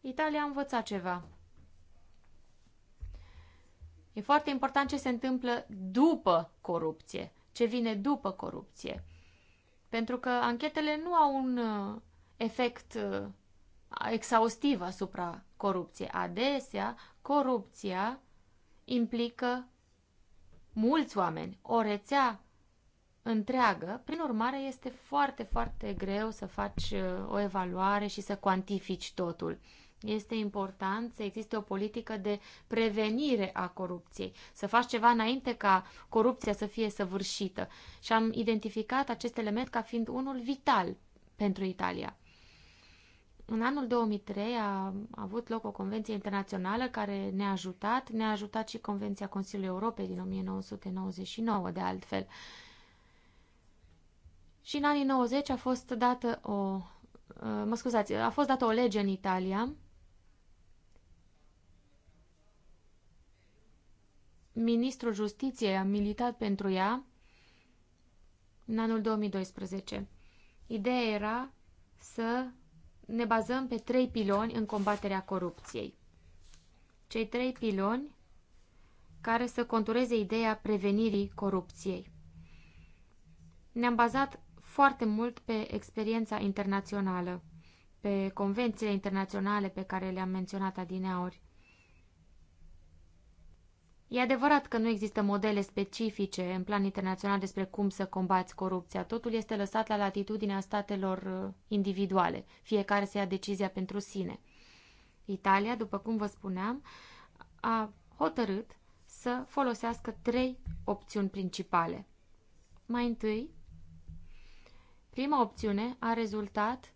Italia a învățat ceva. E foarte important ce se întâmplă după corupție, ce vine după corupție. Pentru că anchetele nu au un uh, efect uh, exhaustiv asupra corupției. Adesea, corupția implică mulți oameni, o rețea întreagă, prin urmare este foarte, foarte greu să faci uh, o evaluare și să cuantifici totul. Este important să existe o politică de prevenire a corupției, să faci ceva înainte ca corupția să fie săvârșită. Și am identificat acest element ca fiind unul vital pentru Italia. În anul 2003 a avut loc o convenție internațională care ne-a ajutat, ne-a ajutat și Convenția Consiliului Europei din 1999, de altfel. Și în anii 90 a fost dată o, mă scuzați, a fost dată o lege în Italia Ministrul Justiției a militat pentru ea în anul 2012. Ideea era să ne bazăm pe trei piloni în combaterea corupției. Cei trei piloni care să contureze ideea prevenirii corupției. Ne-am bazat foarte mult pe experiența internațională, pe convențiile internaționale pe care le-am menționat adineaori. E adevărat că nu există modele specifice în plan internațional despre cum să combați corupția. Totul este lăsat la latitudinea statelor uh, individuale. Fiecare să ia decizia pentru sine. Italia, după cum vă spuneam, a hotărât să folosească trei opțiuni principale. Mai întâi, prima opțiune a rezultat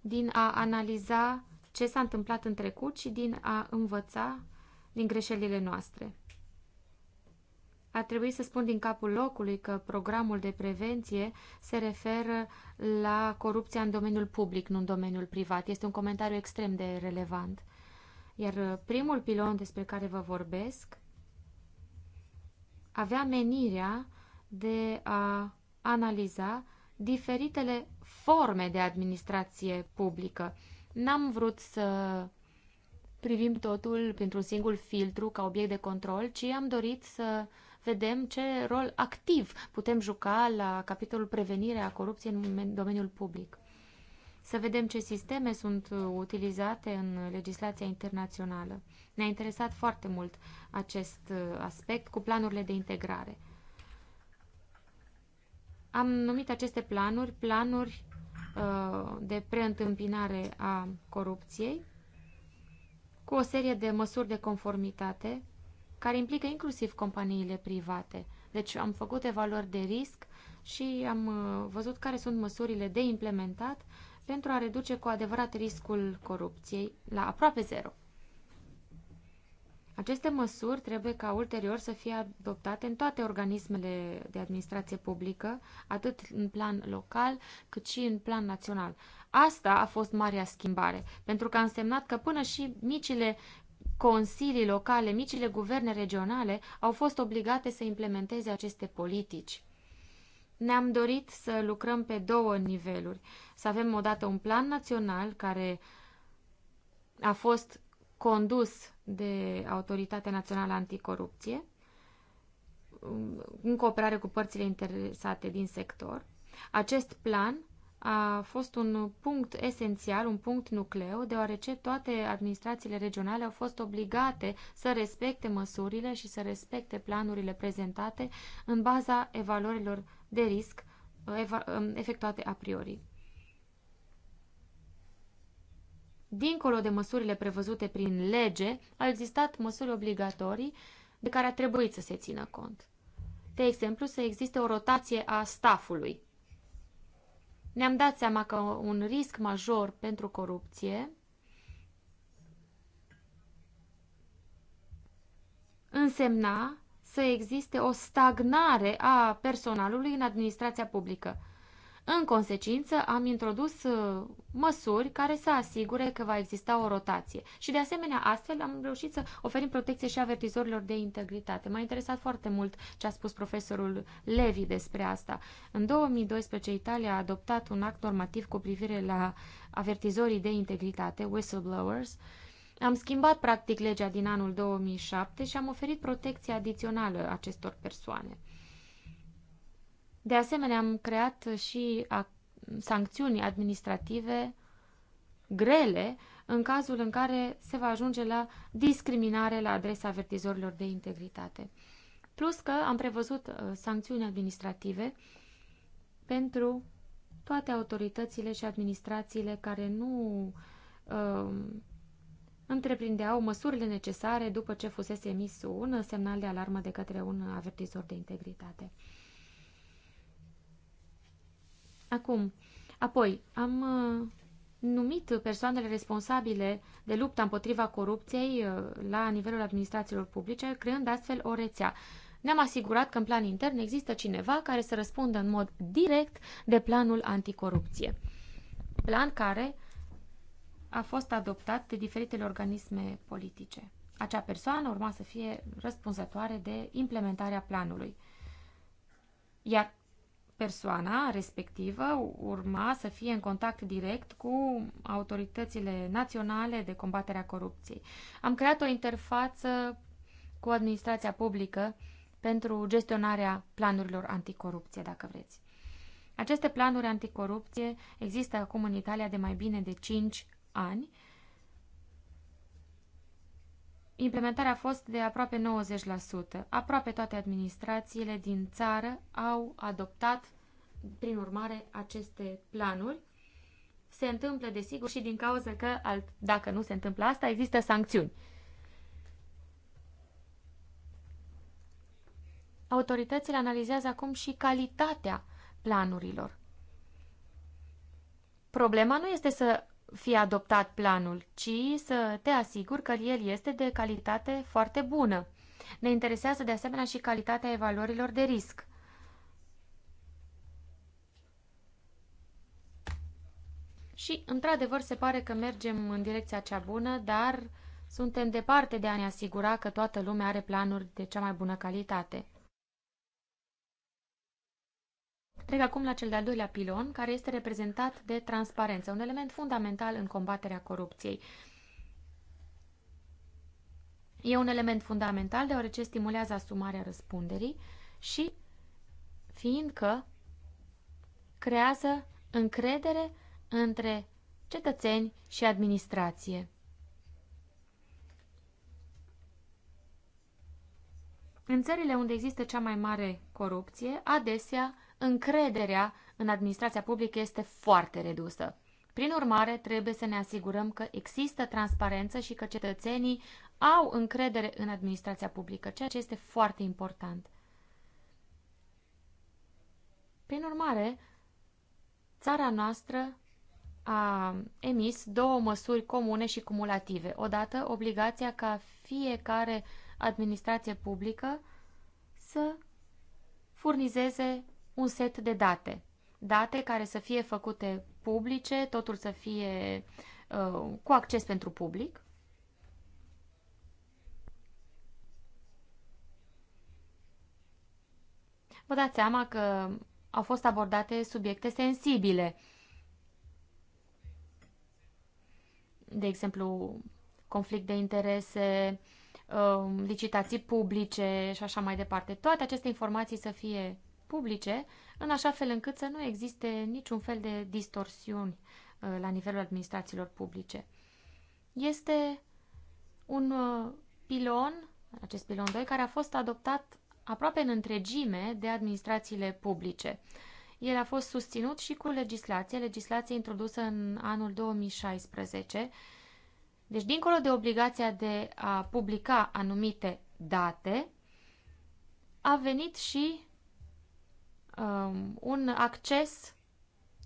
din a analiza ce s-a întâmplat în trecut și din a învăța din greșelile noastre. Ar trebui să spun din capul locului că programul de prevenție se referă la corupția în domeniul public, nu în domeniul privat. Este un comentariu extrem de relevant. Iar uh, primul pilon despre care vă vorbesc avea menirea de a analiza diferitele forme de administrație publică. N-am vrut să privim totul printr-un singur filtru ca obiect de control, ci am dorit să vedem ce rol activ putem juca la capitolul prevenire a corupției în domeniul public. Să vedem ce sisteme sunt utilizate în legislația internațională. Ne-a interesat foarte mult acest aspect cu planurile de integrare. Am numit aceste planuri planuri uh, de preîntâmpinare a corupției cu o serie de măsuri de conformitate care implică inclusiv companiile private. Deci am făcut evaluări de risc și am uh, văzut care sunt măsurile de implementat pentru a reduce cu adevărat riscul corupției la aproape zero. Aceste măsuri trebuie ca ulterior să fie adoptate în toate organismele de administrație publică, atât în plan local cât și în plan național. Asta a fost marea schimbare, pentru că a însemnat că până și micile consilii locale, micile guverne regionale au fost obligate să implementeze aceste politici. Ne-am dorit să lucrăm pe două niveluri. Să avem odată un plan național care a fost condus de Autoritatea Națională Anticorupție, în cooperare cu părțile interesate din sector. Acest plan a fost un punct esențial, un punct nucleu, deoarece toate administrațiile regionale au fost obligate să respecte măsurile și să respecte planurile prezentate în baza evaluărilor de risc um, efectuate a priori. Dincolo de măsurile prevăzute prin lege, au existat măsuri obligatorii de care a trebuit să se țină cont. De exemplu, să existe o rotație a stafului ne-am dat seama că un risc major pentru corupție însemna să existe o stagnare a personalului în administrația publică. În consecință, am introdus uh, măsuri care să asigure că va exista o rotație. Și de asemenea, astfel am reușit să oferim protecție și avertizorilor de integritate. M-a interesat foarte mult ce a spus profesorul Levi despre asta. În 2012, Italia a adoptat un act normativ cu privire la avertizorii de integritate, whistleblowers, am schimbat practic legea din anul 2007 și am oferit protecție adițională acestor persoane. De asemenea, am creat și sancțiuni administrative grele în cazul în care se va ajunge la discriminare la adresa avertizorilor de integritate. Plus că am prevăzut uh, sancțiuni administrative pentru toate autoritățile și administrațiile care nu um, întreprindeau măsurile necesare după ce fusese emis un semnal de alarmă de către un avertizor de integritate. Acum, apoi, am uh, numit persoanele responsabile de lupta împotriva corupției uh, la nivelul administrațiilor publice, creând astfel o rețea. Ne-am asigurat că în plan intern există cineva care să răspundă în mod direct de planul anticorupție. Plan care a fost adoptat de diferitele organisme politice. Acea persoană urma să fie răspunzătoare de implementarea planului. Iar persoana respectivă urma să fie în contact direct cu autoritățile naționale de combatere a corupției. Am creat o interfață cu administrația publică pentru gestionarea planurilor anticorupție, dacă vreți. Aceste planuri anticorupție există acum în Italia de mai bine de 5 ani Implementarea a fost de aproape 90%. Aproape toate administrațiile din țară au adoptat, prin urmare, aceste planuri. Se întâmplă, desigur, și din cauza că, dacă nu se întâmplă asta, există sancțiuni. Autoritățile analizează acum și calitatea planurilor. Problema nu este să fi adoptat planul, ci să te asiguri că el este de calitate foarte bună. Ne interesează de asemenea și calitatea evaluărilor de risc. Și, într-adevăr, se pare că mergem în direcția cea bună, dar suntem departe de a ne asigura că toată lumea are planuri de cea mai bună calitate. Trec acum la cel de-al doilea pilon, care este reprezentat de transparență, un element fundamental în combaterea corupției. E un element fundamental deoarece stimulează asumarea răspunderii și fiindcă creează încredere între cetățeni și administrație. În țările unde există cea mai mare corupție, adesea încrederea în administrația publică este foarte redusă. Prin urmare, trebuie să ne asigurăm că există transparență și că cetățenii au încredere în administrația publică, ceea ce este foarte important. Prin urmare, țara noastră a emis două măsuri comune și cumulative. Odată, obligația ca fiecare administrație publică să furnizeze un set de date. Date care să fie făcute publice, totul să fie uh, cu acces pentru public. Vă dați seama că au fost abordate subiecte sensibile. De exemplu, conflict de interese, um, licitații publice și așa mai departe. Toate aceste informații să fie publice, în așa fel încât să nu existe niciun fel de distorsiuni uh, la nivelul administrațiilor publice. Este un uh, pilon, acest pilon 2, care a fost adoptat aproape în întregime de administrațiile publice. El a fost susținut și cu legislație, legislație introdusă în anul 2016. Deci, dincolo de obligația de a publica anumite date, a venit și um, un acces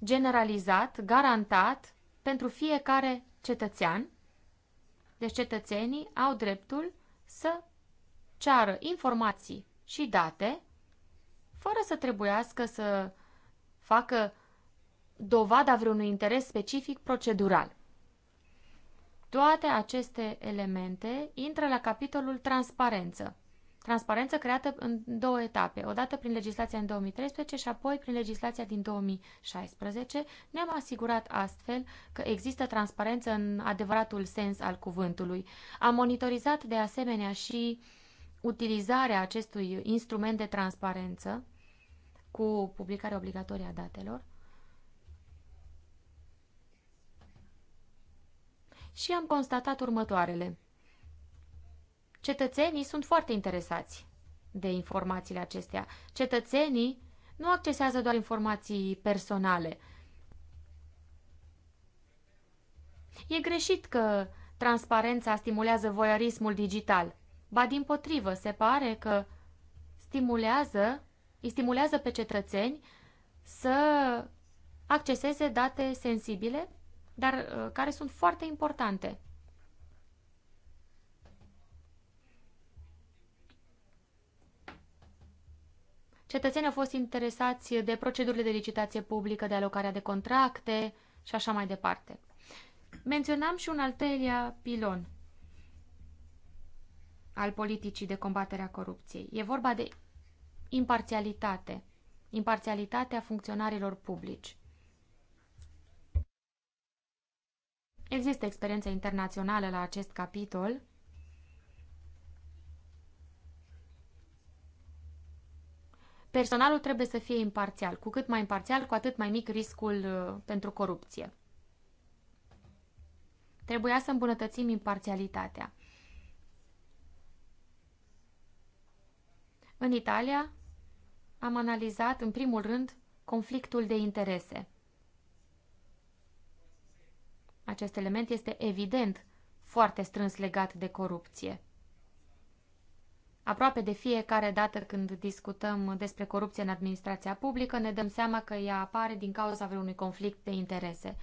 generalizat, garantat, pentru fiecare cetățean. Deci cetățenii au dreptul să ceară informații și date fără să trebuiască să facă dovada vreunui interes specific procedural. Toate aceste elemente intră la capitolul transparență. Transparență creată în două etape, odată prin legislația în 2013 și apoi prin legislația din 2016. Ne-am asigurat astfel că există transparență în adevăratul sens al cuvântului. Am monitorizat de asemenea și utilizarea acestui instrument de transparență cu publicarea obligatorie a datelor și am constatat următoarele. Cetățenii sunt foarte interesați de informațiile acestea. Cetățenii nu accesează doar informații personale. E greșit că transparența stimulează voyeurismul digital. Ba din potrivă, se pare că stimulează, îi stimulează pe cetățeni să acceseze date sensibile, dar uh, care sunt foarte importante. Cetățenii au fost interesați de procedurile de licitație publică, de alocarea de contracte și așa mai departe. Menționam și un al treilea pilon al politicii de combatere a corupției. E vorba de imparțialitate, imparțialitatea funcționarilor publici. Există experiență internațională la acest capitol Personalul trebuie să fie imparțial. Cu cât mai imparțial, cu atât mai mic riscul uh, pentru corupție. Trebuia să îmbunătățim imparțialitatea. În Italia am analizat, în primul rând, conflictul de interese. Acest element este evident foarte strâns legat de corupție. Aproape de fiecare dată când discutăm despre corupție în administrația publică, ne dăm seama că ea apare din cauza vreunui conflict de interese.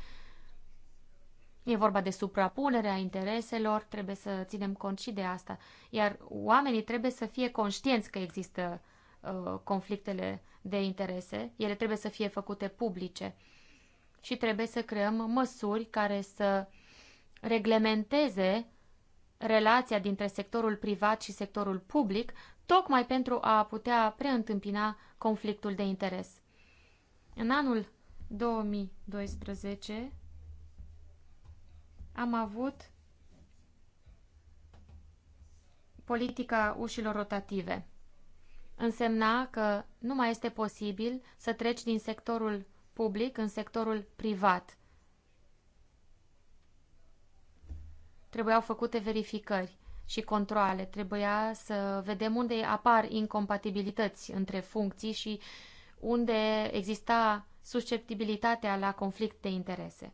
E vorba de suprapunerea intereselor, trebuie să ținem cont și de asta. Iar oamenii trebuie să fie conștienți că există uh, conflictele de interese, ele trebuie să fie făcute publice și trebuie să creăm măsuri care să reglementeze relația dintre sectorul privat și sectorul public, tocmai pentru a putea preîntâmpina conflictul de interes. În anul 2012 am avut politica ușilor rotative. Însemna că nu mai este posibil să treci din sectorul public în sectorul privat. trebuiau făcute verificări și controle, trebuia să vedem unde apar incompatibilități între funcții și unde exista susceptibilitatea la conflict de interese.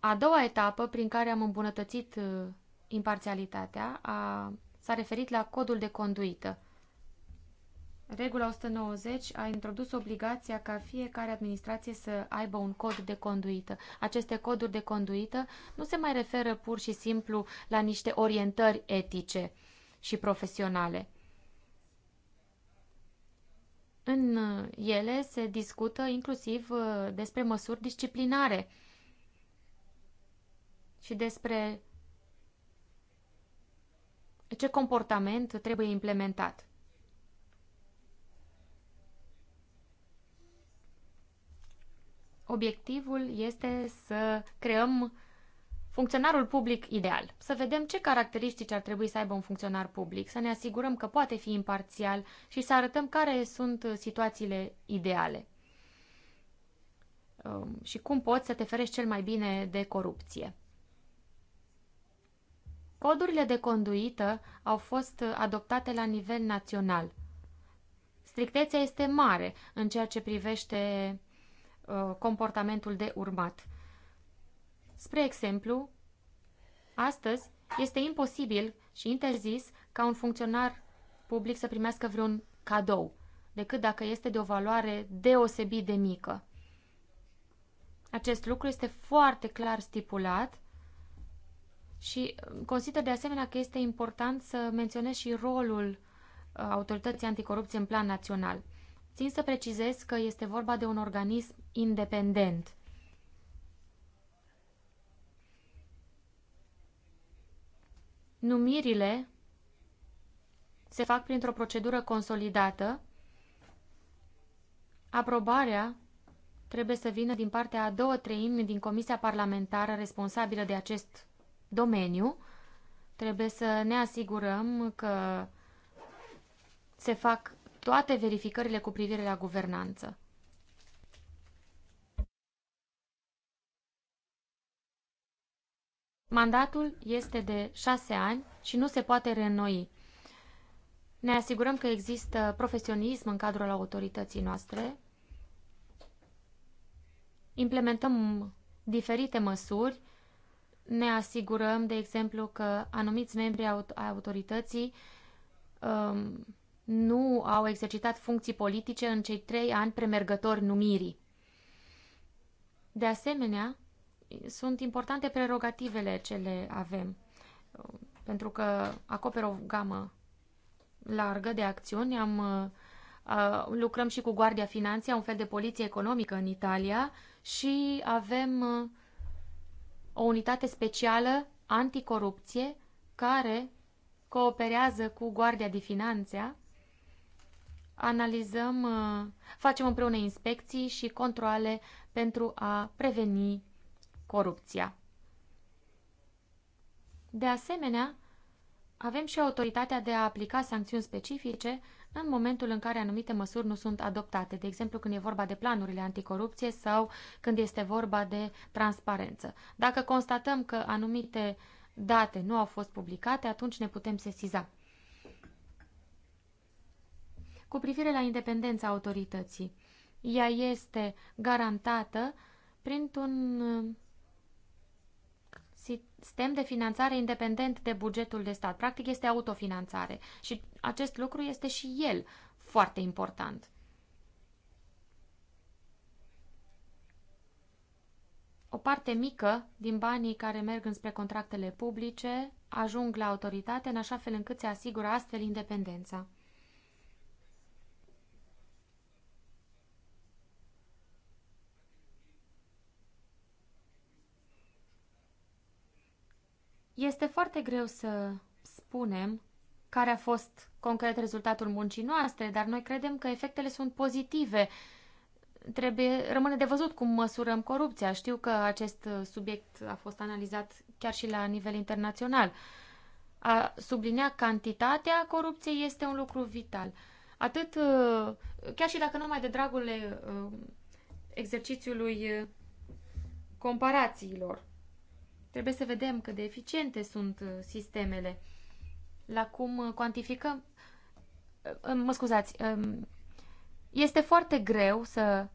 A doua etapă prin care am îmbunătățit uh, imparțialitatea a, s-a referit la codul de conduită – Regula 190 a introdus obligația ca fiecare administrație să aibă un cod de conduită. Aceste coduri de conduită nu se mai referă pur și simplu la niște orientări etice și profesionale. În uh, ele se discută inclusiv uh, despre măsuri disciplinare și despre ce comportament trebuie implementat. obiectivul este să creăm funcționarul public ideal. Să vedem ce caracteristici ar trebui să aibă un funcționar public, să ne asigurăm că poate fi imparțial și să arătăm care sunt situațiile ideale um, și cum poți să te ferești cel mai bine de corupție. Codurile de conduită au fost adoptate la nivel național. Strictețea este mare în ceea ce privește Uh, comportamentul de urmat. Spre exemplu, astăzi este imposibil și interzis ca un funcționar public să primească vreun cadou, decât dacă este de o valoare deosebit de mică. Acest lucru este foarte clar stipulat și uh, consider de asemenea că este important să menționez și rolul uh, autorității anticorupție în plan național. Țin să precizez că este vorba de un organism independent. Numirile se fac printr-o procedură consolidată. Aprobarea trebuie să vină din partea a două treimi din Comisia Parlamentară responsabilă de acest domeniu. Trebuie să ne asigurăm că se fac toate verificările cu privire la guvernanță. Mandatul este de șase ani și nu se poate reînnoi. Ne asigurăm că există profesionism în cadrul autorității noastre. Implementăm diferite măsuri. Ne asigurăm, de exemplu, că anumiți membri ai autorității um, nu au exercitat funcții politice în cei trei ani premergători numirii. De asemenea, sunt importante prerogativele ce le avem, pentru că acoperă o gamă largă de acțiuni. Am, lucrăm și cu Guardia Finanția, un fel de poliție economică în Italia și avem o unitate specială anticorupție care cooperează cu Guardia de Finanțe. Analizăm, facem împreună inspecții și controle pentru a preveni corupția. De asemenea, avem și autoritatea de a aplica sancțiuni specifice în momentul în care anumite măsuri nu sunt adoptate, de exemplu când e vorba de planurile anticorupție sau când este vorba de transparență. Dacă constatăm că anumite date nu au fost publicate, atunci ne putem sesiza. Cu privire la independența autorității, ea este garantată printr-un sistem de finanțare independent de bugetul de stat. Practic este autofinanțare și acest lucru este și el foarte important. O parte mică din banii care merg înspre contractele publice ajung la autoritate în așa fel încât se asigură astfel independența. Este foarte greu să spunem care a fost concret rezultatul muncii noastre, dar noi credem că efectele sunt pozitive. Trebuie, rămâne de văzut cum măsurăm corupția. Știu că acest subiect a fost analizat chiar și la nivel internațional. A sublinea cantitatea corupției este un lucru vital. Atât, uh, chiar și dacă numai de dragul uh, exercițiului uh, comparațiilor. Trebuie să vedem cât de eficiente sunt uh, sistemele. La cum uh, cuantificăm... Uh, mă scuzați. Um, este foarte greu să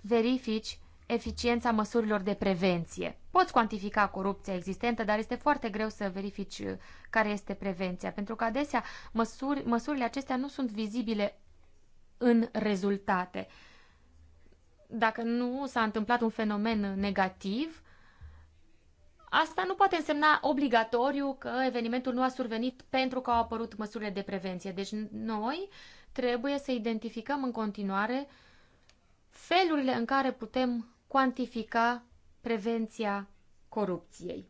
verifici eficiența măsurilor de prevenție. Poți cuantifica corupția existentă, dar este foarte greu să verifici care este prevenția, pentru că adesea măsuri, măsurile acestea nu sunt vizibile în rezultate. Dacă nu s-a întâmplat un fenomen negativ, Asta nu poate însemna obligatoriu că evenimentul nu a survenit pentru că au apărut măsurile de prevenție. Deci noi trebuie să identificăm în continuare felurile în care putem cuantifica prevenția corupției.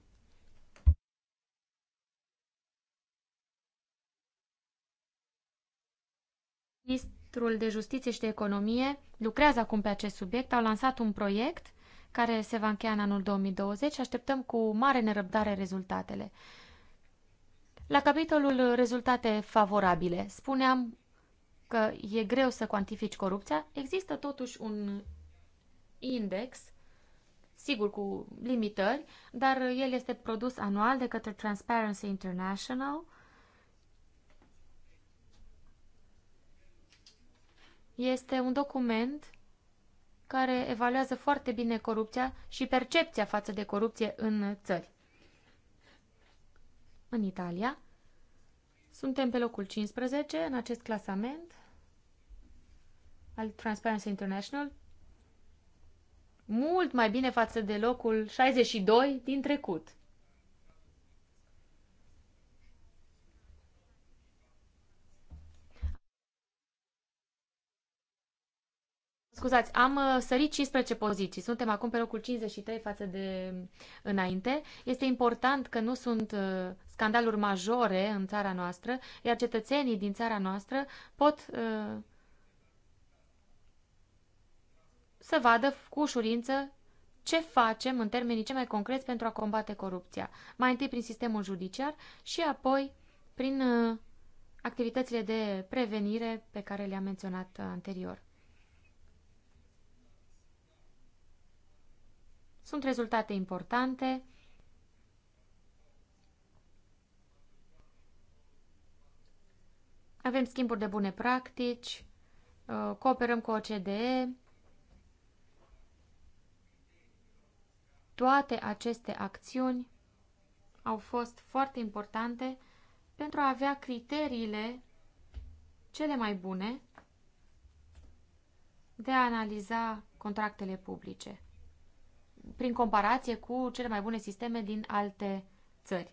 Ministrul de Justiție și de Economie lucrează acum pe acest subiect, au lansat un proiect care se va încheia în anul 2020 și așteptăm cu mare nerăbdare rezultatele. La capitolul rezultate favorabile, spuneam că e greu să cuantifici corupția, există totuși un index, sigur cu limitări, dar el este produs anual de către Transparency International. Este un document care evaluează foarte bine corupția și percepția față de corupție în țări. În Italia, suntem pe locul 15 în acest clasament al Transparency International, mult mai bine față de locul 62 din trecut. Scuzați, am uh, sărit 15 poziții. Suntem acum pe locul 53 față de uh, înainte. Este important că nu sunt uh, scandaluri majore în țara noastră, iar cetățenii din țara noastră pot uh, să vadă cu ușurință ce facem în termenii ce mai concreți pentru a combate corupția. Mai întâi prin sistemul judiciar și apoi prin uh, activitățile de prevenire pe care le-am menționat anterior. Sunt rezultate importante. Avem schimburi de bune practici, uh, cooperăm cu OCDE. Toate aceste acțiuni au fost foarte importante pentru a avea criteriile cele mai bune de a analiza contractele publice prin comparație cu cele mai bune sisteme din alte țări.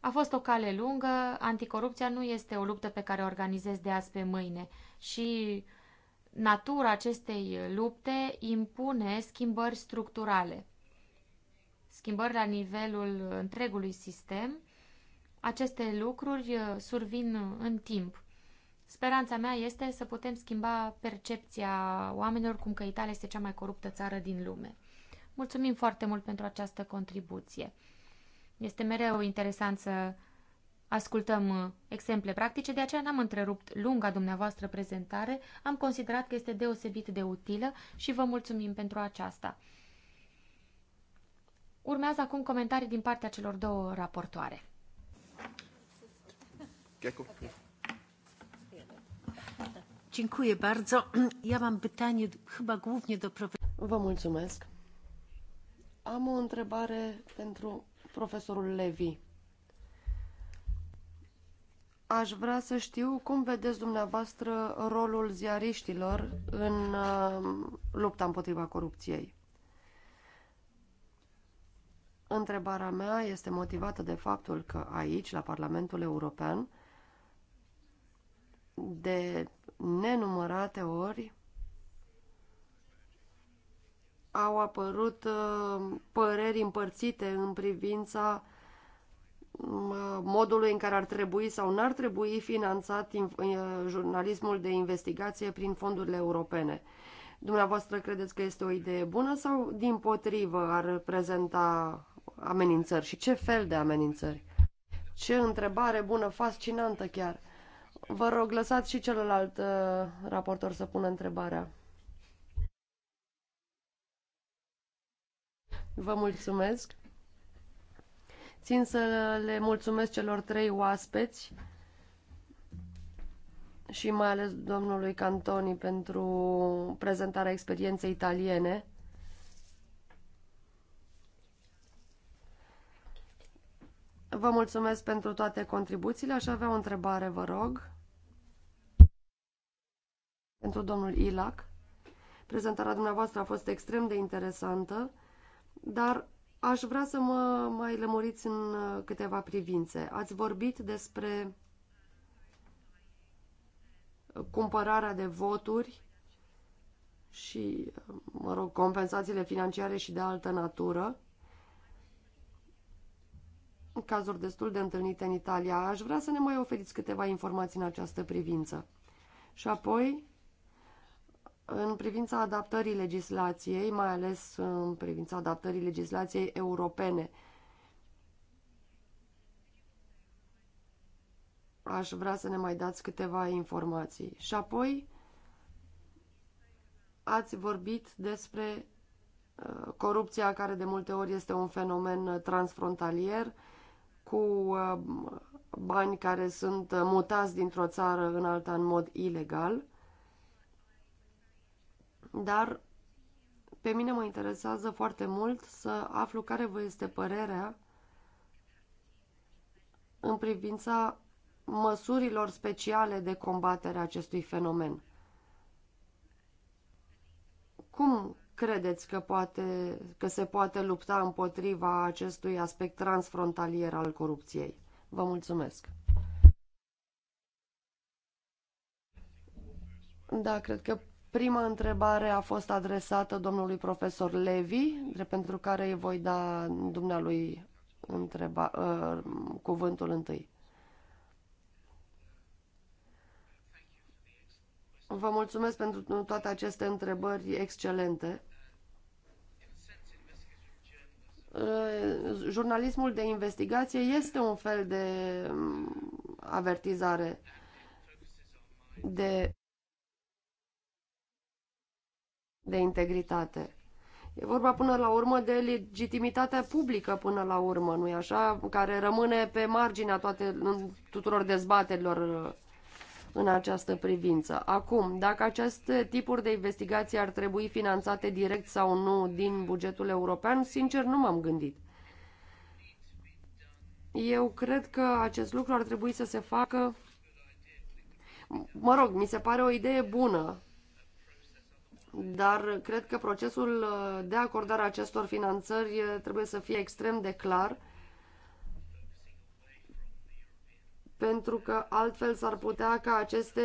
A fost o cale lungă, anticorupția nu este o luptă pe care o organizez de azi pe mâine și natura acestei lupte impune schimbări structurale. Schimbări la nivelul întregului sistem. Aceste lucruri uh, survin în timp. Speranța mea este să putem schimba percepția oamenilor cum că Italia este cea mai coruptă țară din lume. Mulțumim foarte mult pentru această contribuție. Este mereu interesant să ascultăm uh, exemple practice, de aceea n-am întrerupt lunga dumneavoastră prezentare, am considerat că este deosebit de utilă și vă mulțumim pentru aceasta. Urmează acum comentarii din partea celor două raportoare. Vă mulțumesc. Am o întrebare pentru profesorul Levi. Aș vrea să știu cum vedeți dumneavoastră rolul ziariștilor în uh, lupta împotriva corupției. Întrebarea mea este motivată de faptul că aici, la Parlamentul European, de nenumărate ori au apărut uh, păreri împărțite în privința uh, modului în care ar trebui sau n-ar trebui finanțat uh, jurnalismul de investigație prin fondurile europene. Dumneavoastră credeți că este o idee bună sau din potrivă ar prezenta amenințări și ce fel de amenințări? Ce întrebare bună, fascinantă chiar! Vă rog, lăsați și celălalt uh, raportor să pună întrebarea. Vă mulțumesc. Țin să le mulțumesc celor trei oaspeți și mai ales domnului Cantoni pentru prezentarea experienței italiene. Vă mulțumesc pentru toate contribuțiile. Aș avea o întrebare, vă rog, pentru domnul Ilac. Prezentarea dumneavoastră a fost extrem de interesantă dar aș vrea să mă mai lămuriți în uh, câteva privințe. Ați vorbit despre cumpărarea de voturi și, uh, mă rog, compensațiile financiare și de altă natură, cazuri destul de întâlnite în Italia. Aș vrea să ne mai oferiți câteva informații în această privință. Și apoi, în privința adaptării legislației, mai ales în privința adaptării legislației europene, aș vrea să ne mai dați câteva informații. Și apoi ați vorbit despre uh, corupția care de multe ori este un fenomen transfrontalier cu uh, bani care sunt uh, mutați dintr-o țară în alta în mod ilegal dar pe mine mă interesează foarte mult să aflu care vă este părerea în privința măsurilor speciale de combatere a acestui fenomen. Cum credeți că, poate, că se poate lupta împotriva acestui aspect transfrontalier al corupției? Vă mulțumesc! Da, cred că Prima întrebare a fost adresată domnului profesor Levi, pentru care îi voi da dumnealui întreba, uh, cuvântul întâi. Vă mulțumesc pentru toate aceste întrebări excelente. Ă, jurnalismul de investigație este un fel de avertizare de de integritate. E vorba până la urmă de legitimitatea publică până la urmă, nu-i așa? Care rămâne pe marginea toate, tuturor dezbaterilor uh, în această privință. Acum, dacă aceste tipuri de investigații ar trebui finanțate direct sau nu din bugetul european, sincer nu m-am gândit. Eu cred că acest lucru ar trebui să se facă... Mă rog, mi se pare o idee bună dar cred că procesul uh, de acordare a acestor finanțări uh, trebuie să fie extrem de clar, pentru că altfel s-ar putea ca aceste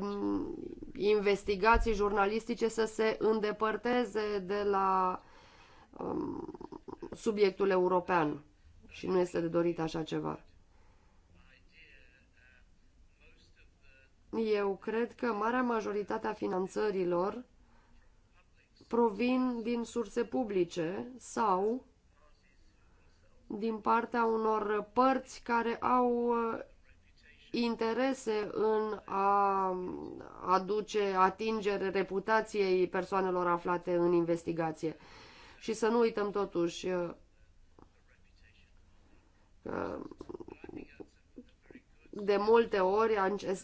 mm, investigații jurnalistice să se îndepărteze de la um, subiectul european și nu este de dorit așa ceva. Eu cred că marea majoritate a finanțărilor provin din surse publice sau din partea unor părți care au uh, interese în a aduce atingere reputației persoanelor aflate în investigație. Și să nu uităm totuși uh, că de multe ori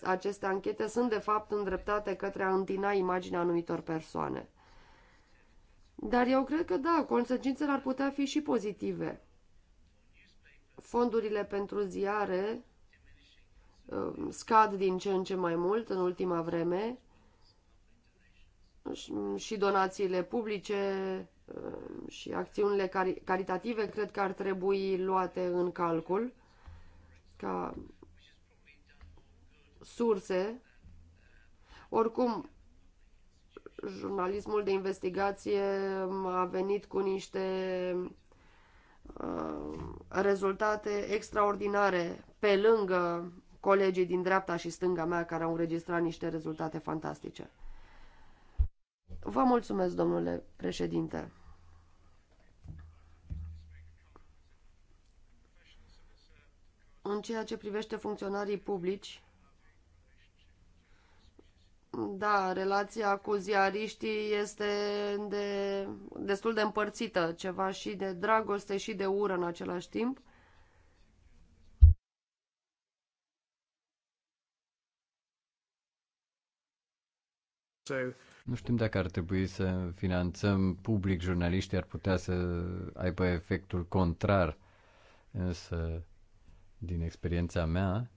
aceste anchete sunt de fapt îndreptate către a întina imaginea anumitor persoane. Dar eu cred că da, consecințele ar putea fi și pozitive. Fondurile pentru ziare um, scad din ce în ce mai mult în ultima vreme și mm, donațiile publice um, și acțiunile cari caritative cred că ar trebui luate în calcul ca surse. Oricum, jurnalismul de investigație a venit cu niște uh, rezultate extraordinare pe lângă colegii din dreapta și stânga mea care au înregistrat niște rezultate fantastice. Vă mulțumesc, domnule președinte. În ceea ce privește funcționarii publici, da, relația cu ziariștii este de, destul de împărțită, ceva și de dragoste și de ură în același timp. Nu știm dacă ar trebui să finanțăm public jurnaliștii, ar putea să aibă efectul contrar, însă din experiența mea,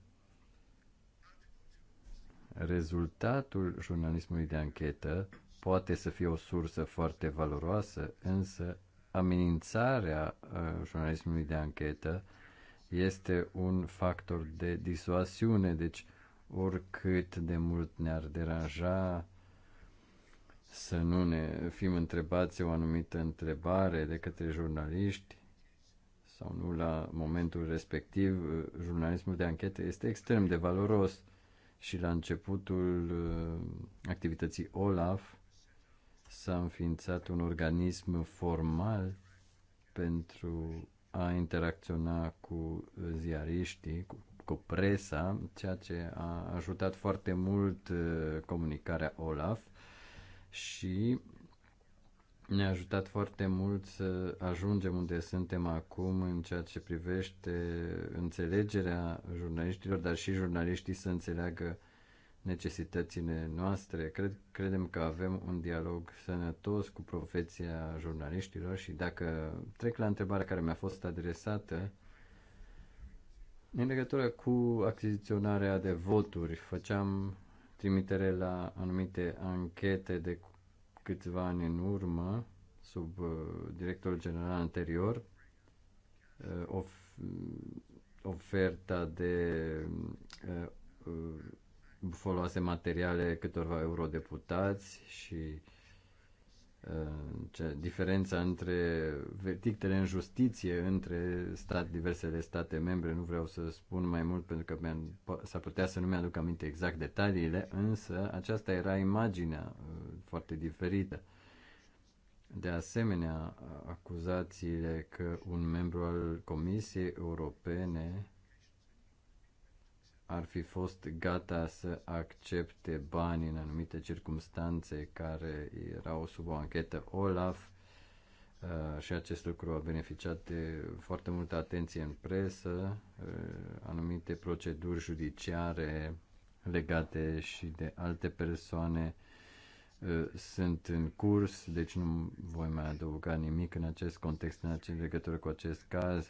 Rezultatul jurnalismului de anchetă poate să fie o sursă foarte valoroasă, însă amenințarea uh, jurnalismului de anchetă este un factor de disuasiune, deci oricât de mult ne-ar deranja să nu ne fim întrebați o anumită întrebare de către jurnaliști sau nu la momentul respectiv, uh, jurnalismul de anchetă este extrem de valoros și la începutul uh, activității OLAF s-a înființat un organism formal pentru a interacționa cu ziariștii, cu, cu presa, ceea ce a ajutat foarte mult uh, comunicarea OLAF și ne-a ajutat foarte mult să ajungem unde suntem acum în ceea ce privește înțelegerea jurnaliștilor, dar și jurnaliștii să înțeleagă necesitățile noastre. Cred, credem că avem un dialog sănătos cu profeția jurnaliștilor și dacă trec la întrebarea care mi-a fost adresată, în legătură cu achiziționarea de voturi, făceam trimitere la anumite anchete de câțiva ani în urmă, sub uh, directorul general anterior, uh, of- oferta de uh, foloase materiale câtorva eurodeputați și ce, diferența între verdictele în justiție între stat, diversele state membre, nu vreau să spun mai mult pentru că s-ar putea să nu mi-aduc aminte exact detaliile, însă aceasta era imaginea foarte diferită. De asemenea, acuzațiile că un membru al Comisiei Europene ar fi fost gata să accepte bani în anumite circunstanțe care erau sub o anchetă Olaf uh, și acest lucru a beneficiat de foarte multă atenție în presă, uh, anumite proceduri judiciare legate și de alte persoane Uh, sunt în curs, deci nu voi mai adăuga nimic în acest context, în acest legătură cu acest caz.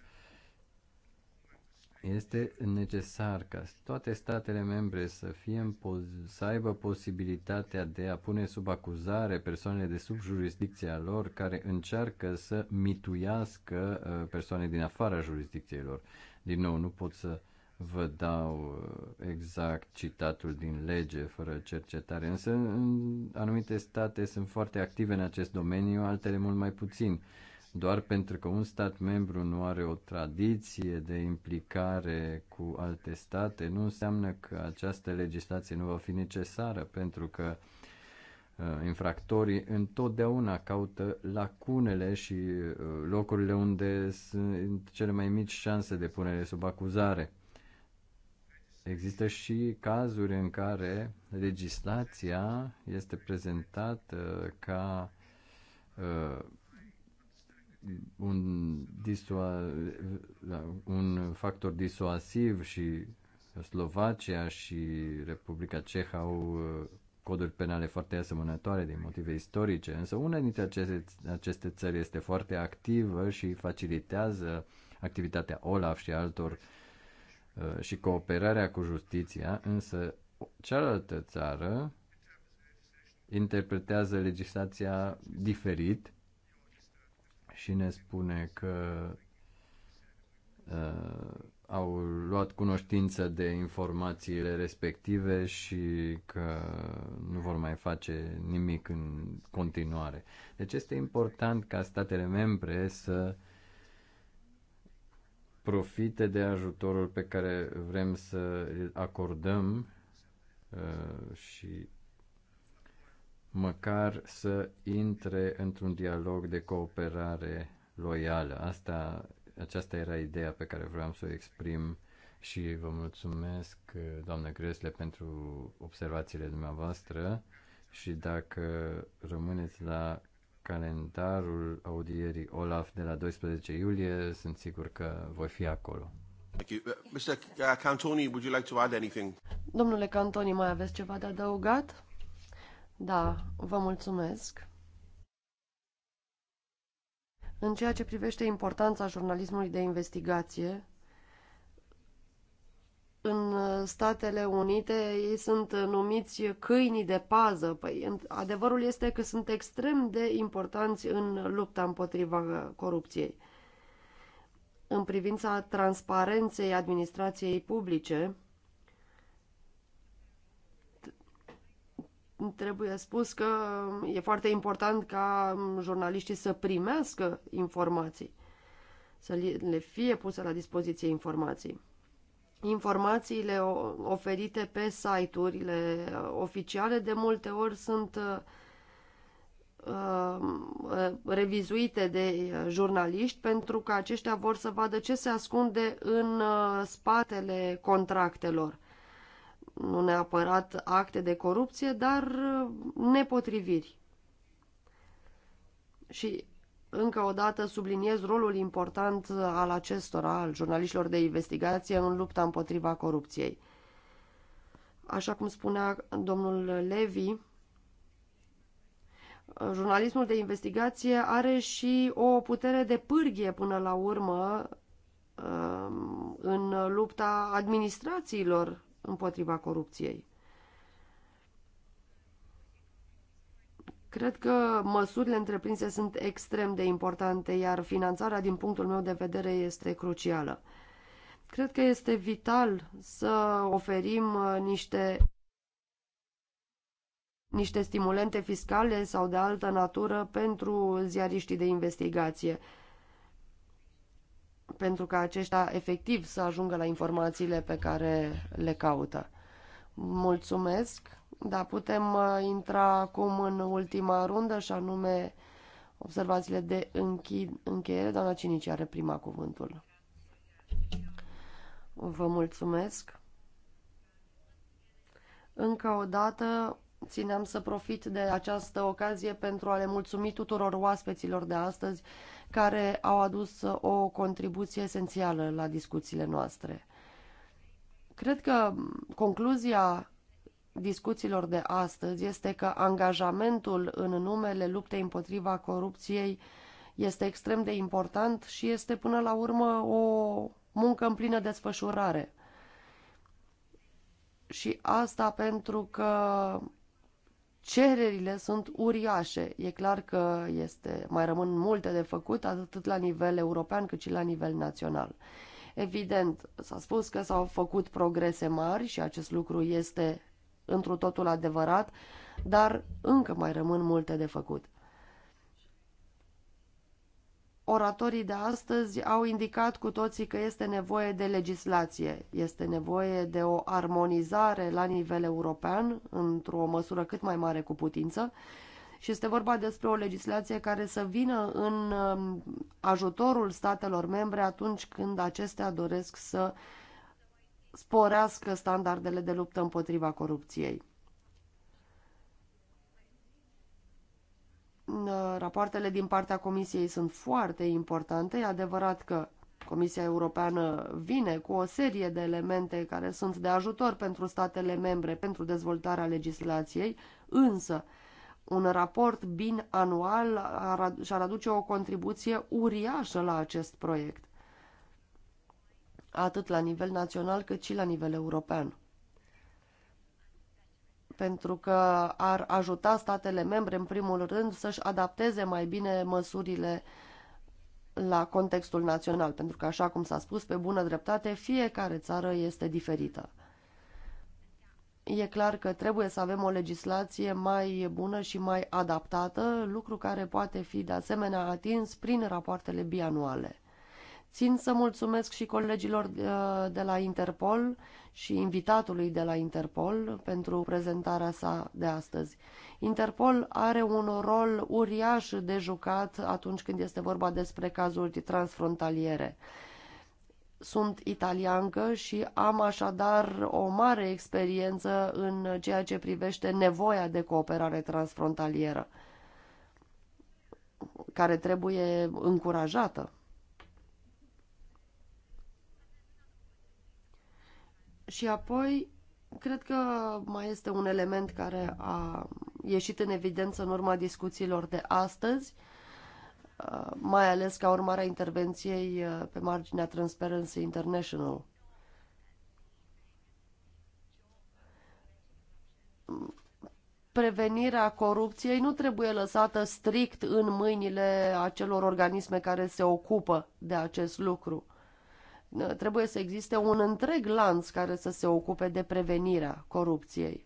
Este necesar ca toate statele membre să, fie în poz- să aibă posibilitatea de a pune sub acuzare persoanele de sub jurisdicția lor care încearcă să mituiască uh, persoane din afara jurisdicției lor. Din nou, nu pot să vă dau uh, exact citatul din lege fără cercetare, însă în anumite state sunt foarte active în acest domeniu, altele mult mai puțin. Doar pentru că un stat membru nu are o tradiție de implicare cu alte state, nu înseamnă că această legislație nu va fi necesară, pentru că uh, infractorii întotdeauna caută lacunele și uh, locurile unde sunt cele mai mici șanse de punere sub acuzare. Există și cazuri în care legislația este prezentată ca uh, un, disua- un factor disuasiv și Slovacia și Republica Cehă au uh, coduri penale foarte asemănătoare din motive istorice, însă una dintre aceste, aceste țări este foarte activă și facilitează activitatea OLAF și altor uh, Uh, și cooperarea cu justiția, însă cealaltă țară interpretează legislația diferit și ne spune că uh, au luat cunoștință de informațiile respective și că nu vor mai face nimic în continuare. Deci este important ca statele membre să uh, profite de ajutorul pe care vrem să îl acordăm uh, și măcar să intre într-un dialog de cooperare loială. Asta, aceasta era ideea pe care vreau să o exprim și vă mulțumesc, uh, doamnă Gresle, pentru observațiile dumneavoastră și dacă rămâneți la calendarul audierii Olaf de la 12 iulie. Sunt sigur că voi fi acolo. Uh, Mr. Uh, Cantoni, would you like to add anything? Domnule Cantoni, mai aveți ceva de adăugat? Da, vă mulțumesc. În ceea ce privește importanța jurnalismului de investigație, în uh, Statele Unite ei sunt uh, numiți câinii de pază. Păi, adevărul este că sunt extrem de importanți în lupta împotriva uh, corupției. În privința transparenței administrației publice, trebuie spus că e foarte important ca um, jurnaliștii să primească informații, să le fie puse la dispoziție informații informațiile oferite pe site-urile uh, oficiale de multe ori sunt uh, uh, revizuite de jurnaliști pentru că aceștia vor să vadă ce se ascunde în spatele contractelor. Nu neapărat acte de corupție, dar nepotriviri. Și încă o dată subliniez rolul important al acestora, al jurnaliștilor de investigație, în lupta împotriva corupției. Așa cum spunea domnul Levi, jurnalismul de investigație are și o putere de pârghie până la urmă um, în lupta administrațiilor împotriva corupției. Cred că măsurile întreprinse sunt extrem de importante, iar finanțarea, din punctul meu de vedere, este crucială. Cred că este vital să oferim uh, niște, niște stimulente fiscale sau de altă natură pentru ziariștii de investigație, pentru ca aceștia efectiv să ajungă la informațiile pe care le caută. Mulțumesc! Da, putem uh, intra acum în ultima rundă și anume observațiile de încheiere. Doamna Cinici are prima cuvântul. Vă mulțumesc. Încă o dată țineam să profit de această ocazie pentru a le mulțumi tuturor oaspeților de astăzi care au adus o contribuție esențială la discuțiile noastre. Cred că concluzia discuțiilor de astăzi este că angajamentul în numele luptei împotriva corupției este extrem de important și este până la urmă o muncă în plină desfășurare. Și asta pentru că cererile sunt uriașe. E clar că este, mai rămân multe de făcut, atât la nivel european cât și la nivel național. Evident, s-a spus că s-au făcut progrese mari și acest lucru este întru totul adevărat, dar încă mai rămân multe de făcut. Oratorii de astăzi au indicat cu toții că este nevoie de legislație, este nevoie de o armonizare la nivel european, într-o măsură cât mai mare cu putință, și este vorba despre o legislație care să vină în um, ajutorul statelor membre atunci când acestea doresc să uh, sporească standardele de luptă împotriva corupției. Uh, rapoartele din partea Comisiei sunt foarte importante. E adevărat că Comisia Europeană vine cu o serie de elemente care sunt de ajutor pentru statele membre pentru dezvoltarea legislației, însă un raport bin anual și-ar aduce o contribuție uriașă la acest proiect atât la nivel național cât și la nivel european. Pentru că ar ajuta statele membre, în primul rând, să-și adapteze mai bine măsurile la contextul național, pentru că, așa cum s-a spus, pe bună dreptate, fiecare țară este diferită. E clar că trebuie să avem o legislație mai bună și mai adaptată, lucru care poate fi de asemenea atins prin rapoartele bianuale. Țin să mulțumesc și colegilor uh, de la Interpol și invitatului de la Interpol pentru prezentarea sa de astăzi. Interpol are un rol uriaș de jucat atunci când este vorba despre cazuri transfrontaliere. Sunt italiancă și am așadar o mare experiență în ceea ce privește nevoia de cooperare transfrontalieră, care trebuie încurajată. Și apoi, cred că mai este un element care a ieșit în evidență în urma discuțiilor de astăzi, uh, mai ales ca urmare a intervenției uh, pe marginea Transparency International. Prevenirea corupției nu trebuie lăsată strict în mâinile acelor organisme care se ocupă de acest lucru. Trebuie să existe un întreg lanț care să se ocupe de prevenirea corupției.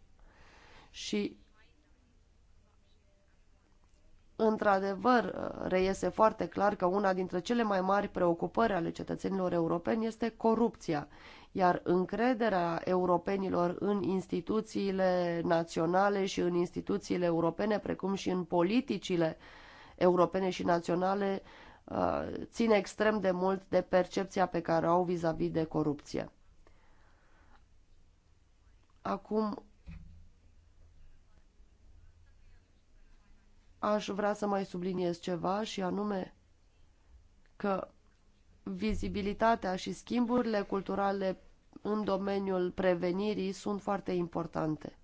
Și într-adevăr reiese foarte clar că una dintre cele mai mari preocupări ale cetățenilor europeni este corupția, iar încrederea europenilor în instituțiile naționale și în instituțiile europene, precum și în politicile europene și naționale, Uh, ține extrem de mult de percepția pe care o au vis-a-vis -vis de corupție. Acum aș vrea să mai subliniez ceva și anume că vizibilitatea și schimburile culturale în domeniul prevenirii sunt foarte importante.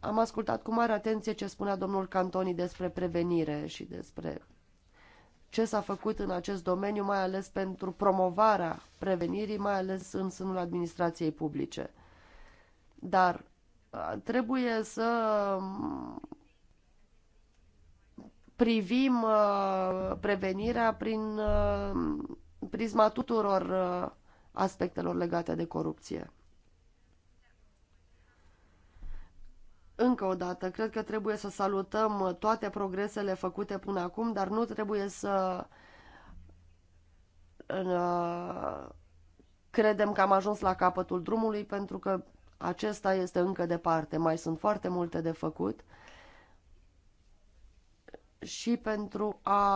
Am ascultat cu mare atenție ce spunea domnul Cantoni despre prevenire și despre ce s-a făcut în acest domeniu, mai ales pentru promovarea prevenirii, mai ales în sânul administrației publice. Dar trebuie să privim prevenirea prin prisma tuturor aspectelor legate de corupție. Încă o dată, cred că trebuie să salutăm uh, toate progresele făcute până acum, dar nu trebuie să uh, credem că am ajuns la capătul drumului, pentru că acesta este încă departe. Mai sunt foarte multe de făcut și pentru a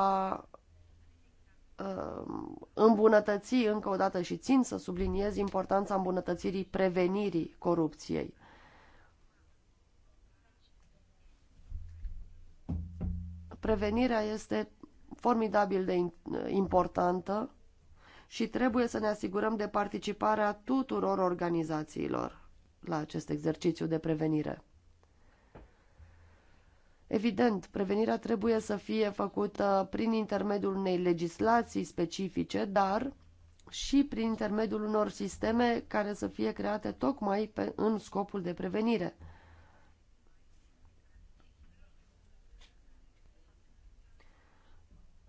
uh, îmbunătăți încă o dată și țin să subliniez importanța îmbunătățirii prevenirii corupției. Prevenirea este formidabil de importantă și trebuie să ne asigurăm de participarea tuturor organizațiilor la acest exercițiu de prevenire. Evident, prevenirea trebuie să fie făcută prin intermediul unei legislații specifice, dar și prin intermediul unor sisteme care să fie create tocmai pe, în scopul de prevenire –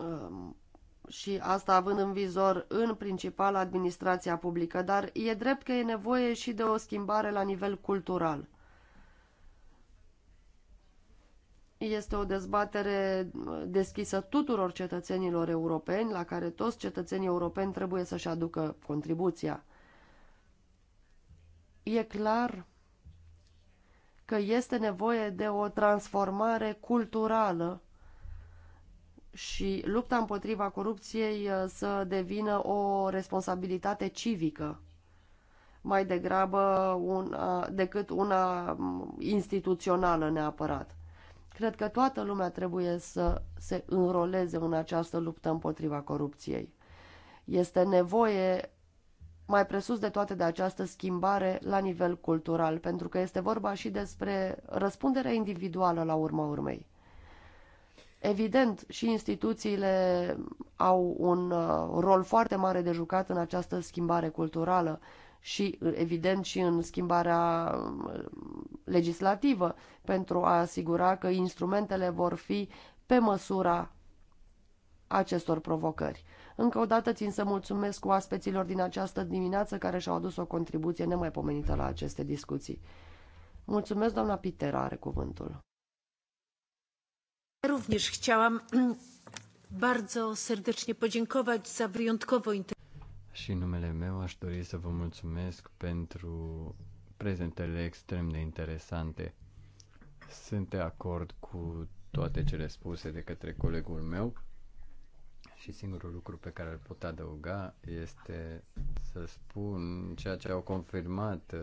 Um, și asta având în vizor în principal administrația publică, dar e drept că e nevoie și de o schimbare la nivel cultural. Este o dezbatere deschisă tuturor cetățenilor europeni, la care toți cetățenii europeni trebuie să-și aducă contribuția. E clar că este nevoie de o transformare culturală și lupta împotriva corupției uh, să devină o responsabilitate civică mai degrabă un, uh, decât una mm, instituțională neapărat. Cred că toată lumea trebuie să se înroleze în această luptă împotriva corupției. Este nevoie mai presus de toate de această schimbare la nivel cultural, pentru că este vorba și despre răspunderea individuală la urma urmei. Evident, și instituțiile au un uh, rol foarte mare de jucat în această schimbare culturală și, uh, evident, și în schimbarea uh, legislativă pentru a asigura că instrumentele vor fi pe măsura acestor provocări. Încă o dată țin să mulțumesc oaspeților din această dimineață care și-au adus o contribuție nemaipomenită la aceste discuții. Mulțumesc, doamna Pitera are cuvântul. Również chciałam mm, bardzo serdecznie podziękować za wyjątkowo Și în numele meu aș dori să vă mulțumesc pentru prezentările extrem de interesante. Sunt de acord cu toate cele spuse de către colegul meu și singurul lucru pe care îl pot adăuga este să spun ceea ce au confirmat uh,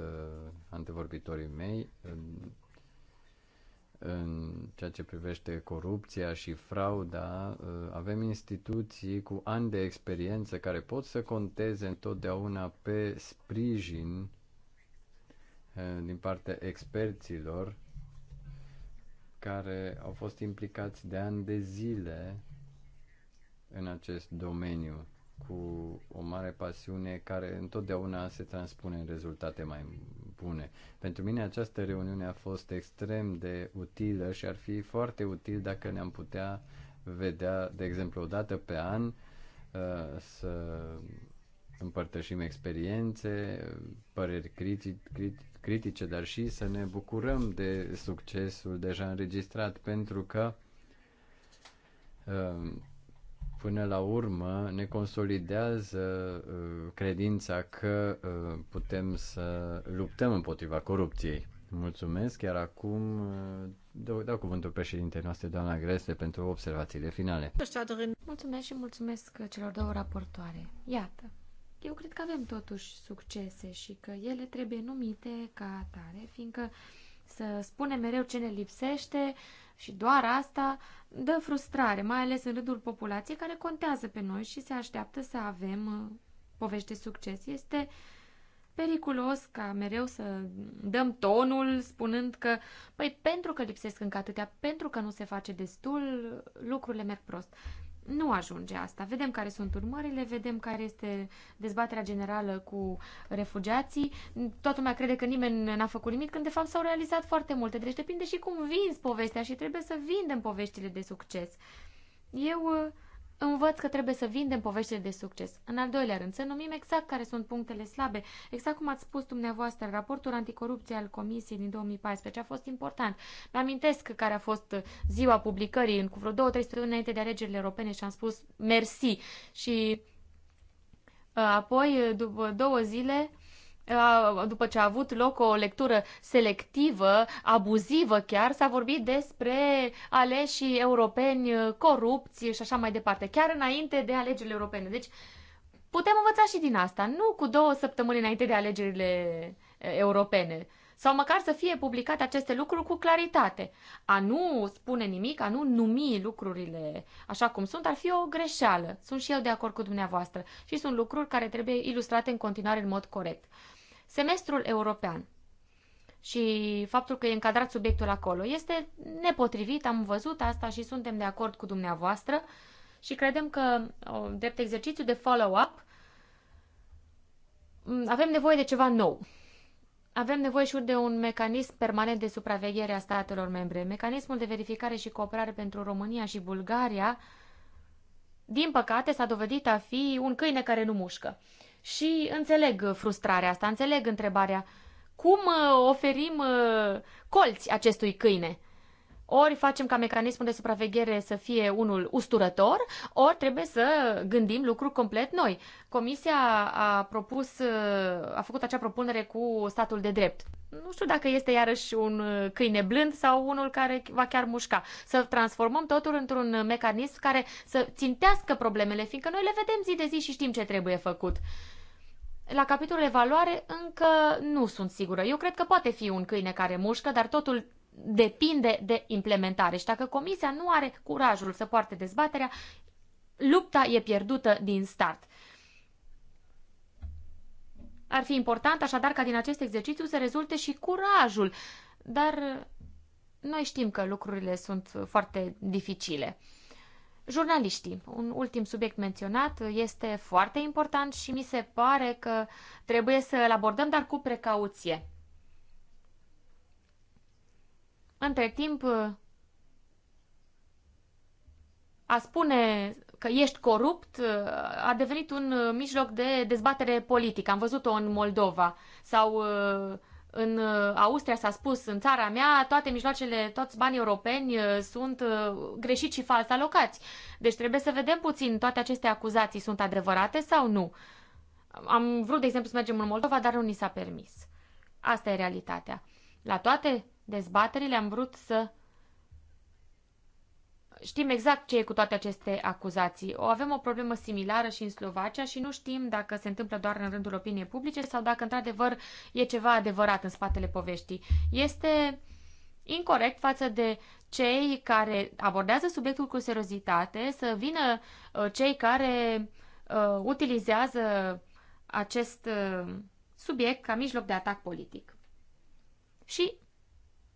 antevorbitorii mei. În ceea ce privește corupția și frauda, uh, avem instituții cu ani de experiență care pot să conteze întotdeauna pe sprijin uh, din partea experților care au fost implicați de ani de zile în acest domeniu cu o mare pasiune care întotdeauna se transpune în rezultate mai propune. Pentru mine această reuniune a fost extrem de utilă și ar fi foarte util dacă ne-am putea vedea, de exemplu, o dată pe an uh, să împărtășim experiențe, păreri critice, dar și să ne bucurăm de succesul deja înregistrat, pentru că uh, până la urmă ne consolidează uh, credința că uh, putem să luptăm împotriva corupției. Mulțumesc, iar acum uh, dau, dau cuvântul președintei noastre, doamna Gresle, pentru observațiile finale. Mulțumesc și mulțumesc celor două raportoare. Iată, eu cred că avem totuși succese și că ele trebuie numite ca atare, fiindcă să spunem mereu ce ne lipsește, și doar asta dă frustrare, mai ales în rândul populației care contează pe noi și se așteaptă să avem uh, povești de succes. Este periculos ca mereu să dăm tonul spunând că, păi, pentru că lipsesc încă atâtea, pentru că nu se face destul, lucrurile merg prost nu ajunge asta. Vedem care sunt urmările, vedem care este dezbaterea generală cu refugiații. Toată lumea crede că nimeni n-a făcut nimic, când de fapt s-au realizat foarte multe. Deci depinde și cum vinzi povestea și trebuie să vindem poveștile de succes. Eu învăț că trebuie să vindem poveștile de succes. În al doilea rând, să numim exact care sunt punctele slabe. Exact cum ați spus dumneavoastră, raportul anticorupție al Comisiei din 2014 a fost important. Mi-amintesc care a fost ziua publicării, în cu vreo două, trei săptămâni înainte de alegerile europene și am spus mersi. Și uh, apoi, după două zile, după ce a avut loc o lectură selectivă, abuzivă chiar, s-a vorbit despre aleși europeni corupți și așa mai departe, chiar înainte de alegerile europene. Deci putem învăța și din asta, nu cu două săptămâni înainte de alegerile europene. Sau măcar să fie publicate aceste lucruri cu claritate. A nu spune nimic, a nu numi lucrurile așa cum sunt, ar fi o greșeală. Sunt și eu de acord cu dumneavoastră. Și sunt lucruri care trebuie ilustrate în continuare în mod corect. Semestrul european și faptul că e încadrat subiectul acolo este nepotrivit, am văzut asta și suntem de acord cu dumneavoastră și credem că, drept exercițiu de follow-up, avem nevoie de ceva nou. Avem nevoie și de un mecanism permanent de supraveghere a statelor membre. Mecanismul de verificare și cooperare pentru România și Bulgaria, din păcate, s-a dovedit a fi un câine care nu mușcă. Și înțeleg frustrarea asta, înțeleg întrebarea cum uh, oferim uh, colți acestui câine? ori facem ca mecanismul de supraveghere să fie unul usturător, ori trebuie să gândim lucruri complet noi. Comisia a propus, a făcut acea propunere cu statul de drept. Nu știu dacă este iarăși un câine blând sau unul care va chiar mușca. Să transformăm totul într-un mecanism care să țintească problemele, fiindcă noi le vedem zi de zi și știm ce trebuie făcut. La capitolul evaluare încă nu sunt sigură. Eu cred că poate fi un câine care mușcă, dar totul depinde de implementare și dacă Comisia nu are curajul să poarte dezbaterea, lupta e pierdută din start. Ar fi important așadar ca din acest exercițiu să rezulte și curajul, dar noi știm că lucrurile sunt foarte dificile. Jurnaliștii, un ultim subiect menționat, este foarte important și mi se pare că trebuie să îl abordăm, dar cu precauție. Între timp, uh, a spune că ești corupt uh, a devenit un uh, mijloc de dezbatere politică. Am văzut-o în Moldova sau în Austria s-a spus, în țara mea, toate mijloacele, toți banii europeni sunt greșit și fals alocați. Deci trebuie să vedem puțin, toate aceste acuzații sunt adevărate sau nu. Am vrut, de exemplu, să mergem în Moldova, dar nu ni s-a permis. Asta e realitatea. La toate dezbaterile, am vrut să știm exact ce e cu toate aceste acuzații. O avem o problemă similară și în Slovacia și nu știm dacă se întâmplă doar în rândul opiniei publice sau dacă într-adevăr e ceva adevărat în spatele poveștii. Este incorrect față de cei care abordează subiectul cu seriozitate, să vină uh, cei care uh, utilizează acest uh, subiect ca mijloc de atac politic. Și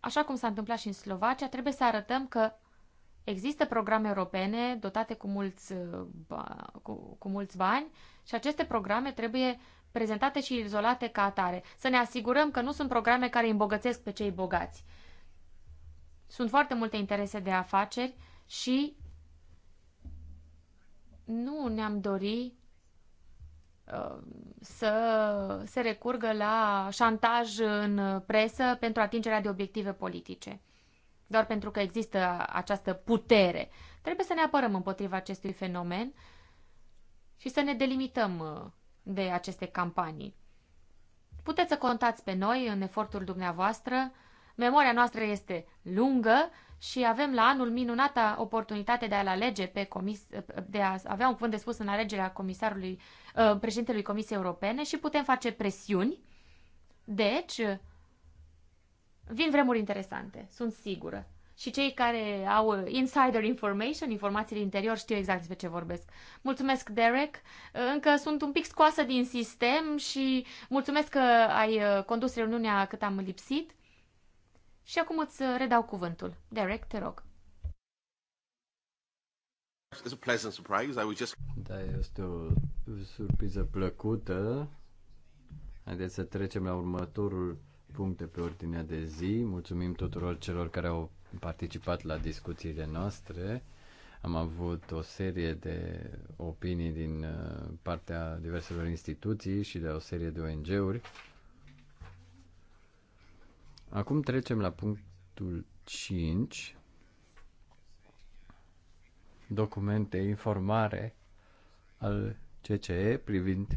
așa cum s-a întâmplat și în Slovacia, trebuie să arătăm că există programe europene dotate cu mulți, uh, cu, cu mulți bani și aceste programe trebuie prezentate și izolate ca atare. Să ne asigurăm că nu sunt programe care îmbogățesc pe cei bogați. Sunt foarte multe interese de afaceri și nu ne-am dori să se recurgă la șantaj în presă pentru atingerea de obiective politice. Doar pentru că există această putere. Trebuie să ne apărăm împotriva acestui fenomen și să ne delimităm uh, de aceste campanii. Puteți să contați pe noi în efortul dumneavoastră. Memoria noastră este lungă și avem la anul minunata oportunitate de a-l alege pe comis, de a avea un cuvânt de spus în alegerea comisarului, uh, președintelui Comisiei Europene și putem face presiuni. Deci, vin vremuri interesante, sunt sigură. Și cei care au insider information, informațiile interior, știu exact despre ce vorbesc. Mulțumesc, Derek. Încă sunt un pic scoasă din sistem și mulțumesc că ai uh, condus reuniunea cât am lipsit. Și acum îți redau cuvântul. Derek, te rog. Da, este o surpriză plăcută. Haideți să trecem la următorul punct pe ordinea de zi. Mulțumim tuturor celor care au participat la discuțiile noastre. Am avut o serie de opinii din uh, partea diverselor instituții și de o serie de ONG-uri. Acum trecem la punctul 5. Documente informare al CCE privind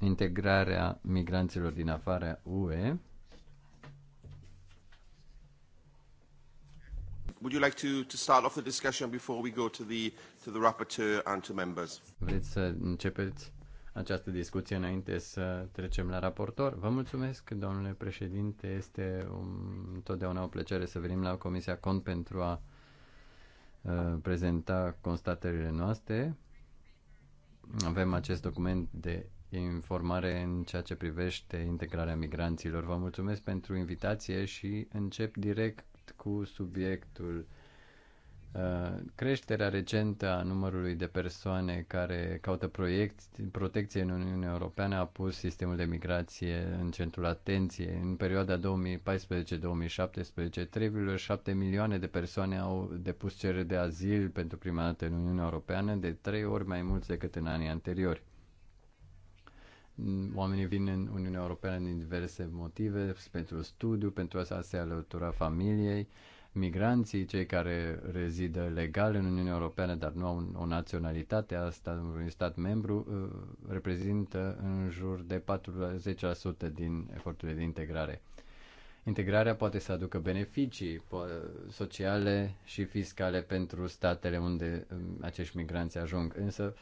integrarea migranților din afara UE. Would you like to, to start off the discussion before we go to the to the rapporteur and to members? Vreți să începeți această discuție înainte să trecem la raportor. Vă mulțumesc, domnule președinte. Este un, întotdeauna o plăcere să venim la Comisia Cont pentru a uh, prezenta constatările noastre. Avem acest document de informare în ceea ce privește integrarea migranților. Vă mulțumesc pentru invitație și încep direct cu subiectul Uh, creșterea recentă a numărului de persoane care caută proiect, protecție în Uniunea Europeană a pus sistemul de migrație în centrul atenției. În perioada 2014-2017, 3,7 milioane de persoane au depus cerere de azil pentru prima dată în Uniunea Europeană, de trei ori mai mulți decât în anii anteriori. Oamenii vin în Uniunea Europeană din diverse motive, pentru studiu, pentru a se alătura familiei, migranții, cei care rezidă legal în Uniunea Europeană, dar nu au o naționalitate a unui stat membru, uh, reprezintă în jur de 40% din eforturile de integrare. Integrarea poate să aducă beneficii sociale și fiscale pentru statele unde um, acești migranți ajung, însă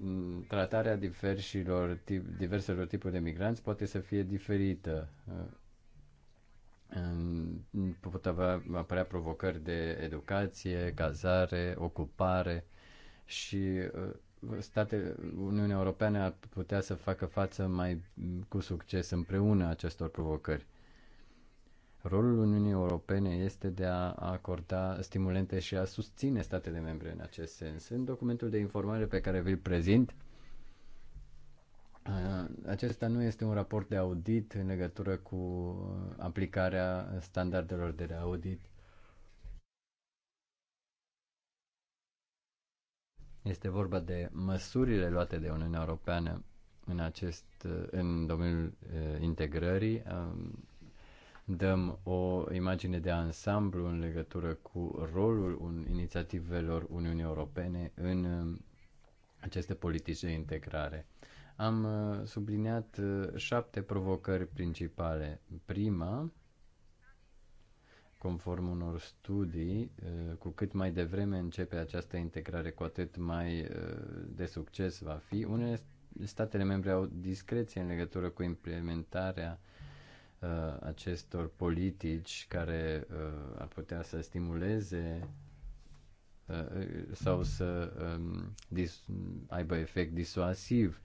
mm, tratarea diverselor tipuri de migranți poate să fie diferită uh, pot avea, apărea provocări de educație, cazare, ocupare și uh, state, Uniunea Europeană ar putea să facă față mai cu succes împreună acestor provocări. Rolul Uniunii Europene este de a acorda stimulente și a susține statele membre în acest sens. În documentul de informare pe care vi-l prezint, acesta nu este un raport de audit în legătură cu aplicarea standardelor de audit. Este vorba de măsurile luate de Uniunea Europeană în, acest, în domeniul integrării. Dăm o imagine de ansamblu în legătură cu rolul un, inițiativelor Uniunii Europene în aceste politici de integrare. Am uh, subliniat uh, șapte provocări principale. Prima, conform unor studii, uh, cu cât mai devreme începe această integrare, cu atât mai de succes va fi. Unele statele membre au discreție în legătură cu implementarea acestor politici care ar putea să stimuleze sau să um, aibă efect disuasiv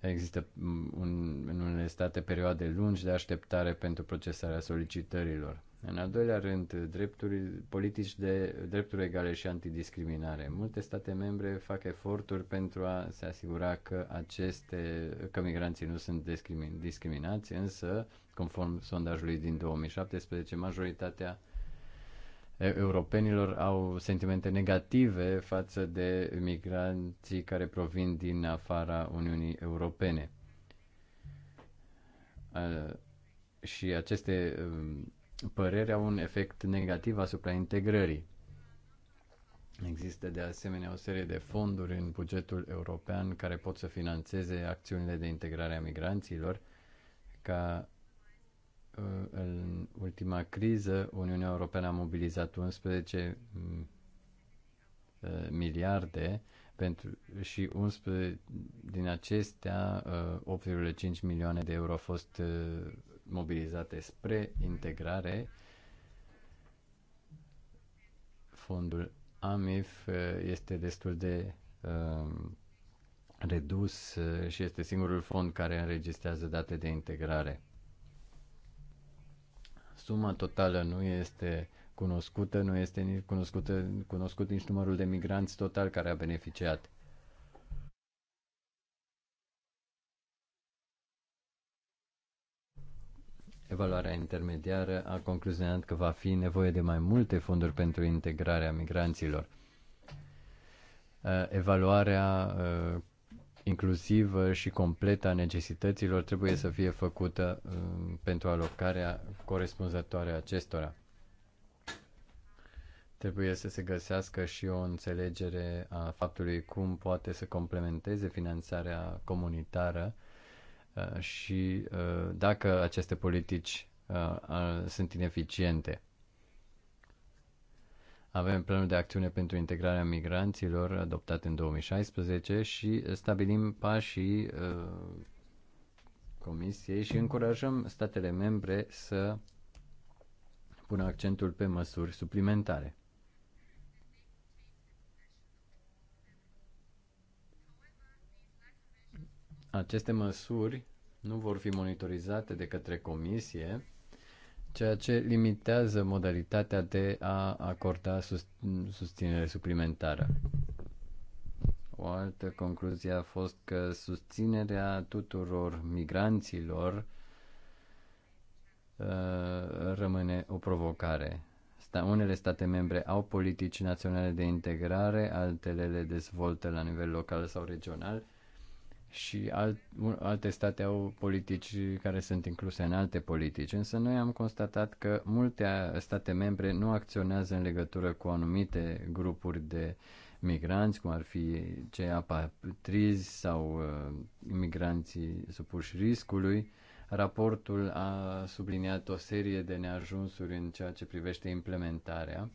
Există mm, un, în unele state perioade lungi de așteptare pentru procesarea solicitărilor. În al doilea rând, drepturi, politici de drepturi egale și antidiscriminare. Multe state membre fac eforturi pentru a se asigura că aceste, că migranții nu sunt discriminați, însă, conform sondajului din 2017, majoritatea europenilor au sentimente negative față de migranții care provin din afara Uniunii Europene. Și aceste um, păreri au un efect negativ asupra integrării. Există de asemenea o serie de fonduri în bugetul european care pot să financeze acțiunile de integrare a migranților, ca în ultima criză, Uniunea Europeană a mobilizat 11 mm, miliarde pentru, și 11 din acestea, 8,5 milioane de euro au fost mobilizate spre integrare. Fondul AMIF este destul de redus și este singurul fond care înregistrează date de integrare suma totală nu este cunoscută, nu este cunoscută, cunoscut nici numărul de migranți total care a beneficiat. Evaluarea intermediară a concluzionat că va fi nevoie de mai multe fonduri pentru integrarea migranților. Evaluarea inclusivă și completă a necesităților trebuie să fie făcută uh, pentru alocarea corespunzătoare acestora. Trebuie să se găsească și o înțelegere a faptului cum poate să complementeze finanțarea comunitară uh, și uh, dacă aceste politici sunt ineficiente. Avem planul de acțiune pentru integrarea migranților adoptat în 2016 și stabilim pașii uh, Comisiei și încurajăm statele membre să pună accentul pe măsuri suplimentare. Aceste măsuri nu vor fi monitorizate de către Comisie, ceea ce limitează modalitatea de a acorda sus- susținere suplimentară. O altă concluzie a fost că susținerea tuturor migranților uh, rămâne o provocare. unele state membre au politici naționale de integrare, altele le dezvoltă la nivel local sau regional și alt, alte state au politici care sunt incluse în alte politici, însă noi am constatat că multe state membre nu acționează în legătură cu anumite grupuri de migranți, cum ar fi cei apatrizi sau uh, imigranții supuși riscului. Raportul a subliniat o serie de neajunsuri în ceea ce privește implementarea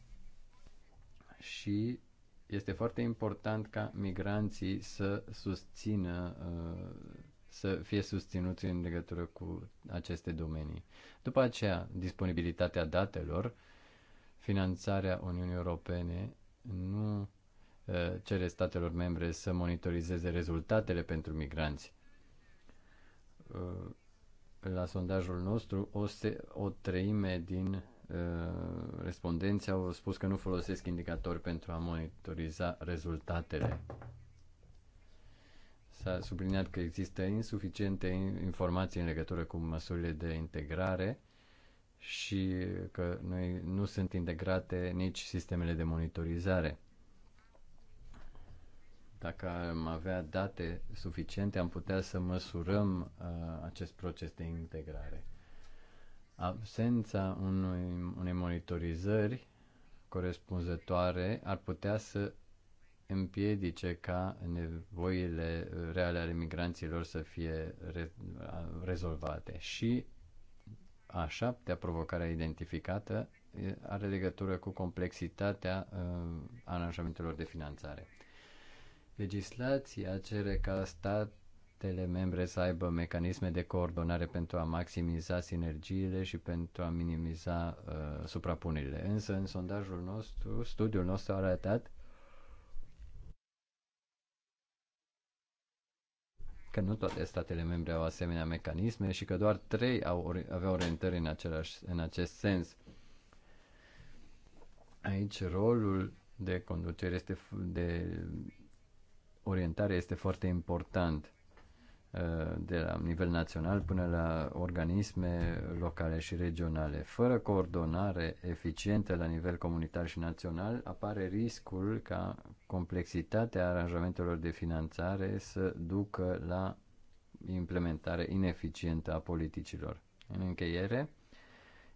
și este foarte important ca migranții să susțină, uh, să fie susținuți în legătură cu aceste domenii. După aceea, disponibilitatea datelor, finanțarea Uniunii Europene nu uh, cere statelor membre să monitorizeze rezultatele pentru migranți. Uh, la sondajul nostru, o, se, o treime din respondenți au spus că nu folosesc indicatori pentru a monitoriza rezultatele. S-a subliniat că există insuficiente informații în legătură cu măsurile de integrare și că noi nu sunt integrate nici sistemele de monitorizare. Dacă am avea date suficiente, am putea să măsurăm uh, acest proces de integrare. Absența unui, unei monitorizări corespunzătoare ar putea să împiedice ca nevoile reale ale migranților să fie re, rezolvate. Și a șaptea provocare identificată are legătură cu complexitatea uh, aranjamentelor de finanțare. Legislația cere ca stat, statele membre să aibă mecanisme de coordonare pentru a maximiza sinergiile și pentru a minimiza uh, suprapunerile. Însă, în sondajul nostru, studiul nostru a arătat că nu toate statele membre au asemenea mecanisme și că doar trei au, aveau orientări în, același, în acest sens. Aici rolul de conducere este de orientare este foarte important. Uh, de la nivel național până la organisme locale și regionale. Fără coordonare eficientă la nivel comunitar și național, apare riscul ca complexitatea aranjamentelor de finanțare să ducă la implementare ineficientă a politicilor. În încheiere,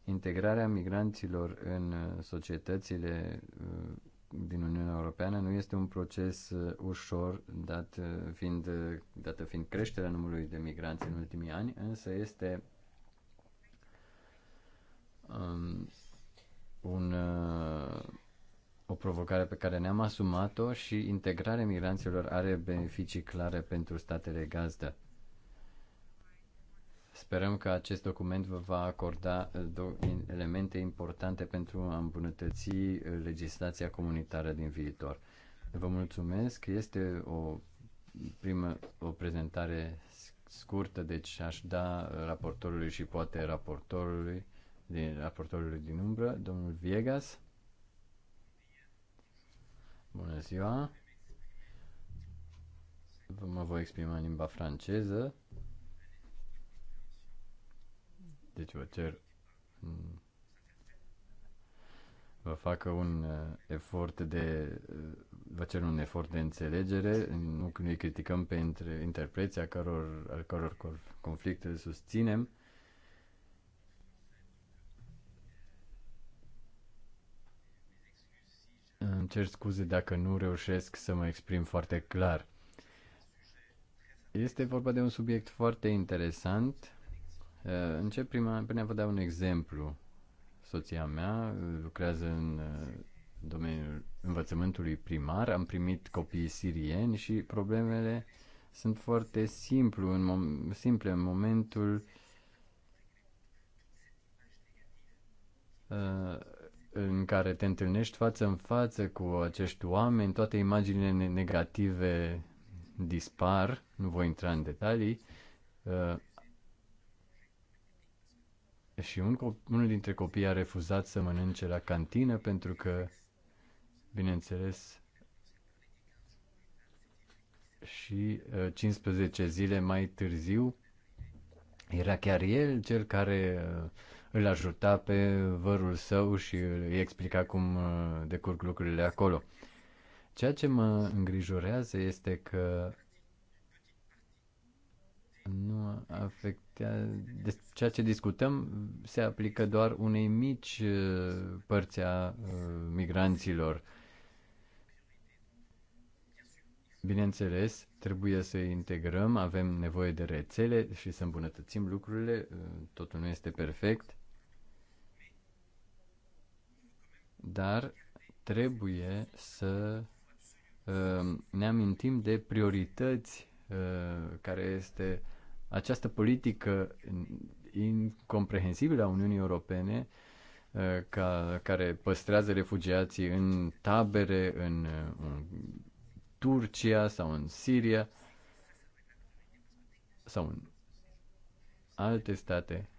integrarea migranților în societățile uh, din Uniunea Europeană nu este un proces uh, ușor, dat uh, fiind, uh, dată fiind creșterea numărului de migranți în ultimii ani, însă este um, un, uh, o provocare pe care ne-am asumat-o și integrarea migranților are beneficii clare pentru statele gazdă. Sperăm că acest document vă va acorda eh, elemente importante pentru a îmbunătăți eh, legislația comunitară din viitor. Vă mulțumesc. Este o primă o prezentare scurtă, deci aș da eh, raportorului și poate raportorului din raportorului din umbră, domnul Viegas. Bună ziua! Mă voi exprima în limba franceză. Deci vă cer mm, vă facă un uh, efort de uh, vă cer un efort de înțelegere, nu că noi criticăm pe între, interpreția căror, al căror conflicte susținem. Îmi cer scuze dacă nu reușesc să mă exprim foarte clar. Este vorba de un subiect foarte interesant Uh, încep prima, până vă dau un exemplu. Soția mea uh, lucrează în uh, domeniul învățământului primar, am primit copii sirieni și problemele sunt foarte simplu, în mom- simple în momentul în care te întâlnești față în față cu acești oameni, toate imaginile negative dispar, nu voi intra în detalii, uh, și un unul dintre copii a refuzat să mănânce la cantină pentru că, bineînțeles, și 15 uh, zile mai târziu era chiar el cel care uh, îl ajuta pe vărul său și îi explica cum uh, decurg lucrurile acolo. Ceea ce mă îngrijorează este că nu afectează. ceea ce discutăm se aplică doar unei mici uh, părți a uh, migranților. Bineînțeles, trebuie să integrăm, avem nevoie de rețele și să îmbunătățim lucrurile, uh, totul nu este perfect, dar trebuie să ne amintim de priorități care este această politică incomprehensibilă a Uniunii Europene uh, ca, care păstrează refugiații în tabere, în, uh, în Turcia sau în Siria sau în alte state,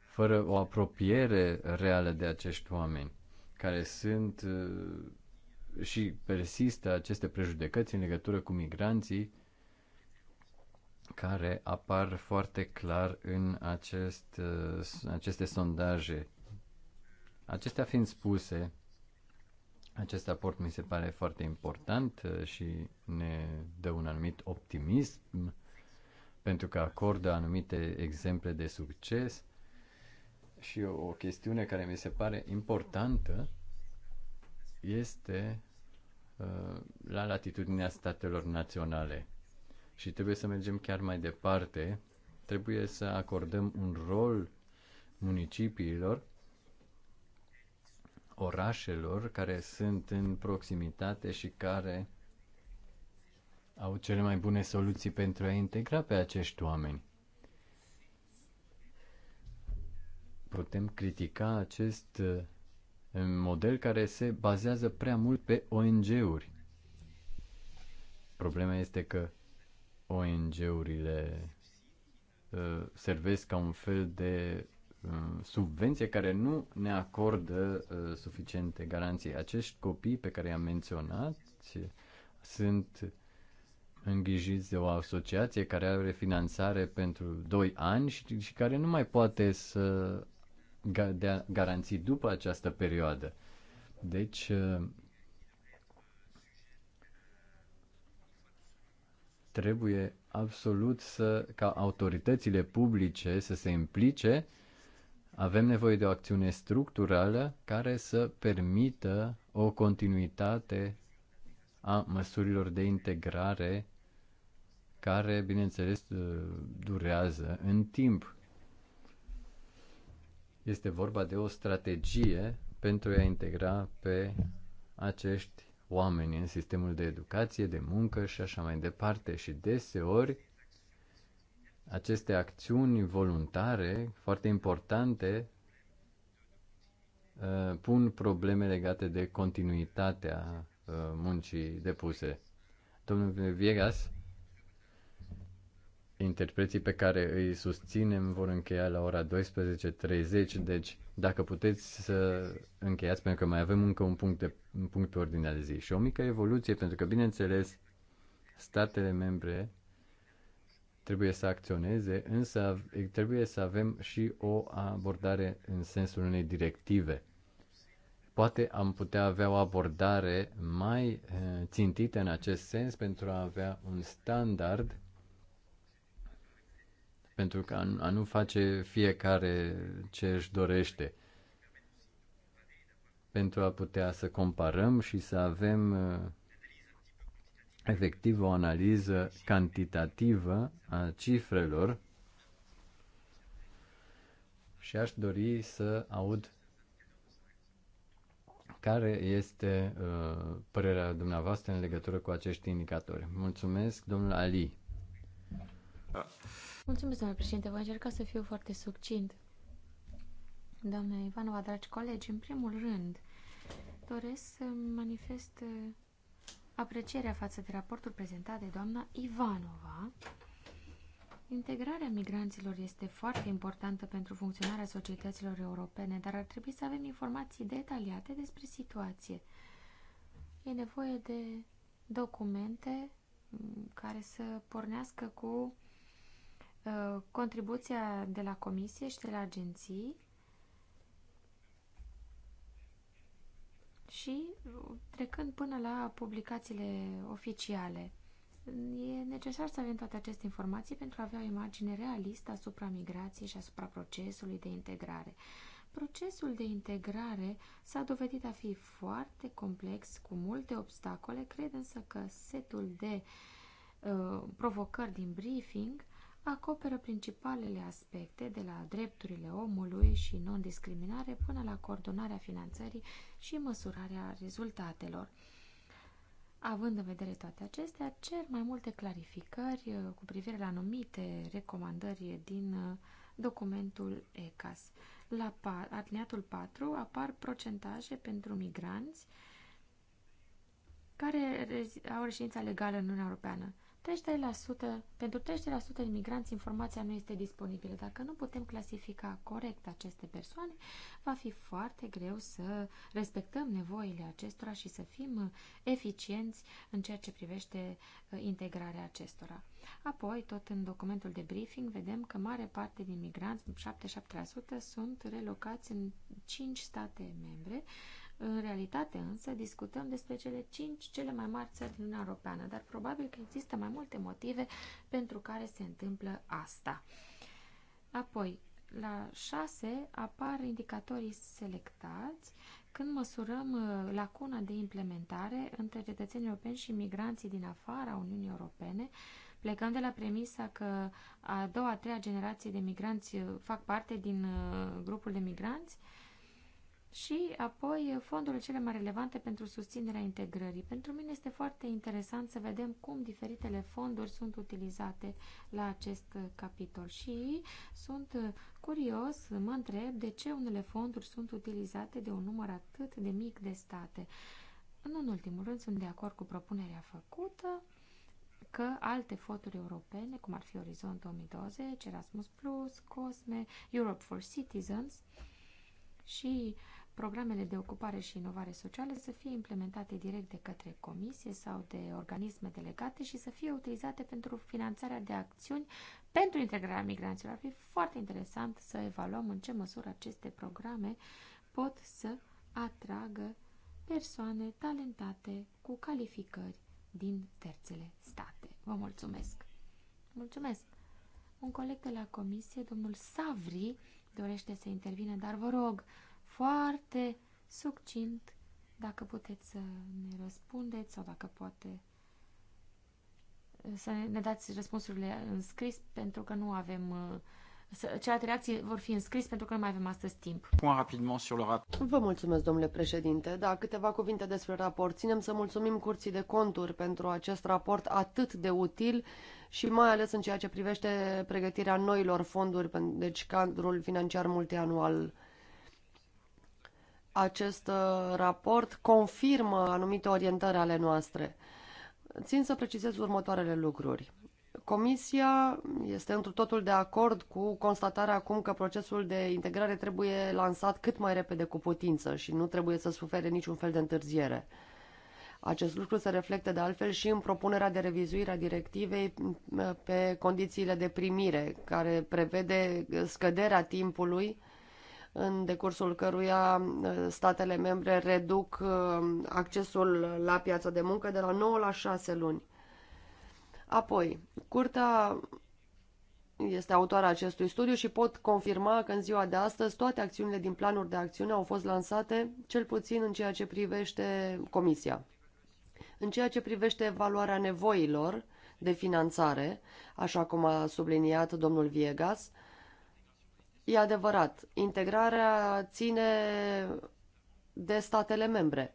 fără o apropiere reală de acești oameni care sunt uh, și persistă aceste prejudecăți în legătură cu migranții care apar foarte clar în acest, uh, aceste sondaje. Acestea fiind spuse, acest aport mi se pare foarte important uh, și ne dă un anumit optimism pentru că acordă anumite exemple de succes și o, o chestiune care mi se pare importantă este uh, la latitudinea statelor naționale. Și trebuie să mergem chiar mai departe, trebuie să acordăm un rol municipiilor, orașelor care sunt în proximitate și care au cele mai bune soluții pentru a integra pe acești oameni. Putem critica acest uh, model care se bazează prea mult pe ONG-uri. Problema este că ONG-urile uh, servesc ca un fel de uh, subvenție care nu ne acordă uh, suficiente garanții. Acești copii pe care i-am menționat sunt îngrijiți de o asociație care are finanțare pentru 2 ani și, și care nu mai poate să de garanții după această perioadă. Deci, uh, trebuie absolut să, ca autoritățile publice să se implice. Avem nevoie de o acțiune structurală care să permită o continuitate a măsurilor de integrare care, bineînțeles, uh, durează în timp. Este vorba de o strategie pentru a integra pe acești oameni în sistemul de educație, de muncă și așa mai departe. Și deseori aceste acțiuni voluntare foarte importante uh, pun probleme legate de continuitatea uh, muncii depuse. Domnul Viegas Interpreții pe care îi susținem vor încheia la ora 12.30, deci dacă puteți să încheiați, pentru că mai avem încă un punct, de, un punct pe ordinea de zi și o mică evoluție, pentru că, bineînțeles, statele membre trebuie să acționeze, însă trebuie să avem și o abordare în sensul unei directive. Poate am putea avea o abordare mai eh, țintită în acest sens pentru a avea un standard pentru că a nu face fiecare ce își dorește. Pentru a putea să comparăm și să avem uh, efectiv o analiză cantitativă a cifrelor și aș dori să aud care este uh, părerea dumneavoastră în legătură cu acești indicatori. Mulțumesc, domnul Ali. Da. Mulțumesc, domnule președinte. Voi încerca să fiu foarte succint. Doamne Ivanova, dragi colegi, în primul rând, doresc să manifest uh, aprecierea față de raportul prezentat de doamna Ivanova. Integrarea migranților este foarte importantă pentru funcționarea societăților europene, dar ar trebui să avem informații detaliate despre situație. E nevoie de documente mm, care să pornească cu Uh, contribuția de la comisie și de la agenții și trecând până la publicațiile oficiale. E necesar să avem toate aceste informații pentru a avea o imagine realistă asupra migrației și asupra procesului de integrare. Procesul de integrare s-a dovedit a fi foarte complex, cu multe obstacole, cred însă că setul de uh, provocări din briefing acoperă principalele aspecte de la drepturile omului și non-discriminare până la coordonarea finanțării și măsurarea rezultatelor. Având în vedere toate acestea, cer mai multe clarificări uh, cu privire la anumite recomandări din uh, documentul ECAS. La alineatul 4 apar procentaje pentru migranți care au reședința legală în Uniunea Europeană. 30%, pentru 30% de migranți informația nu este disponibilă. Dacă nu putem clasifica corect aceste persoane, va fi foarte greu să respectăm nevoile acestora și să fim eficienți în ceea ce privește uh, integrarea acestora. Apoi, tot în documentul de briefing, vedem că mare parte din migranți, 77%, sunt relocați în 5 state membre, în realitate însă discutăm despre cele cinci cele mai mari țări din Uniunea Europeană, dar probabil că există mai multe motive pentru care se întâmplă asta. Apoi, la 6 apar indicatorii selectați când măsurăm uh, lacuna de implementare între cetățenii europeni și migranții din afara Uniunii Europene, plecăm de la premisa că a doua, a treia generație de migranți uh, fac parte din uh, grupul de migranți, și apoi fondurile cele mai relevante pentru susținerea integrării. Pentru mine este foarte interesant să vedem cum diferitele fonduri sunt utilizate la acest capitol și sunt curios, mă întreb de ce unele fonduri sunt utilizate de un număr atât de mic de state. Nu în ultimul rând sunt de acord cu propunerea făcută că alte fonduri europene, cum ar fi Orizont 2020, Erasmus+, Cosme, Europe for Citizens și uh, programele de ocupare și inovare socială să fie implementate direct de către comisie sau de organisme delegate și să fie utilizate pentru finanțarea de acțiuni pentru integrarea migranților. Ar fi foarte interesant să evaluăm în ce măsură aceste programe pot să atragă persoane talentate cu calificări din terțele state. Vă mulțumesc! Mulțumesc! Un coleg de la comisie, domnul Savri, dorește să intervină, dar vă rog, foarte succint dacă puteți să ne răspundeți sau dacă poate să ne dați răspunsurile în scris pentru că nu avem uh, celelalte reacții vor fi înscris pentru că nu mai avem astăzi timp. Vă mulțumesc, domnule președinte. Da, câteva cuvinte despre raport. Ținem să mulțumim Curții de Conturi pentru acest raport atât de util și mai ales în ceea ce privește pregătirea noilor fonduri, deci cadrul financiar multianual acest uh, raport confirmă anumite orientări ale noastre. Țin să precizez următoarele lucruri. Comisia este întru totul de acord cu constatarea acum că procesul de integrare trebuie lansat cât mai repede cu putință și nu trebuie să sufere niciun fel de întârziere. Acest lucru se reflectă de altfel și în propunerea de revizuire a directivei uh, pe condițiile de primire, care prevede scăderea timpului în decursul căruia ă, statele membre reduc ă, accesul la piața de muncă de la 9 la 6 luni. Apoi, curtea este autoarea acestui studiu și pot confirma că în ziua de astăzi toate acțiunile din planuri de acțiune au fost lansate, cel puțin în ceea ce privește comisia. În ceea ce privește evaluarea nevoilor de finanțare, așa cum a subliniat domnul Viegas, E adevărat, integrarea ține de statele membre,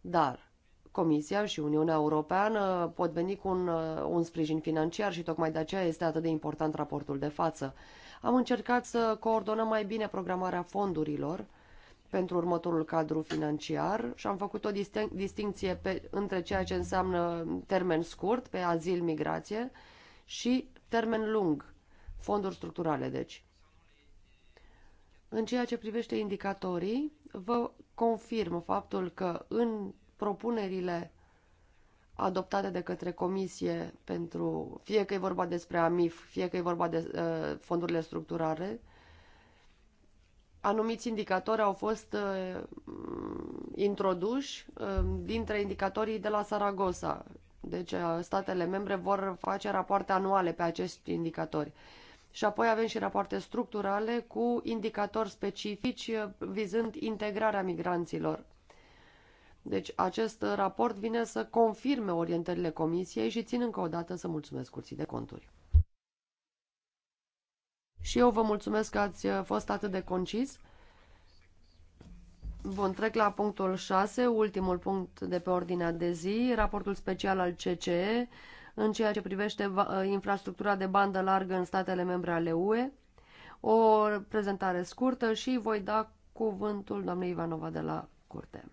dar Comisia și Uniunea Europeană pot veni cu un, un sprijin financiar și tocmai de aceea este atât de important raportul de față. Am încercat să coordonăm mai bine programarea fondurilor pentru următorul cadru financiar și am făcut o distin- distinție pe, între ceea ce înseamnă termen scurt, pe azil, migrație, și termen lung, fonduri structurale, deci. În ceea ce privește indicatorii, vă confirm faptul că în propunerile adoptate de către Comisie pentru, fie că e vorba despre AMIF, fie că e vorba de uh, fondurile structurare, anumiți indicatori au fost uh, introduși uh, dintre indicatorii de la Saragossa. Deci uh, statele membre vor face rapoarte anuale pe acești indicatori. Și apoi avem și rapoarte structurale cu indicatori specifici eh, vizând integrarea migranților. Deci acest raport vine să confirme orientările comisiei și țin încă o dată să mulțumesc curții de conturi. Și eu vă mulțumesc că ați eh, fost atât de concis. Bun, trec la punctul 6, ultimul punct de pe ordinea de zi, raportul special al CCE, în ceea ce privește ă, infrastructura de bandă largă în statele membre ale UE. O prezentare scurtă și voi da cuvântul doamnei Ivanova de la curte.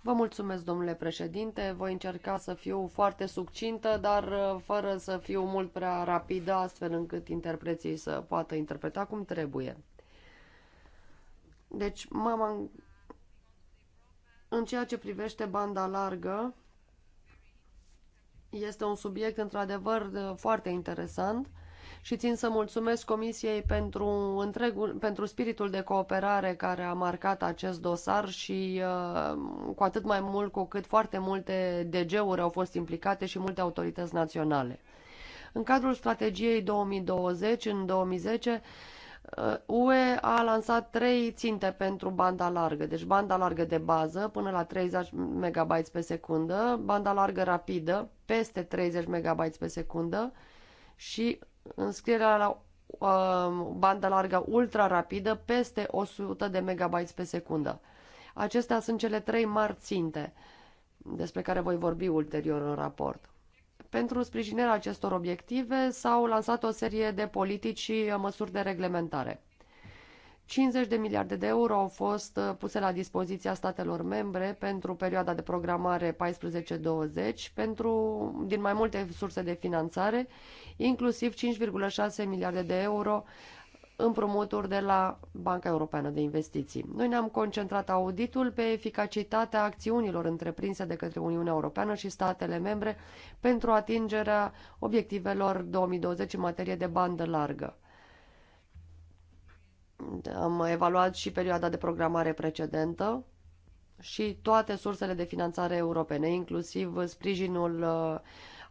Vă mulțumesc, domnule președinte. Voi încerca să fiu foarte succintă, dar ă, fără să fiu mult prea rapidă, astfel încât interpreții să poată interpreta cum trebuie. Deci, mama, în ceea ce privește banda largă, este un subiect într-adevăr foarte interesant și țin să mulțumesc Comisiei pentru, întregul, pentru spiritul de cooperare care a marcat acest dosar și uh, cu atât mai mult cu cât foarte multe DG-uri au fost implicate și multe autorități naționale. În cadrul strategiei 2020, în 2010, UE uh, a lansat trei ținte pentru banda largă, deci banda largă de bază până la 30 MB pe secundă, banda largă rapidă peste 30 MB pe secundă și înscrierea la uh, banda largă ultra rapidă peste 100 de MB pe secundă. Acestea sunt cele trei mari ținte despre care voi vorbi ulterior în raport. Pentru sprijinirea acestor obiective s-au lansat o serie de politici și măsuri de reglementare. 50 de miliarde de euro au fost uh, puse la dispoziția statelor membre pentru perioada de programare 14-20 pentru, din mai multe surse de finanțare, inclusiv 5,6 miliarde de euro împrumuturi de la Banca Europeană de Investiții. Noi ne-am concentrat auditul pe eficacitatea acțiunilor întreprinse de către Uniunea Europeană și statele membre pentru atingerea obiectivelor 2020 în materie de bandă largă. Am evaluat și perioada de programare precedentă și toate sursele de finanțare europene, inclusiv sprijinul uh,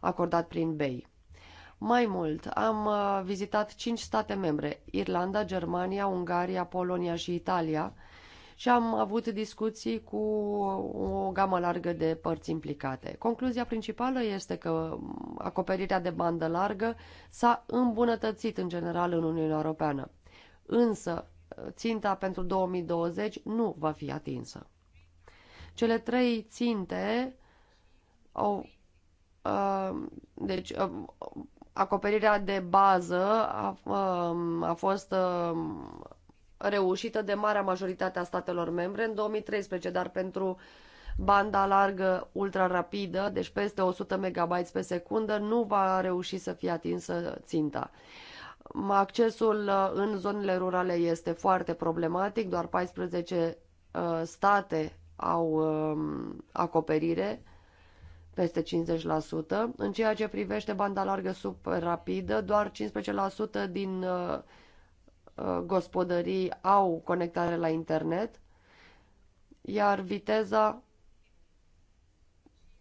acordat prin BEI. Mai mult, am uh, vizitat cinci state membre, Irlanda, Germania, Ungaria, Polonia și Italia, și am avut discuții cu o gamă largă de părți implicate. Concluzia principală este că acoperirea de bandă largă s-a îmbunătățit în general în Uniunea Europeană, însă ținta pentru 2020 nu va fi atinsă. Cele trei ținte au uh, deci uh, acoperirea de bază a, um, a fost um, reușită de marea majoritate a statelor membre în 2013, dar pentru banda largă ultra-rapidă, deci peste 100 MB pe secundă, nu va reuși să fie atinsă ținta. Accesul uh, în zonele rurale este foarte problematic, doar 14 uh, state au um, acoperire peste 50%. În ceea ce privește banda largă super rapidă, doar 15% din uh, uh, gospodării au conectare la internet, iar viteza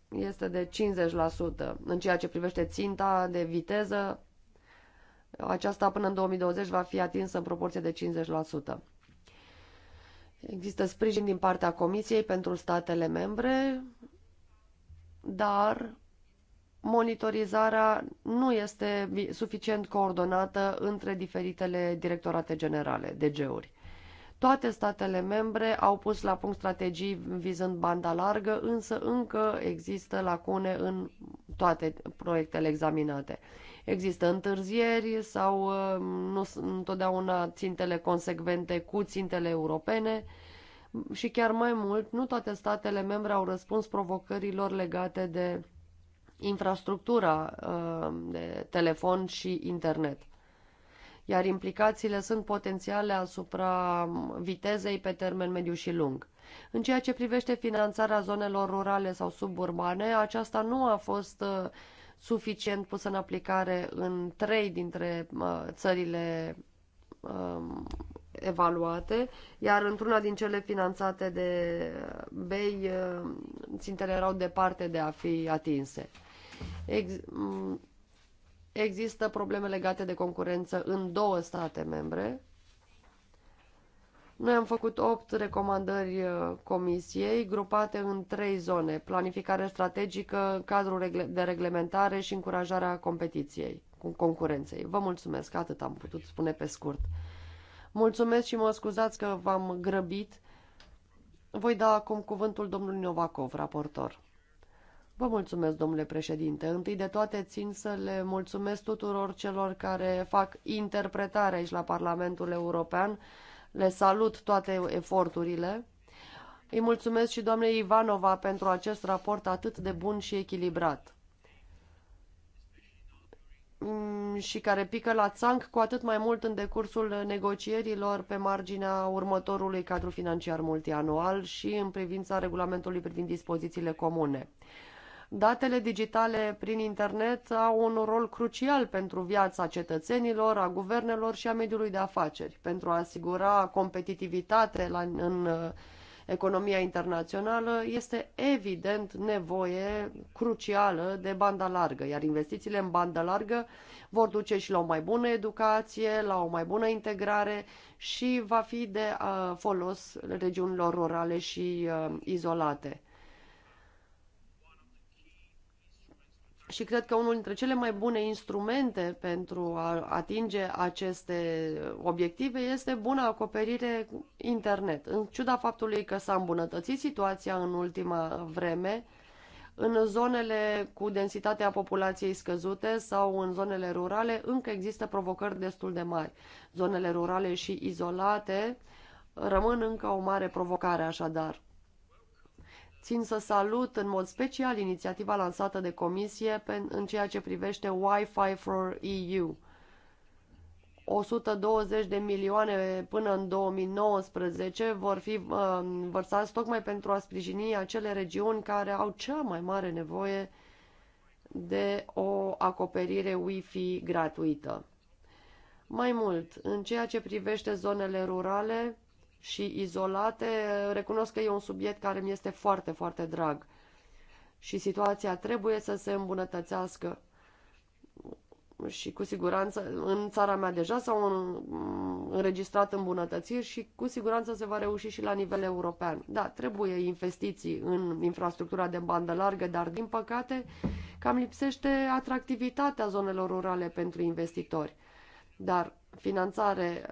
este de 50%. În ceea ce privește ținta de viteză, aceasta până în 2020 va fi atinsă în proporție de 50%. Există sprijin din partea Comisiei pentru statele membre dar monitorizarea nu este suficient coordonată între diferitele directorate generale, DG-uri. Toate statele membre au pus la punct strategii vizând banda largă, însă încă există lacune în toate proiectele examinate. Există întârzieri sau uh, nu sunt întotdeauna țintele consecvente cu țintele europene, și chiar mai mult, nu toate statele membre au răspuns provocărilor legate de infrastructura uh, de telefon și internet. Iar implicațiile sunt potențiale asupra vitezei pe termen mediu și lung. În ceea ce privește finanțarea zonelor rurale sau suburbane, aceasta nu a fost uh, suficient pusă în aplicare în trei dintre uh, țările um, evaluate, iar într-una din cele finanțate de BEI, eh, țintele erau departe de a fi atinse. Ex există probleme legate de concurență în două state membre. Noi am făcut opt recomandări eh, comisiei, grupate în trei zone, planificare strategică, cadrul de reglementare și încurajarea competiției, concurenței. Vă mulțumesc, atât am putut spune pe scurt. Mulțumesc și mă scuzați că v-am grăbit. Voi da acum cuvântul domnului Novakov, raportor. Vă mulțumesc, domnule președinte. Întâi de toate țin să le mulțumesc tuturor celor care fac interpretare aici la Parlamentul European. Le salut toate eforturile. Îi mulțumesc și doamnei Ivanova pentru acest raport atât de bun și echilibrat. Mm, și care pică la țanc cu atât mai mult în decursul negocierilor pe marginea următorului cadru financiar multianual și în privința regulamentului privind dispozițiile comune. Datele digitale prin internet au un rol crucial pentru viața cetățenilor, a guvernelor și a mediului de afaceri, pentru a asigura competitivitate la, în economia internațională, este evident nevoie crucială de banda largă, iar investițiile în bandă largă vor duce și la o mai bună educație, la o mai bună integrare și va fi de uh, folos regiunilor rurale și uh, izolate. și cred că unul dintre cele mai bune instrumente pentru a atinge aceste obiective este bună acoperire internet. În ciuda faptului că s-a îmbunătățit situația în ultima vreme, în zonele cu densitatea populației scăzute sau în zonele rurale încă există provocări destul de mari. Zonele rurale și izolate rămân încă o mare provocare așadar. Țin să salut în mod special inițiativa lansată de Comisie în ceea ce privește Wi-Fi for EU. 120 de milioane până în 2019 vor fi um, vărsați tocmai pentru a sprijini acele regiuni care au cea mai mare nevoie de o acoperire Wi-Fi gratuită. Mai mult, în ceea ce privește zonele rurale, și izolate, recunosc că e un subiect care mi este foarte, foarte drag. Și situația trebuie să se îmbunătățească. Și cu siguranță, în țara mea deja s-au înregistrat îmbunătățiri și cu siguranță se va reuși și la nivel european. Da, trebuie investiții în infrastructura de bandă largă, dar din păcate cam lipsește atractivitatea zonelor rurale pentru investitori. Dar finanțare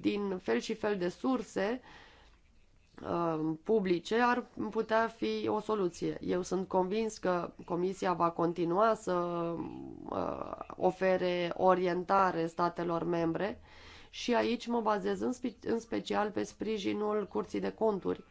din fel și fel de surse um, publice ar putea fi o soluție. Eu sunt convins că Comisia va continua să uh, ofere orientare statelor membre și aici mă bazez în special pe sprijinul Curții de Conturi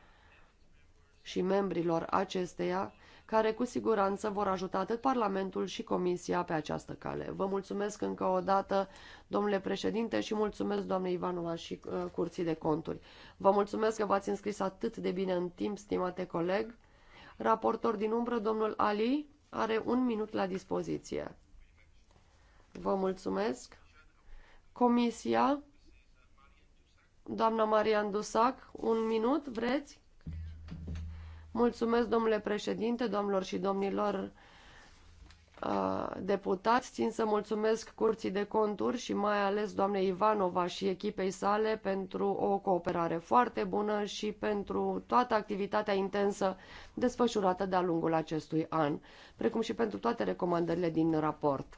și membrilor acesteia care cu siguranță vor ajuta atât Parlamentul și Comisia pe această cale. Vă mulțumesc încă o dată, domnule președinte, și mulțumesc doamnei Ivanova și uh, Curții de Conturi. Vă mulțumesc că v-ați înscris atât de bine în timp, stimate coleg. Raportor din umbră, domnul Ali, are un minut la dispoziție. Vă mulțumesc. Comisia, doamna Marian Dusac, un minut, vreți? Mulțumesc, domnule președinte, domnilor și domnilor uh, deputați. Țin să mulțumesc Curții de Conturi și mai ales doamnei Ivanova și echipei sale pentru o cooperare foarte bună și pentru toată activitatea intensă desfășurată de-a lungul acestui an, precum și pentru toate recomandările din raport.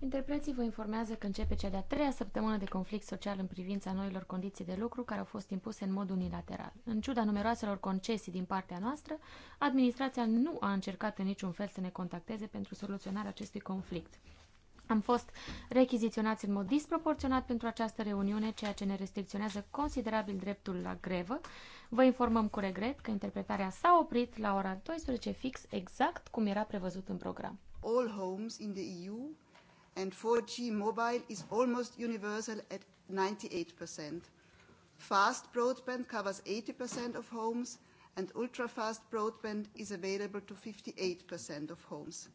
Interpreții vă informează că începe cea de-a treia săptămână de conflict social în privința noilor condiții de lucru care au fost impuse în mod unilateral. În ciuda numeroaselor concesii din partea noastră, administrația nu a încercat în niciun fel să ne contacteze pentru soluționarea acestui conflict. Am fost rechiziționați în mod disproporționat pentru această reuniune, ceea ce ne restricționează considerabil dreptul la grevă. Vă informăm cu regret că interpretarea s-a oprit la ora 12 fix, exact cum era prevăzut în program all homes in the EU, and 4G mobile is almost universal at 98%. Fast broadband covers 80% of homes, and ultra-fast broadband is available to 58% of homes.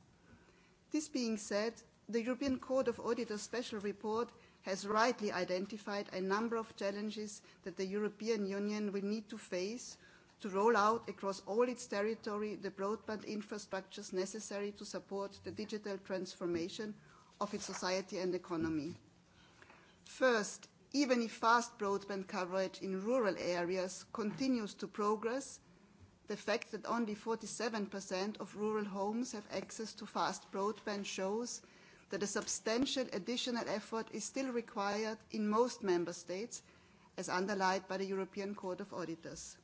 This being said, the European Court of Auditors Special Report has rightly identified a number of challenges that the European Union will need to face to roll out across all its territory the broadband infrastructures necessary to support the digital transformation of its society and economy. First, even if fast broadband coverage in rural areas continues to progress, the fact that only 47% of rural homes have access to fast broadband shows that a substantial additional effort is still required in most member states, as underlined by the European Court of Auditors.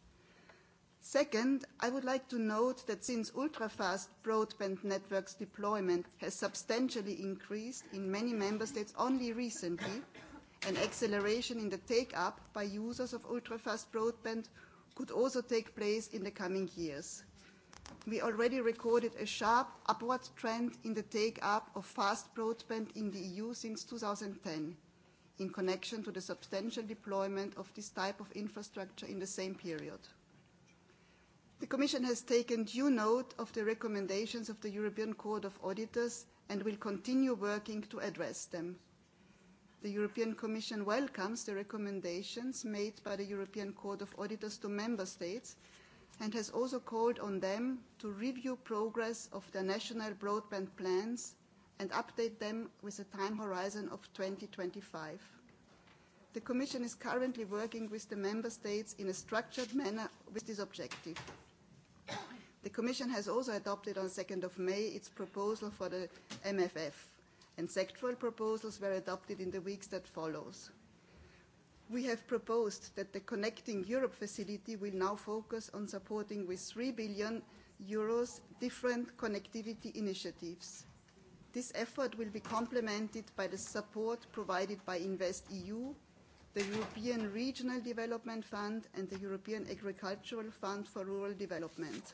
Second, I would like to note that since ultra-fast broadband networks deployment has substantially increased in many member states only recently, an acceleration in the take-up by users of ultra-fast broadband could also take place in the coming years. We already recorded a sharp upward trend in the take-up of fast broadband in the EU since 2010, in connection to the substantial deployment of this type of infrastructure in the same period. The Commission has taken due note of the recommendations of the European Court of Auditors and will continue working to address them. The European Commission welcomes the recommendations made by the European Court of Auditors to Member States and has also called on them to review progress of their national broadband plans and update them with a time horizon of 2025. The Commission is currently working with the Member States in a structured manner with this objective. The Commission has also adopted on 2nd of May its proposal for the MFF, and sectoral proposals were adopted in the weeks that follows. We have proposed that the Connecting Europe facility will now focus on supporting with 3 billion euros different connectivity initiatives. This effort will be complemented by the support provided by InvestEU, the European Regional Development Fund and the European Agricultural Fund for Rural Development.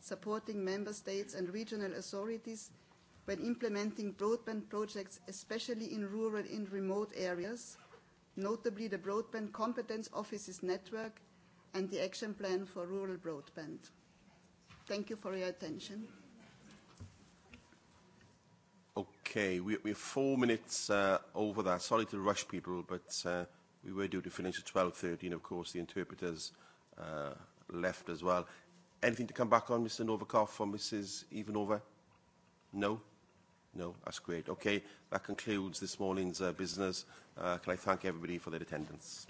supporting member states and regional authorities when implementing broadband projects, especially in rural and remote areas, notably the Broadband Competence Offices Network and the Action Plan for Rural Broadband. Thank you for your attention. Okay, we, we're four minutes uh, over that. Sorry to rush people, but uh, we were due to finish at 12.30, and of course the interpreters uh, left as well. Anything to come back on, Mr. Novikov or Mrs. Ivanova? No? No, that's great. Okay, that concludes this morning's uh, business. Uh, can I thank everybody for their attendance?